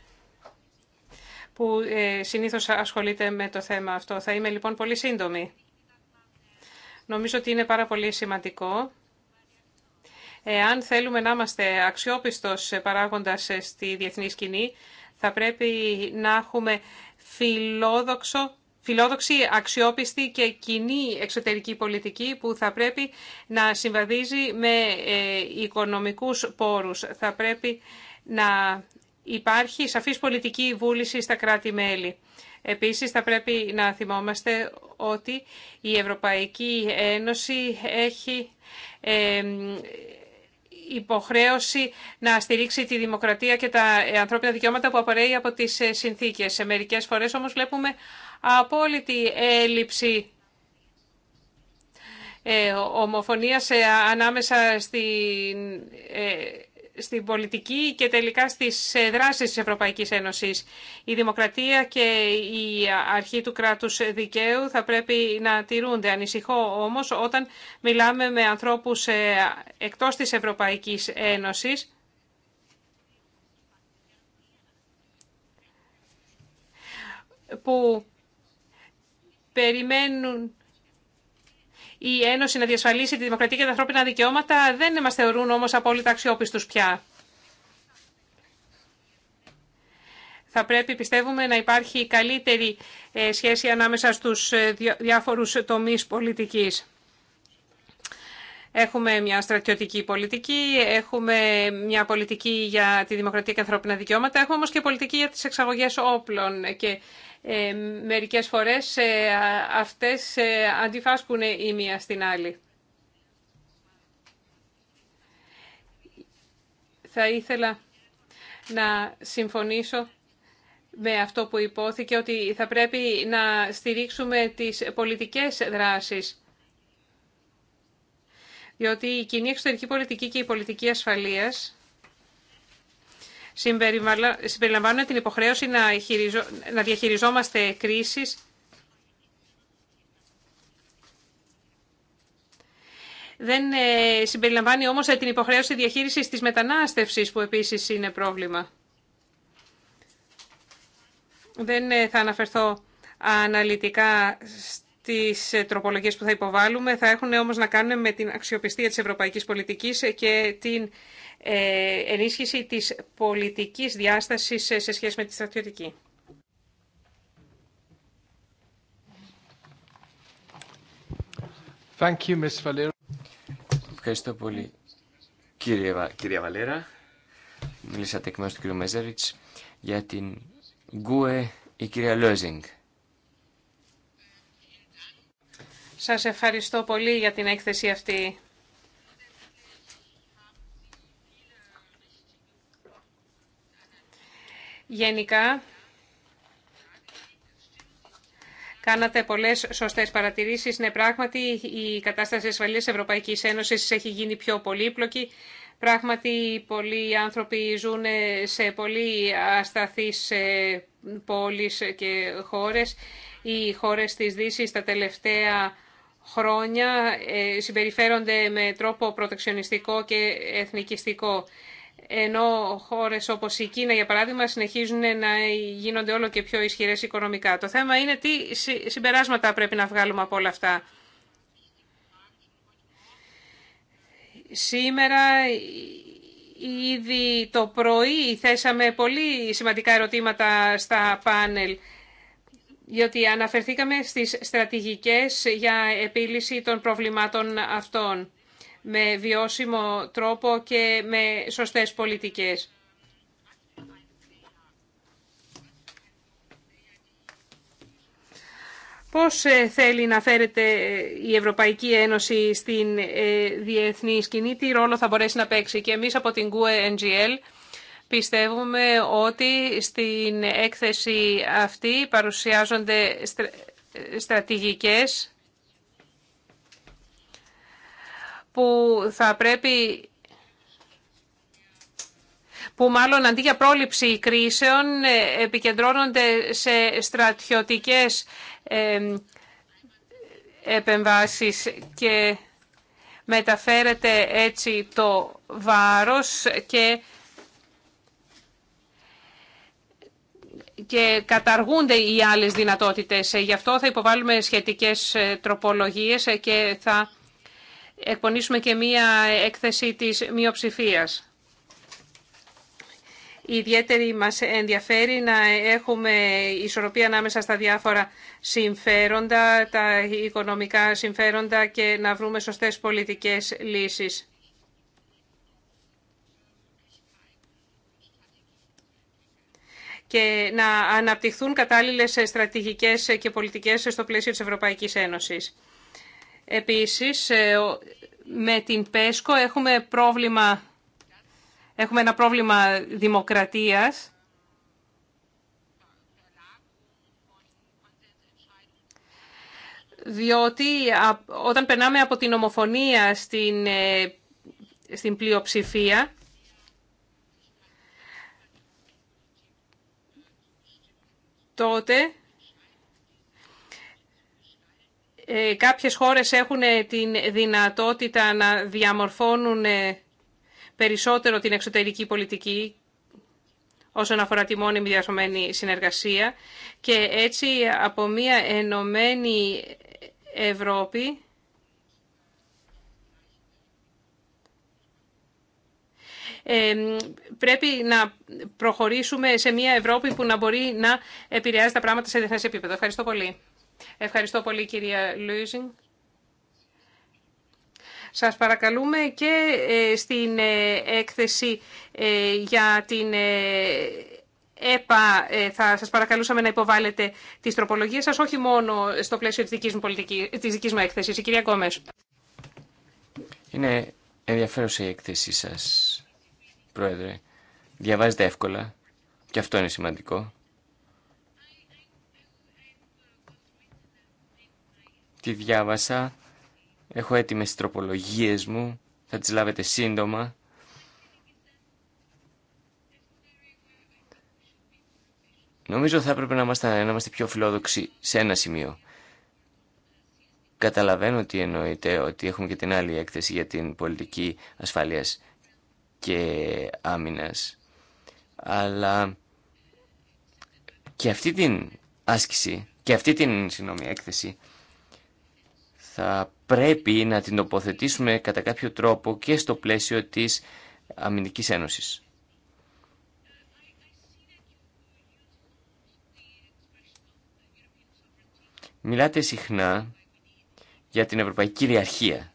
που ε, συνήθως ασχολείται με το θέμα αυτό. Θα είμαι λοιπόν πολύ σύντομη. Νομίζω ότι είναι πάρα πολύ σημαντικό Εάν θέλουμε να είμαστε αξιόπιστος παράγοντας στη διεθνή σκηνή, θα πρέπει να έχουμε φιλόδοξο Φιλόδοξη, αξιόπιστη και κοινή εξωτερική πολιτική που θα πρέπει να συμβαδίζει με ε, οικονομικούς πόρους. Θα πρέπει να υπάρχει σαφής πολιτική βούληση στα κράτη-μέλη. Επίσης, θα πρέπει να θυμόμαστε ότι η Ευρωπαϊκή Ένωση έχει ε, υποχρέωση να στηρίξει τη δημοκρατία και τα ε, ανθρώπινα δικαιώματα που απορρέει από τις ε, συνθήκες. Σε μερικές φορές όμως βλέπουμε απόλυτη έλλειψη ε, ομοφωνίας ανάμεσα στην στην πολιτική και τελικά στις ε, δράσεις της Ευρωπαϊκής Ένωσης. Η δημοκρατία και η αρχή του κράτους δικαίου θα πρέπει να τηρούνται. Ανησυχώ όμως όταν μιλάμε με ανθρώπους ε, εκτός της Ευρωπαϊκής Ένωσης που περιμένουν η Ένωση να διασφαλίσει τη δημοκρατία και τα ανθρώπινα δικαιώματα δεν μα θεωρούν όμως απόλυτα αξιόπιστου πια. Θα πρέπει, πιστεύουμε, να υπάρχει καλύτερη ε, σχέση ανάμεσα στους ε, διάφορους τομείς πολιτικής. Έχουμε μια στρατιωτική πολιτική, έχουμε μια πολιτική για τη δημοκρατία και ανθρώπινα δικαιώματα, έχουμε όμως και πολιτική για τις εξαγωγές όπλων και ε, μερικές φορές ε, αυτές ε, αντιφάσκουν η μία στην άλλη. Θα ήθελα να συμφωνήσω με αυτό που υπόθηκε, ότι θα πρέπει να στηρίξουμε τις πολιτικές δράσεις. Διότι η κοινή εξωτερική πολιτική και η πολιτική ασφαλείας συμπεριλαμβάνουν την υποχρέωση να, διαχειριζόμαστε κρίσεις Δεν ε, συμπεριλαμβάνει όμως την υποχρέωση διαχείρισης της μετανάστευσης που επίσης είναι πρόβλημα. Δεν ε, θα αναφερθώ αναλυτικά τις ε, τροπολογίε που θα υποβάλουμε θα έχουν όμως να κάνουν με την αξιοπιστία της ευρωπαϊκής πολιτικής και την ε, ενίσχυση της πολιτικής διάσταση ε, σε σχέση με τη στρατιωτική. Thank you, Ms. Ευχαριστώ πολύ, κυρία, κυρία Βαλέρα. Μιλήσατε εκ μέρου του κύριου Μέζεριτ για την Γκουε η κυρία Λόζινγκ. Σας ευχαριστώ πολύ για την έκθεση αυτή. Γενικά, Κάνατε πολλές σωστές παρατηρήσεις. Ναι, πράγματι, η κατάσταση της Ευρωπαϊκής Ένωση έχει γίνει πιο πολύπλοκη. Πράγματι, πολλοί άνθρωποι ζουν σε πολύ ασταθείς ε, πόλεις και χώρες. Οι χώρες της Δύσης τα τελευταία χρόνια ε, συμπεριφέρονται με τρόπο προτεξιονιστικό και εθνικιστικό. Ενώ χώρες όπως η Κίνα, για παράδειγμα, συνεχίζουν να γίνονται όλο και πιο ισχυρές οικονομικά. Το θέμα είναι τι συμπεράσματα πρέπει να βγάλουμε από όλα αυτά. Σήμερα ήδη το πρωί θέσαμε πολύ σημαντικά ερωτήματα στα πάνελ διότι αναφερθήκαμε στις στρατηγικές για επίλυση των προβλημάτων αυτών με βιώσιμο τρόπο και με σωστές πολιτικές. Πώς ε, θέλει να φέρεται ε, η Ευρωπαϊκή Ένωση στην ε, διεθνή σκηνή, τι ρόλο θα μπορέσει να παίξει. Και εμείς από την GUE NGL Πιστεύουμε ότι στην έκθεση αυτή παρουσιάζονται στρα... στρατηγικές που θα πρέπει που μάλλον αντί για πρόληψη κρίσεων ε, επικεντρώνονται σε στρατιωτικές ε, επεμβάσεις και μεταφέρεται έτσι το βάρος και και καταργούνται οι άλλες δυνατότητες. Ε, γι' αυτό θα υποβάλουμε σχετικές ε, τροπολογίες ε, και θα εκπονήσουμε και μία έκθεση της μειοψηφία. Ιδιαίτερη μας ενδιαφέρει να έχουμε ισορροπία ανάμεσα στα διάφορα συμφέροντα, τα οικονομικά συμφέροντα και να βρούμε σωστές πολιτικές λύσεις. και να αναπτυχθούν κατάλληλες στρατηγικές και πολιτικές στο πλαίσιο της Ευρωπαϊκής Ένωσης. Επίσης, ε, με την ΠΕΣΚΟ έχουμε, πρόβλημα, έχουμε ένα πρόβλημα δημοκρατίας διότι όταν περνάμε από την ομοφωνία στην, ε, στην πλειοψηφία τότε ε, κάποιες χώρες έχουν ε, την δυνατότητα να διαμορφώνουν ε, περισσότερο την εξωτερική πολιτική όσον αφορά τη μόνιμη διαρθωμένη συνεργασία και έτσι από μια ενωμένη Ευρώπη πρέπει να προχωρήσουμε σε μια Ευρώπη που να μπορεί να επηρεάζει τα πράγματα σε διεθνές επίπεδο. Ευχαριστώ πολύ. Ευχαριστώ πολύ κυρία Λούιζινγκ. Σας παρακαλούμε και ε, στην ε, έκθεση ε, για την ΕΠΑ θα σας παρακαλούσαμε να υποβάλλετε τις τροπολογίες σας, όχι μόνο στο πλαίσιο της δικής μου, πολιτικής, της δικής μου έκθεσης. Η κυρία Κόμες. Είναι ενδιαφέρουσα η έκθεσή σας Πρόεδρε. Διαβάζετε εύκολα. Και αυτό είναι σημαντικό. Τη διάβασα. Έχω έτοιμες τροπολογίες μου. Θα τις λάβετε σύντομα. Νομίζω θα έπρεπε να είμαστε, να είμαστε πιο φιλόδοξοι σε ένα σημείο. Καταλαβαίνω ότι εννοείται ότι έχουμε και την άλλη έκθεση για την πολιτική ασφαλείας και άμυνας, αλλά και αυτή την άσκηση, και αυτή την συγγνώμη, έκθεση θα πρέπει να την τοποθετήσουμε κατά κάποιο τρόπο και στο πλαίσιο της Αμυντικής Ένωσης. Μιλάτε συχνά για την ευρωπαϊκή κυριαρχία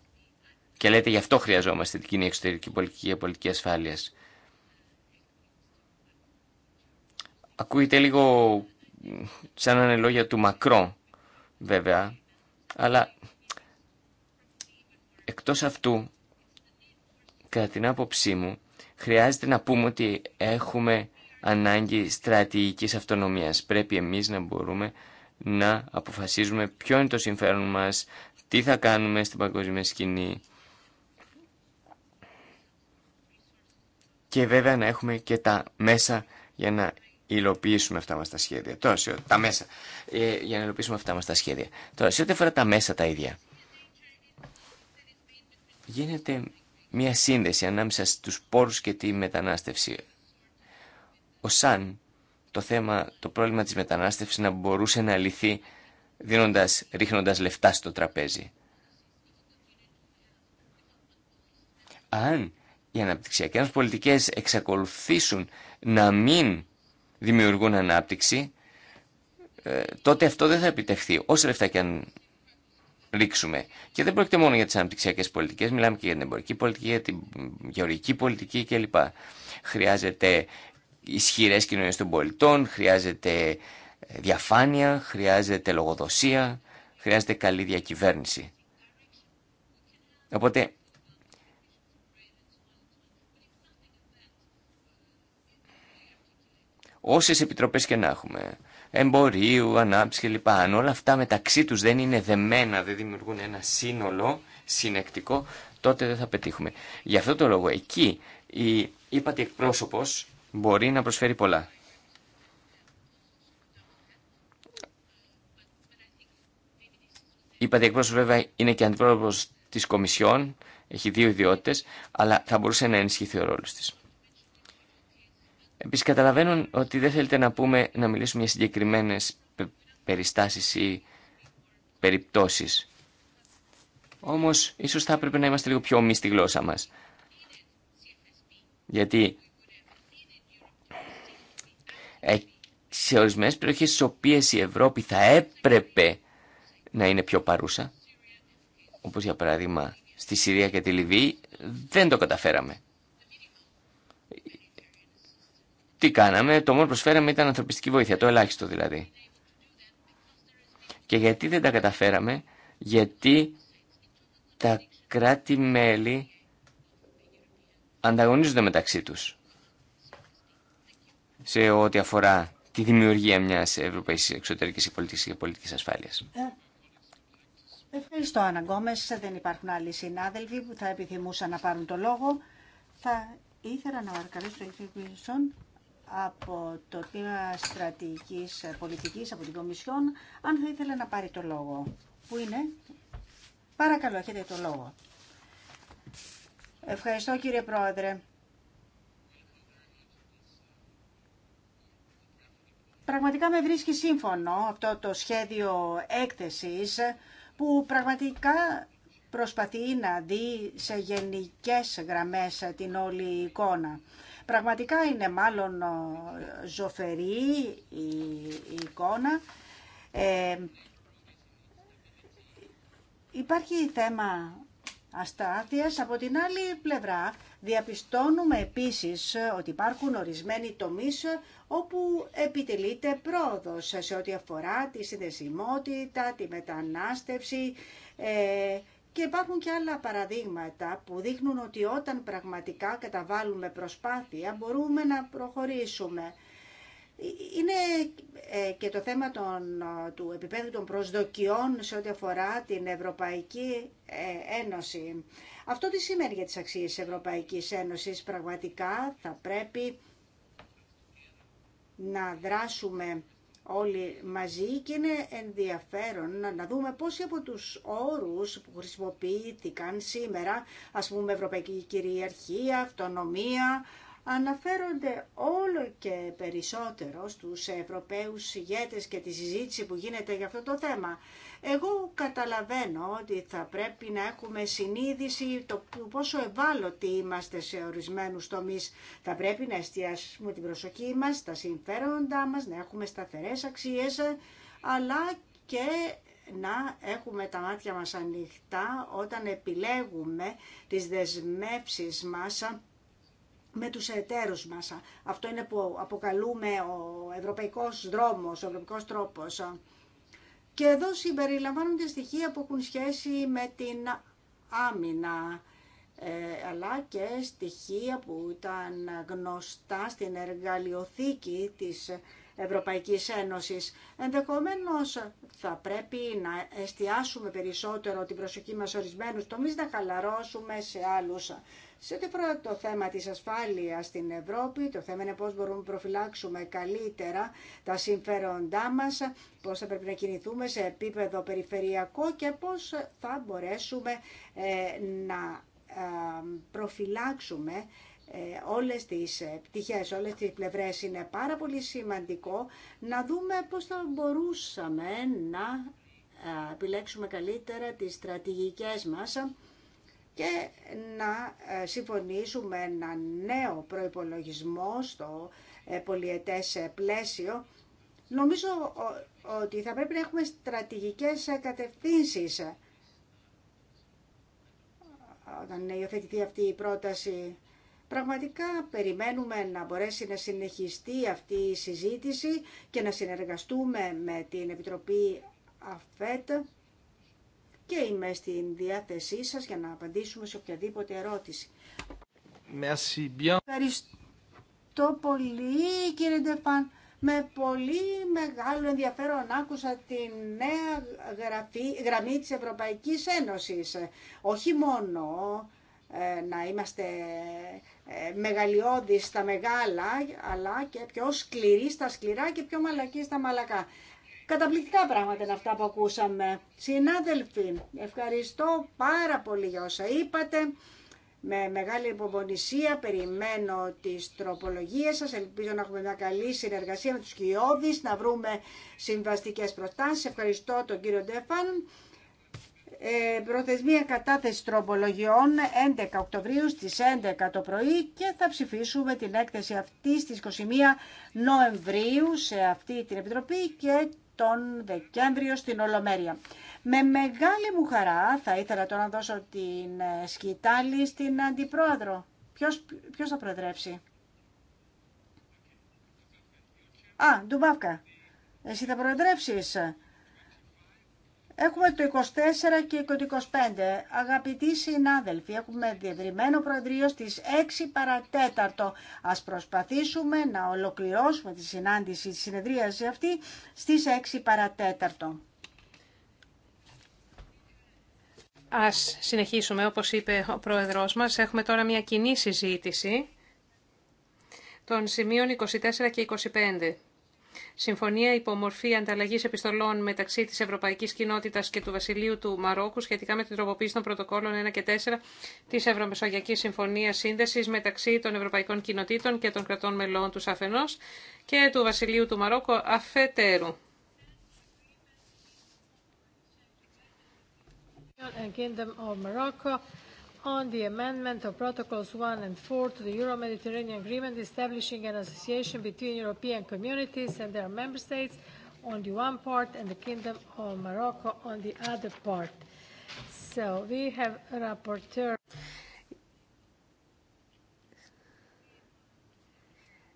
και λέτε γι' αυτό χρειαζόμαστε την κοινή εξωτερική πολιτική και πολιτική ασφάλεια. Ακούγεται λίγο σαν να είναι λόγια του Μακρό, βέβαια, αλλά εκτός αυτού, κατά την άποψή μου, χρειάζεται να πούμε ότι έχουμε ανάγκη στρατηγικής αυτονομίας. Πρέπει εμείς να μπορούμε να αποφασίζουμε ποιο είναι το συμφέρον μας, τι θα κάνουμε στην παγκόσμια σκηνή και βέβαια να έχουμε και τα μέσα για να υλοποιήσουμε αυτά μας τα σχέδια. Τώρα, σε, τα μέσα, ε, για να υλοποιήσουμε αυτά μας τα σχέδια. Τώρα, σε ό,τι αφορά τα μέσα τα ίδια, γίνεται μια σύνδεση ανάμεσα στους πόρους και τη μετανάστευση. Ο Σαν, το θέμα, το πρόβλημα της μετανάστευσης να μπορούσε να λυθεί δίνοντας, ρίχνοντας λεφτά στο τραπέζι. Αν οι αναπτυξιακέ οι πολιτικές εξακολουθήσουν να μην δημιουργούν ανάπτυξη, ε, τότε αυτό δεν θα επιτευχθεί, όσα λεφτά και αν ρίξουμε. Και δεν πρόκειται μόνο για τι αναπτυξιακέ πολιτικές, μιλάμε και για την εμπορική πολιτική, για την γεωργική πολιτική κλπ. Χρειάζεται ισχυρέ κοινωνίε των πολιτών, χρειάζεται ε, διαφάνεια, χρειάζεται λογοδοσία, χρειάζεται καλή διακυβέρνηση. Οπότε Όσε επιτροπές και να έχουμε, εμπορίου, ανάπτυξη κλπ. Αν όλα αυτά μεταξύ του δεν είναι δεμένα, δεν δημιουργούν ένα σύνολο συνεκτικό, τότε δεν θα πετύχουμε. Γι' αυτό το λόγο εκεί η ύπατη εκπρόσωπο μπορεί να προσφέρει πολλά. Η ύπατη εκπρόσωπο βέβαια είναι και αντιπρόσωπος της Κομισιόν, έχει δύο ιδιότητε, αλλά θα μπορούσε να ενισχυθεί ο ρόλος της. Επίσης καταλαβαίνουν ότι δεν θέλετε να πούμε να μιλήσουμε για συγκεκριμένες περιστάσεις ή περιπτώσεις. Όμως ίσως θα έπρεπε να είμαστε λίγο πιο ομοί στη γλώσσα μας. Γιατί ε, σε ορισμένες περιοχές στις οποίες η Ευρώπη θα έπρεπε να είναι πιο παρούσα, όπως για παράδειγμα στη Συρία και τη Λιβύη, δεν το καταφέραμε. τι κάναμε, το μόνο που προσφέραμε ήταν ανθρωπιστική βοήθεια, το ελάχιστο δηλαδή. Και γιατί δεν τα καταφέραμε, γιατί τα κράτη-μέλη ανταγωνίζονται μεταξύ τους σε ό,τι αφορά τη δημιουργία μιας ευρωπαϊκής εξωτερικής πολιτικής και πολιτικής ασφάλειας. Ε, ευχαριστώ, Άννα Γκόμες. Δεν υπάρχουν άλλοι συνάδελφοι που θα επιθυμούσαν να πάρουν το λόγο. Θα ήθελα να παρακαλέσω τον κ από το τμήμα στρατηγικής ε, πολιτικής από την Κομισιόν αν θα ήθελε να πάρει το λόγο. Πού είναι? Παρακαλώ, έχετε το λόγο. Ευχαριστώ κύριε Πρόεδρε. Πραγματικά με βρίσκει σύμφωνο αυτό το σχέδιο έκθεσης που πραγματικά προσπαθεί να δει σε γενικές γραμμές την όλη εικόνα. Πραγματικά είναι μάλλον ζωφερή η εικόνα. Ε, υπάρχει θέμα αστάθειας. Από την άλλη πλευρά διαπιστώνουμε επίσης ότι υπάρχουν ορισμένοι τομείς όπου επιτελείται πρόοδος σε ό,τι αφορά τη συνδεσιμότητα, τη μετανάστευση, ε, και υπάρχουν και άλλα παραδείγματα που δείχνουν ότι όταν πραγματικά καταβάλουμε προσπάθεια μπορούμε να προχωρήσουμε. Είναι ε, και το θέμα των, του επίπεδου των προσδοκιών σε ό,τι αφορά την Ευρωπαϊκή ε, Ένωση. Αυτό τι σημαίνει για τις αξίες της Ευρωπαϊκής Ένωσης. Πραγματικά θα πρέπει να δράσουμε όλοι μαζί και είναι ενδιαφέρον να, δούμε πόσοι από τους όρους που χρησιμοποιήθηκαν σήμερα, ας πούμε ευρωπαϊκή κυριαρχία, αυτονομία, αναφέρονται όλο και περισσότερο στους Ευρωπαίους ηγέτες και τη συζήτηση που γίνεται για αυτό το θέμα. Εγώ καταλαβαίνω ότι θα πρέπει να έχουμε συνείδηση το πόσο ευάλωτοι είμαστε σε ορισμένους τομείς. Θα πρέπει να εστιάσουμε την προσοχή μας, τα συμφέροντά μας, να έχουμε σταθερές αξίες, αλλά και να έχουμε τα μάτια μας ανοιχτά όταν επιλέγουμε τις δεσμεύσεις μας με τους εταίρους μας. Αυτό είναι που αποκαλούμε ο ευρωπαϊκός δρόμος, ο ευρωπαϊκός τρόπος. Και εδώ συμπεριλαμβάνονται στοιχεία που έχουν σχέση με την άμυνα, ε, αλλά και στοιχεία που ήταν γνωστά στην εργαλειοθήκη της Ευρωπαϊκής Ένωσης. Ενδεχομένως θα πρέπει να εστιάσουμε περισσότερο την προσοχή μας ορισμένους τομείς, να χαλαρώσουμε σε άλλους. Σε ό,τι αφορά το θέμα της ασφάλειας στην Ευρώπη, το θέμα είναι πώς μπορούμε να προφυλάξουμε καλύτερα τα συμφέροντά μας, πώς θα πρέπει να κινηθούμε σε επίπεδο περιφερειακό και πώς θα μπορέσουμε ε, να ε, προφυλάξουμε ε, όλες τις πτυχές, όλες τις πλευρές. Είναι πάρα πολύ σημαντικό να δούμε πώς θα μπορούσαμε να επιλέξουμε καλύτερα τις στρατηγικές μας και να ε, συμφωνήσουμε ένα νέο προϋπολογισμό στο ε, πολιετές ε, πλαίσιο. Νομίζω ότι θα πρέπει να έχουμε στρατηγικές κατευθύνσεις όταν υιοθετηθεί αυτή η πρόταση. Πραγματικά περιμένουμε να μπορέσει να συνεχιστεί αυτή η συζήτηση και να συνεργαστούμε με την Επιτροπή ΑΦΕΤ και είμαι στην διάθεσή σας για να απαντήσουμε σε οποιαδήποτε ερώτηση. Merci bien. Ευχαριστώ πολύ κύριε Ντεφάν. Με πολύ μεγάλο ενδιαφέρον άκουσα τη νέα γραφή, γραμμή της Ευρωπαϊκής Ένωσης. Όχι μόνο ε, να είμαστε ε, μεγαλειώδεις στα μεγάλα, αλλά και πιο σκληροί στα σκληρά και πιο μαλακοί στα μαλακά. Καταπληκτικά πράγματα είναι αυτά που ακούσαμε. Συνάδελφοι, ευχαριστώ πάρα πολύ για όσα είπατε. Με μεγάλη υπομονησία περιμένω τις τροπολογίες σας. Ελπίζω να έχουμε μια καλή συνεργασία με τους κοιόδης, να βρούμε συμβαστικές προτάσεις. Ευχαριστώ τον κύριο Ντέφαν. Ε, προθεσμία κατάθεση τροπολογιών 11 Οκτωβρίου στις 11 το πρωί και θα ψηφίσουμε την έκθεση αυτή στις 21 Νοεμβρίου σε αυτή την Επιτροπή και τον Δεκέμβριο στην Ολομέρεια. Με μεγάλη μου χαρά θα ήθελα τώρα να δώσω την ε, σκητάλη στην Αντιπρόεδρο. Ποιος, ποιος θα προεδρεύσει. Α, Ντουμπάφκα, εσύ θα προεδρεύσεις. Έχουμε το 24 και το 25. Αγαπητοί συνάδελφοι, έχουμε διευρυμένο προεδρείο στις 6 παρατέταρτο. Ας προσπαθήσουμε να ολοκληρώσουμε τη συνάντηση, τη συνεδρίαση αυτή στις 6 παρατέταρτο. Ας συνεχίσουμε, όπως είπε ο Πρόεδρός μας. Έχουμε τώρα μια κοινή συζήτηση των σημείων 24 και 25. Συμφωνία υπομορφή ανταλλαγή επιστολών μεταξύ τη Ευρωπαϊκή Κοινότητα και του Βασιλείου του Μαρόκου σχετικά με την τροποποίηση των πρωτοκόλων 1 και 4 τη Ευρωμεσογειακή Συμφωνία Σύνδεση μεταξύ των Ευρωπαϊκών Κοινοτήτων και των κρατών μελών του αφενό και του Βασιλείου του Μαρόκου αφετέρου on the amendment of Protocols 1 and 4 to the Euro-Mediterranean Agreement establishing an association between European communities and their member states on the one part and the Kingdom of Morocco on the other part. So we have a rapporteur.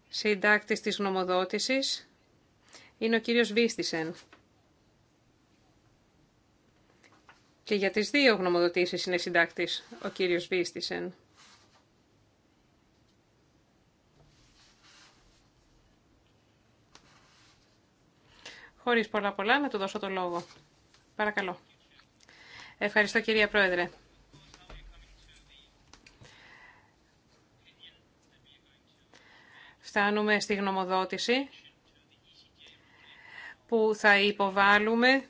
Συντάκτης της νομοδότησης είναι ο κύριος Βίστησεν. Και για τις δύο γνωμοδοτήσεις είναι συντάκτης ο κύριος Βίστησεν. Χωρίς πολλά πολλά, να του δώσω το λόγο. Παρακαλώ. Ευχαριστώ κυρία Πρόεδρε. Φτάνουμε στη γνωμοδότηση που θα υποβάλουμε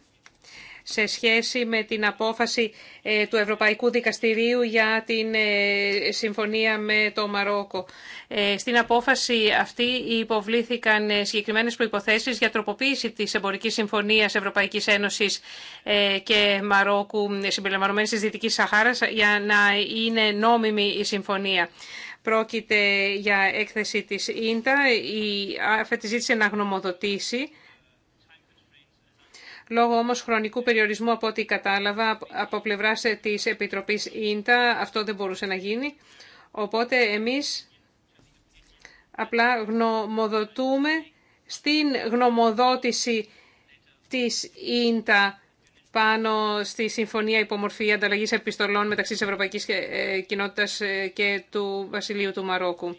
σε σχέση με την απόφαση ε, του Ευρωπαϊκού Δικαστηρίου για την ε, συμφωνία με το Μαρόκο. Ε, στην απόφαση αυτή υποβλήθηκαν συγκεκριμένες προϋποθέσεις για τροποποίηση της εμπορικής συμφωνίας Ευρωπαϊκής Ένωσης και Μαρόκου συμπεριλαμβανομένης της Δυτικής Σαχάρας για να είναι νόμιμη η συμφωνία. Πρόκειται για έκθεση της ΙΝΤΑ. Η ΑΦΕΤ ζήτησε να γνωμοδοτήσει Λόγω όμως χρονικού περιορισμού από ό,τι κατάλαβα από πλευρά ε, της Επιτροπής Ίντα αυτό δεν μπορούσε να γίνει. Οπότε εμείς απλά γνωμοδοτούμε στην γνωμοδότηση της Ίντα πάνω στη Συμφωνία Υπομορφή Ανταλλαγής Επιστολών μεταξύ της Ευρωπαϊκής ε, Κοινότητας ε, και του Βασιλείου του Μαρόκου.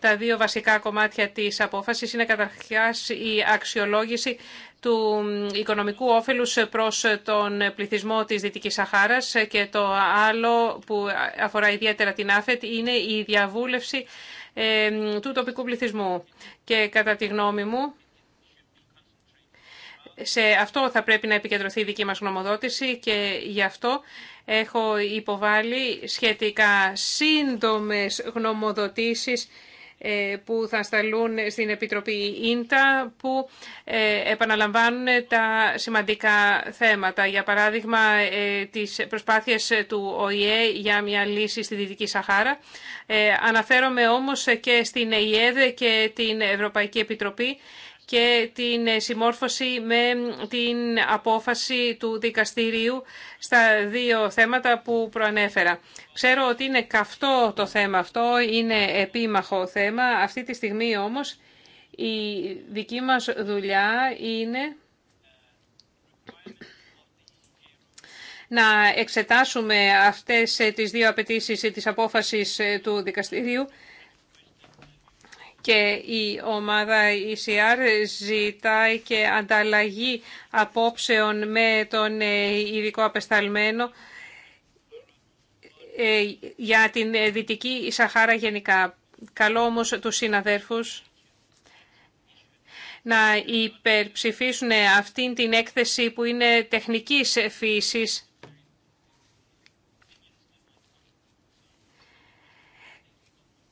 Τα δύο βασικά κομμάτια της απόφασης είναι καταρχάς η αξιολόγηση του οικονομικού όφελους προς τον πληθυσμό της Δυτικής Σαχάρας και το άλλο που αφορά ιδιαίτερα την ΑΦΕΤ είναι η διαβούλευση ε, του τοπικού πληθυσμού. Και κατά τη γνώμη μου, σε αυτό θα πρέπει να επικεντρωθεί η δική μας γνωμοδότηση και γι' αυτό έχω υποβάλει σχετικά σύντομες γνωμοδοτήσεις ε, που θα σταλούν στην Επιτροπή Ίντα που ε, επαναλαμβάνουν τα σημαντικά θέματα. Για παράδειγμα, ε, τις προσπάθειες του ΟΗΕ για μια λύση στη Δυτική Σαχάρα. Αναφέρομαι όμως και στην ΕΙΕΔ και την Ευρωπαϊκή Επιτροπή και την ε, συμμόρφωση με την απόφαση του δικαστηρίου στα δύο θέματα που προανέφερα. Ξέρω ότι είναι καυτό το θέμα αυτό, είναι επίμαχο θέμα. Αυτή τη στιγμή όμως η δική μας δουλειά είναι να εξετάσουμε αυτές ε, τις δύο απαιτήσεις ε, της απόφασης του δικαστηρίου και η ομάδα ECR ζητάει και ανταλλαγή απόψεων με τον ε, ειδικό απεσταλμένο ε, για την ε, Δυτική Σαχάρα γενικά. Καλό όμως τους συναδέρφους να υπερψηφίσουν αυτήν την έκθεση που είναι τεχνικής φύσης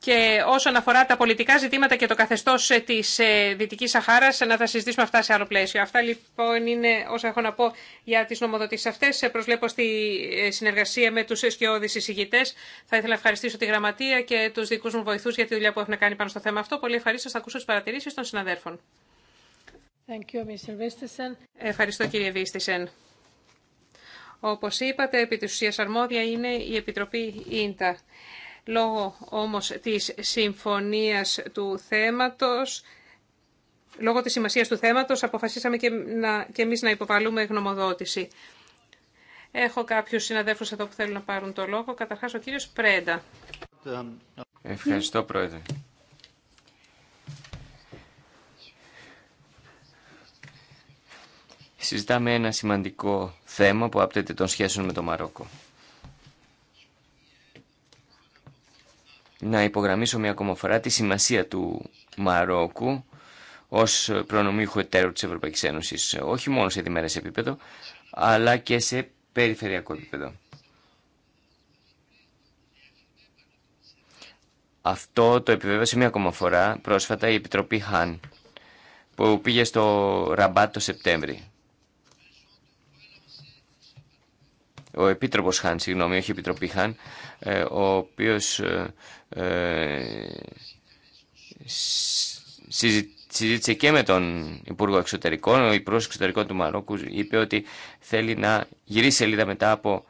και όσον αφορά τα πολιτικά ζητήματα και το καθεστώ ε, τη ε, Δυτική Σαχάρα, να τα συζητήσουμε αυτά σε άλλο πλαίσιο. Αυτά λοιπόν είναι όσα έχω να πω για τι νομοδοτήσει αυτέ. Ε, προσβλέπω στη συνεργασία με του σκιώδεις εισηγητές. Θα ήθελα να ευχαριστήσω τη Γραμματεία και του δικού μου βοηθού για τη δουλειά που έχουν κάνει πάνω στο θέμα αυτό. Πολύ ευχαρίστω θα ακούσω τι παρατηρήσει των συναδέρφων. Ευχαριστώ κύριε Βίστησεν. Όπω είπατε, επί τη ουσία αρμόδια είναι η Επιτροπή ΙΝΤΑ. Λόγω όμως της συμφωνίας του θέματος, λόγω της σημασίας του θέματος, αποφασίσαμε και, να, εμείς να υποβαλούμε γνωμοδότηση. Έχω κάποιους συναδέλφους εδώ που θέλουν να πάρουν το λόγο. Καταρχάς ο κύριος Πρέντα. Ευχαριστώ πρόεδρε. Συζητάμε ένα σημαντικό θέμα που άπτεται των σχέσεων με το Μαρόκο. να υπογραμμίσω μια ακόμα φορά τη σημασία του Μαρόκου ως προνομίου εταίρου της Ευρωπαϊκής Ένωσης, όχι μόνο σε διμέρες επίπεδο, αλλά και σε περιφερειακό επίπεδο. Αυτό το επιβέβαιωσε μία ακόμα φορά πρόσφατα η Επιτροπή ΧΑΝ, που πήγε στο Ραμπάτ το Σεπτέμβρη. ο Επίτροπος Χάν, συγγνώμη, όχι η Επιτροπή Χάν, ε, ο οποίος ε, ε, συζήτησε και με τον Υπουργό Εξωτερικών, ο Υπουργός Εξωτερικών του Μαρόκου είπε ότι θέλει να γυρίσει σελίδα μετά από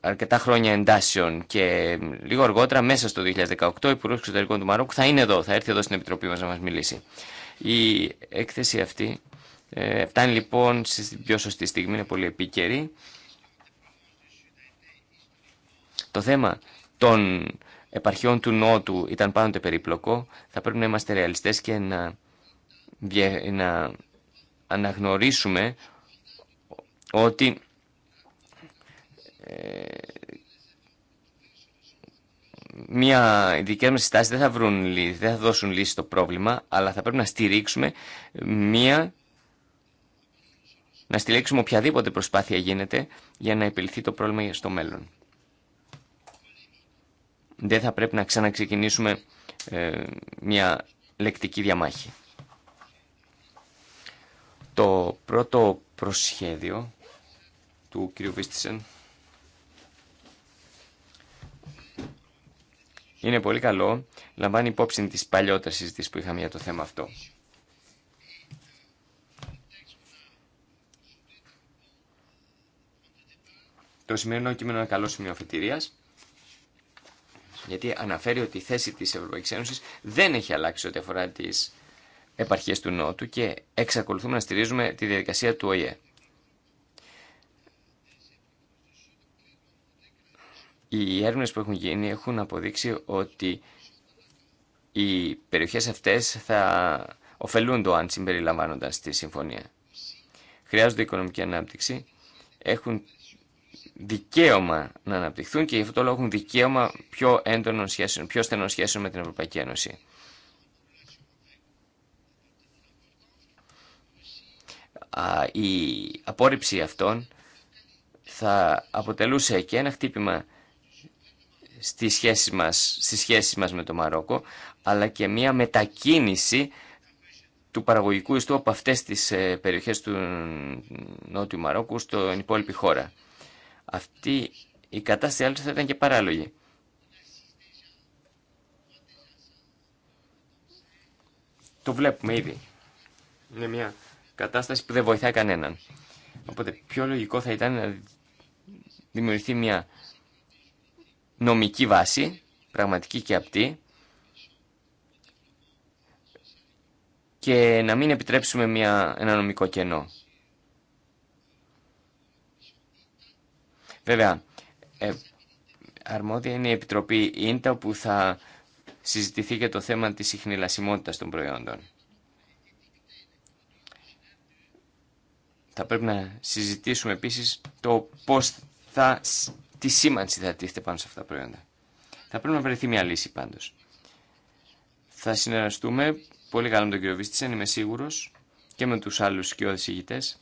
αρκετά χρόνια εντάσεων και λίγο αργότερα μέσα στο 2018 ο Υπουργός Εξωτερικών του Μαρόκου θα είναι εδώ, θα έρθει εδώ στην Επιτροπή μας να μας μιλήσει. Η έκθεση αυτή ε, φτάνει λοιπόν στην πιο σωστή στιγμή, είναι πολύ επίκαιρη. Το θέμα των επαρχιών του Νότου ήταν πάντοτε περίπλοκο. Θα πρέπει να είμαστε ρεαλιστές και να, να αναγνωρίσουμε ότι ε, μια, οι δικές μας συστάσεις δεν θα, βρουν, δεν θα δώσουν λύση στο πρόβλημα, αλλά θα πρέπει να στηρίξουμε μια να στηλέξουμε οποιαδήποτε προσπάθεια γίνεται για να επιληθεί το πρόβλημα στο μέλλον. Δεν θα πρέπει να ξαναξεκινήσουμε ε, μια λεκτική διαμάχη. Το πρώτο προσχέδιο του κ. Βίστησεν είναι πολύ καλό, λαμβάνει υπόψη τις παλιότερες συζητήσεις που είχαμε για το θέμα αυτό. Το σημερινό κείμενο είναι καλό σημείο αφετηρία. γιατί αναφέρει ότι η θέση της Ευρωπαϊκής Ένωση δεν έχει αλλάξει ό,τι αφορά τι επαρχίες του Νότου και εξακολουθούμε να στηρίζουμε τη διαδικασία του ΟΗΕ. Οι έρευνε που έχουν γίνει έχουν αποδείξει ότι οι περιοχές αυτές θα ωφελούν το αν συμπεριλαμβάνονταν στη συμφωνία. Χρειάζονται οικονομική ανάπτυξη, έχουν δικαίωμα να αναπτυχθούν και γι' αυτό το λόγο έχουν δικαίωμα πιο έντονων σχέσεων, πιο στενών σχέσεων με την Ευρωπαϊκή Ένωση. Η απόρριψη αυτών θα αποτελούσε και ένα χτύπημα στις σχέσεις μας, στις σχέσεις μας με το Μαρόκο, αλλά και μια μετακίνηση του παραγωγικού ιστού από αυτές τις ε, περιοχές του Νότιου Μαρόκου στον υπόλοιπη χώρα. Αυτή η κατάσταση άλλωστε θα ήταν και παράλογη. Το βλέπουμε ήδη. Είναι μια κατάσταση που δεν βοηθάει κανέναν. Οπότε πιο λογικό θα ήταν να δημιουργηθεί μια νομική βάση, πραγματική και απτή, και να μην επιτρέψουμε μια, ένα νομικό κενό. Βέβαια, ε, αρμόδια είναι η Επιτροπή Ίντα που θα συζητηθεί και το θέμα της συχνηλασιμότητας των προϊόντων. Θα πρέπει να συζητήσουμε επίσης το πώς θα, τη σήμανση θα τίθεται πάνω σε αυτά τα προϊόντα. Θα πρέπει να βρεθεί μια λύση πάντως. Θα συνεργαστούμε πολύ καλά με τον κύριο Βίστησεν, είμαι σίγουρος, και με τους άλλους και ηγητές.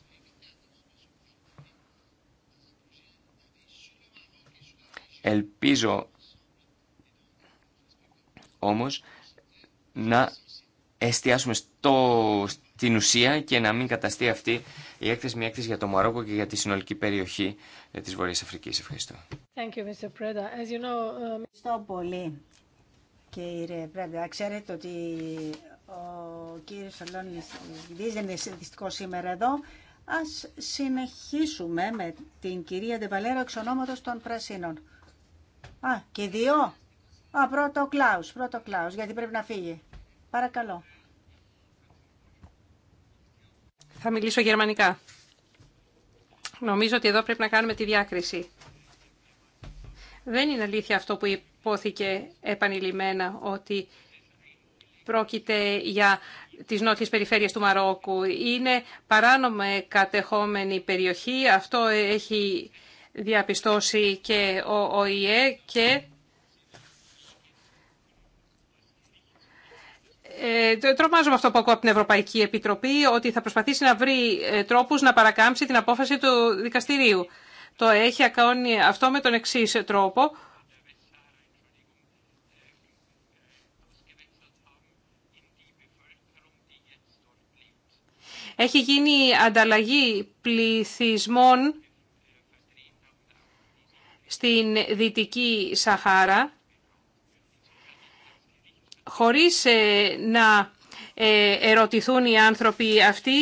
Ελπίζω όμως να εστιάσουμε στο, στην ουσία και να μην καταστεί αυτή η έκθεση μια έκθεση για το Μαρόκο και για τη συνολική περιοχή της Βορειάς Αφρικής. Ευχαριστώ. Uh, Ευχαριστώ πολύ, κύριε Πρέντα. Ξέρετε ότι ο κύριος Αλώνης δεν είναι δυστυχώ σήμερα εδώ. Ας συνεχίσουμε με την κυρία Ντεβαλέρο εξ ονόματος των Πρασίνων. Α, και δύο. Α, πρώτο Κλάους, πρώτο Κλάους, γιατί πρέπει να φύγει. Παρακαλώ. Θα μιλήσω γερμανικά. Νομίζω ότι εδώ πρέπει να κάνουμε τη διάκριση. Δεν είναι αλήθεια αυτό που υπόθηκε επανειλημμένα ότι πρόκειται για τις νότιες περιφέρειες του Μαρόκου. Είναι παράνομη κατεχόμενη περιοχή. Αυτό έχει διαπιστώσει και ο ΟΗΕ και Ε, τρομάζομαι αυτό που ακούω από την Ευρωπαϊκή Επιτροπή, ότι θα προσπαθήσει να βρει ε, τρόπους να παρακάμψει την απόφαση του δικαστηρίου. Το έχει ακόνει αυτό με τον εξή τρόπο. Έχει γίνει ανταλλαγή πληθυσμών στην Δυτική Σαχάρα χωρίς ε, να ε, ερωτηθούν οι άνθρωποι αυτοί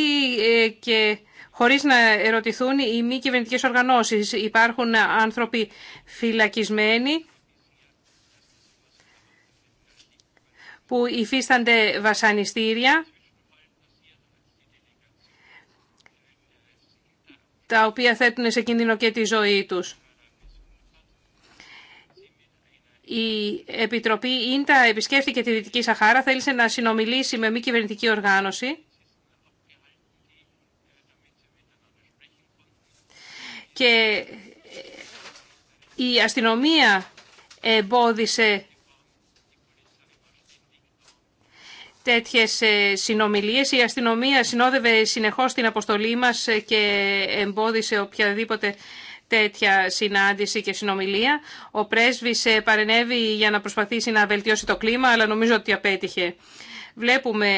ε, και χωρίς να ερωτηθούν οι μη κυβερνητικέ οργανώσεις. Υπάρχουν άνθρωποι φυλακισμένοι που υφίστανται βασανιστήρια τα οποία θέτουν σε κίνδυνο και τη ζωή τους. Η Επιτροπή Ίντα επισκέφθηκε τη Δυτική Σαχάρα, θέλησε να συνομιλήσει με μη κυβερνητική οργάνωση. Και η αστυνομία εμπόδισε τέτοιες ε, συνομιλίες. Η αστυνομία συνόδευε συνεχώς την αποστολή μας ε, και εμπόδισε οποιαδήποτε τέτοια συνάντηση και συνομιλία. Ο πρέσβης ε, παρενέβη για να προσπαθήσει να βελτιώσει το κλίμα, αλλά νομίζω ότι απέτυχε. Βλέπουμε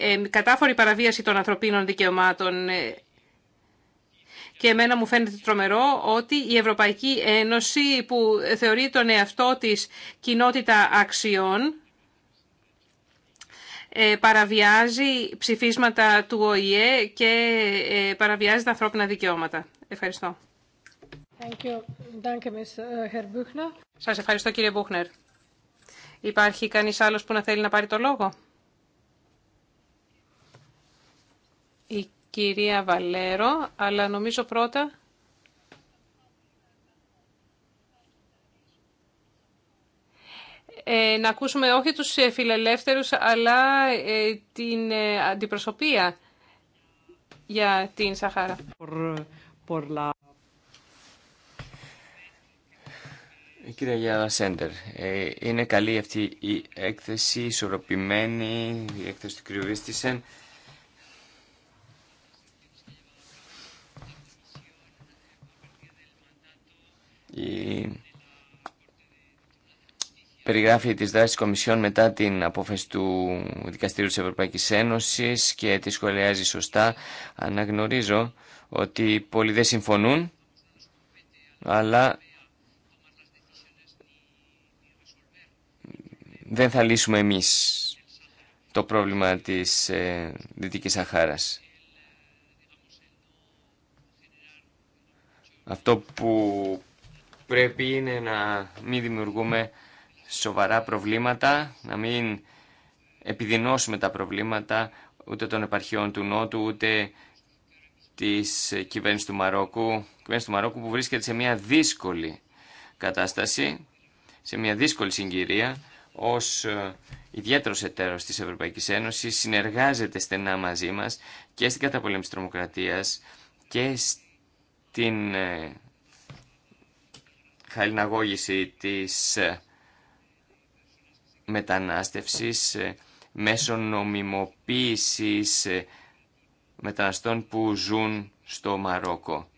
ε, ε, κατάφορη παραβίαση των ανθρωπίνων δικαιωμάτων και εμένα μου φαίνεται τρομερό ότι η Ευρωπαϊκή Ένωση που θεωρεί τον εαυτό της κοινότητα αξιών παραβιάζει ψηφίσματα του ΟΗΕ και παραβιάζει τα ανθρώπινα δικαιώματα. Ευχαριστώ. Σα uh, Σας ευχαριστώ κύριε Μπούχνερ. Υπάρχει κανείς άλλος που να θέλει να πάρει το λόγο. Η κυρία Βαλέρο, αλλά νομίζω πρώτα... Ε, να ακούσουμε όχι τους ε, φιλελεύθερους, αλλά ε, την ε, αντιπροσωπεία για την Σαχάρα. Κύριε Γιάννα Σέντερ, ε, είναι καλή αυτή η έκθεση, ισορροπημένη, η έκθεση του κύριου Βίστησεν. Η... Περιγράφει τις δράσεις της Κομισιόν μετά την απόφαση του Δικαστήριου της Ευρωπαϊκής Ένωσης και τη σχολιάζει σωστά. Αναγνωρίζω ότι πολλοί δεν συμφωνούν, αλλά δεν θα λύσουμε εμείς το πρόβλημα της ε, Δυτικής Σαχάρας. Αυτό που πρέπει είναι να μην δημιουργούμε σοβαρά προβλήματα, να μην επιδεινώσουμε τα προβλήματα ούτε των επαρχιών του Νότου, ούτε της κυβέρνησης του Μαρόκου, κυβέρνηση του Μαρόκου που βρίσκεται σε μια δύσκολη κατάσταση, σε μια δύσκολη συγκυρία, ως ε, ιδιαίτερος εταίρος της Ευρωπαϊκής Ένωσης συνεργάζεται στενά μαζί μας και στην καταπολέμηση τρομοκρατίας και στην ε, χαλιναγώγηση της ε, μετανάστευσης μέσω νομιμοποίησης μεταναστών που ζουν στο Μαρόκο.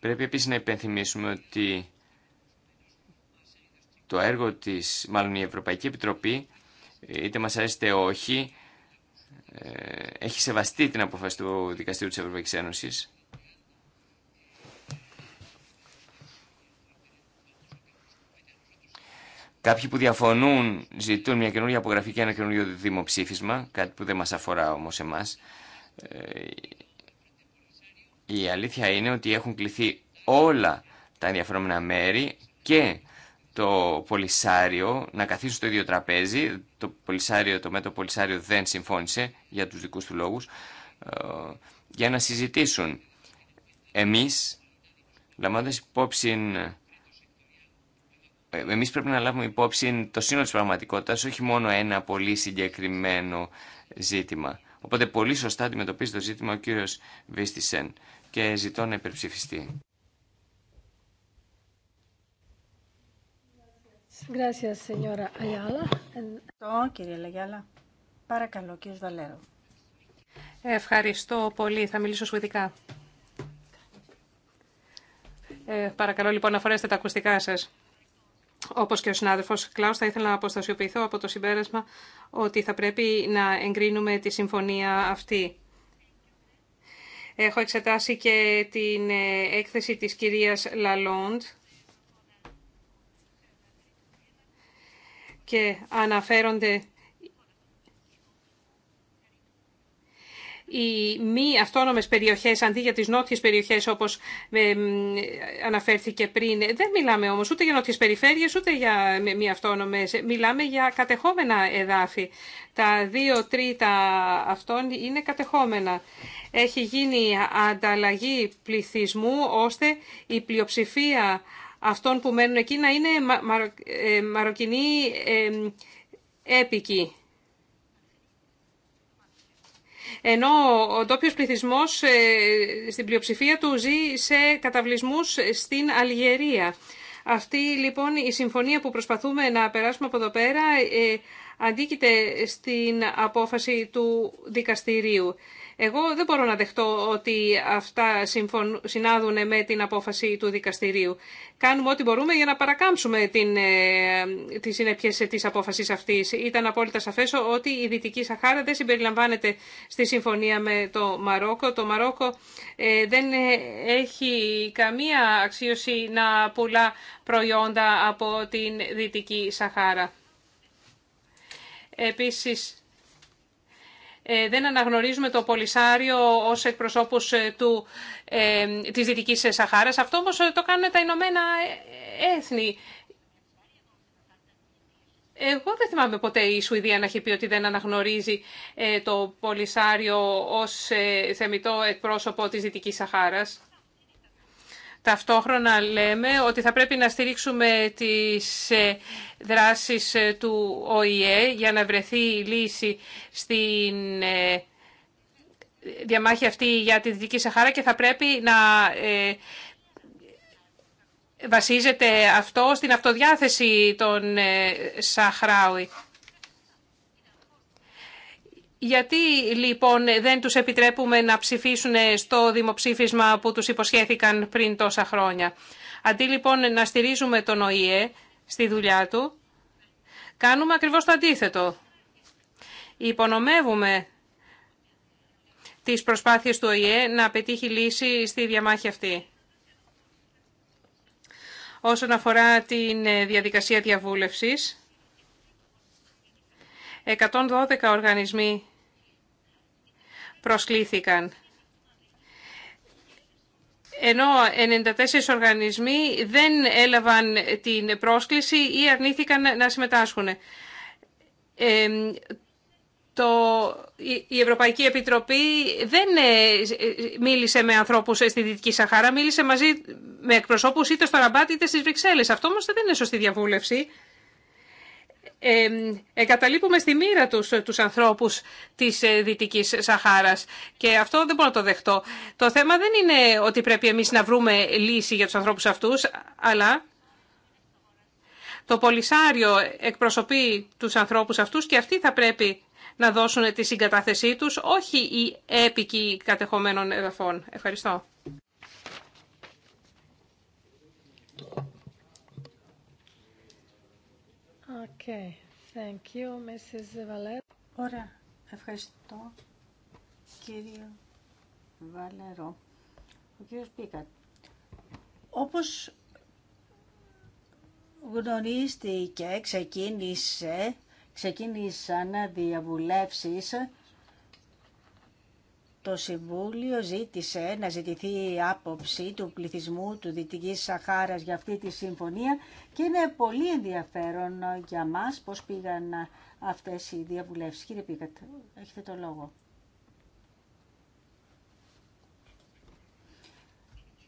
Πρέπει επίσης να υπενθυμίσουμε ότι το έργο της, μάλλον η Ευρωπαϊκή Επιτροπή, είτε μας αρέσει είτε όχι, ε, έχει σεβαστεί την αποφάση του Δικαστήριου της Ευρωπαϊκής Ένωσης. Κάποιοι που διαφωνούν ζητούν μια καινούργια απογραφή και ένα καινούργιο δημοψήφισμα, κάτι που δεν μας αφορά όμως εμάς. Ε, η αλήθεια είναι ότι έχουν κληθεί όλα τα ενδιαφερόμενα μέρη και το Πολυσάριο να καθίσουν στο ίδιο τραπέζι. Το, πολυσάριο, το μέτωπο Πολυσάριο δεν συμφώνησε για τους δικούς του λόγους ε, για να συζητήσουν. Εμείς, λαμβάνοντας υπόψη ε, εμείς πρέπει να λάβουμε υπόψη το σύνολο της πραγματικότητας, όχι μόνο ένα πολύ συγκεκριμένο ζήτημα. Οπότε πολύ σωστά αντιμετωπίζει το ζήτημα ο κύριος Βίστισεν και ζητώ να υπερψηφιστεί. Ευχαριστώ, Παρακαλώ, Ευχαριστώ πολύ. Θα μιλήσω σχετικά. Ε, παρακαλώ λοιπόν να φορέσετε τα ακουστικά σας. όπω και ο συνάδελφο Κλάου, θα ήθελα να αποστασιοποιηθώ από το συμπέρασμα ότι θα πρέπει να εγκρίνουμε τη συμφωνία αυτή. Έχω εξετάσει και την ε, έκθεση της κυρίας Λαλόντ και αναφέρονται οι μη αυτόνομες περιοχές αντί για τις νότιες περιοχές όπως ε, αναφέρθηκε πριν. Δεν μιλάμε όμως ούτε για νότιες περιφέρειες ούτε για μη αυτόνομες. Μιλάμε για κατεχόμενα εδάφη. Τα δύο τρίτα αυτών είναι κατεχόμενα. Έχει γίνει ανταλλαγή πληθυσμού ώστε η πλειοψηφία Αυτόν που μένουν εκεί να είναι μαροκινή ε, μαροκινοί ε, έπικοι. Ενώ ο ντόπιο πληθυσμό ε, στην πλειοψηφία του ζει σε καταβλισμούς στην Αλγερία. Αυτή λοιπόν η συμφωνία που προσπαθούμε να περάσουμε από εδώ πέρα αντίκειται στην απόφαση του δικαστηρίου. Εγώ δεν μπορώ να δεχτώ ότι αυτά συνάδουν με την απόφαση του δικαστηρίου. Κάνουμε ό,τι μπορούμε για να παρακάμψουμε την, ε, τις συνέπειες της απόφασης αυτής. Ήταν απόλυτα σαφές ότι η Δυτική Σαχάρα δεν συμπεριλαμβάνεται στη συμφωνία με το Μαρόκο. Το Μαρόκο ε, δεν ε, έχει καμία αξίωση να πουλά προϊόντα από την Δυτική Σαχάρα. Επίσης, ε, δεν αναγνωρίζουμε το Πολυσάριο ως εκπροσώπους ε, του, ε, της Δυτικής Σαχάρας. Αυτό όμως ε, το κάνουν τα Ηνωμένα Έθνη. Εγώ δεν θυμάμαι ποτέ η Σουηδία να έχει πει ότι δεν αναγνωρίζει το Πολυσάριο ως θεμητό εκπρόσωπο της Δυτικής Σαχάρας. Ταυτόχρονα λέμε ότι θα πρέπει να στηρίξουμε τις ε, δράσεις ε, του ΟΗΕ για να βρεθεί η λύση στην ε, διαμάχη αυτή για τη Δυτική Σαχάρα και θα πρέπει να βασίζεται αυτό στην αυτοδιάθεση των Σαχράουι. Γιατί λοιπόν δεν τους επιτρέπουμε να ψηφίσουν στο δημοψήφισμα που τους υποσχέθηκαν πριν τόσα χρόνια. Αντί λοιπόν να στηρίζουμε τον ΟΗΕ στη δουλειά του, κάνουμε ακριβώς το αντίθετο. Υπονομεύουμε τις προσπάθειες του ΟΗΕ να πετύχει λύση στη διαμάχη αυτή. Όσον αφορά την διαδικασία διαβούλευσης, 112 οργανισμοί προσκλήθηκαν. Ενώ 94 οργανισμοί δεν έλαβαν την πρόσκληση ή αρνήθηκαν να συμμετάσχουν. Ε, το, η Ευρωπαϊκή Επιτροπή δεν ε, μίλησε με ανθρώπους στη Δυτική Σαχάρα, μίλησε μαζί με εκπροσώπους είτε στο Ραμπάτ είτε στις Βρυξέλλες. Αυτό όμως δεν είναι σωστή διαβούλευση ε, εγκαταλείπουμε στη μοίρα τους, ε, τους ανθρώπους της ε, Δυτικής Σαχάρας και αυτό δεν μπορώ να το δεχτώ. Το θέμα δεν είναι ότι πρέπει εμείς να βρούμε λύση για τους ανθρώπους αυτούς, αλλά το Πολυσάριο εκπροσωπεί τους ανθρώπους αυτούς και αυτοί θα πρέπει να δώσουν τη συγκατάθεσή τους, όχι οι έπικοι κατεχομένων εδαφών. Ευχαριστώ. Okay. Thank you, Mrs. Ωραία. Ευχαριστώ, κύριο Βαλερό. Ο κύριος Πίκατ. Όπως γνωρίστηκε, ξεκίνησε, ξεκίνησαν διαβουλεύσεις το Συμβούλιο ζήτησε να ζητηθεί η άποψη του πληθυσμού του Δυτικής Σαχάρας για αυτή τη συμφωνία και είναι πολύ ενδιαφέρον για μας πώς πήγαν αυτές οι διαβουλεύσεις. Κύριε Πίκατ, έχετε το λόγο.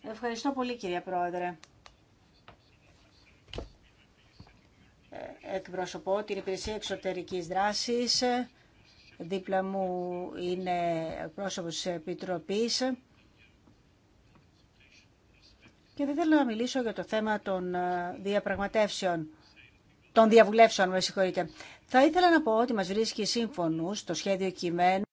Ευχαριστώ πολύ κύριε Πρόεδρε. Ε, εκπροσωπώ την Υπηρεσία Εξωτερικής Δράσης Δίπλα μου είναι πρόσωπος της Επιτροπής. Και δεν θέλω να μιλήσω για το θέμα των ε, διαπραγματεύσεων, των διαβουλεύσεων, με συγχωρείτε. Θα ήθελα να πω ότι μας βρίσκει σύμφωνο το σχέδιο κειμένου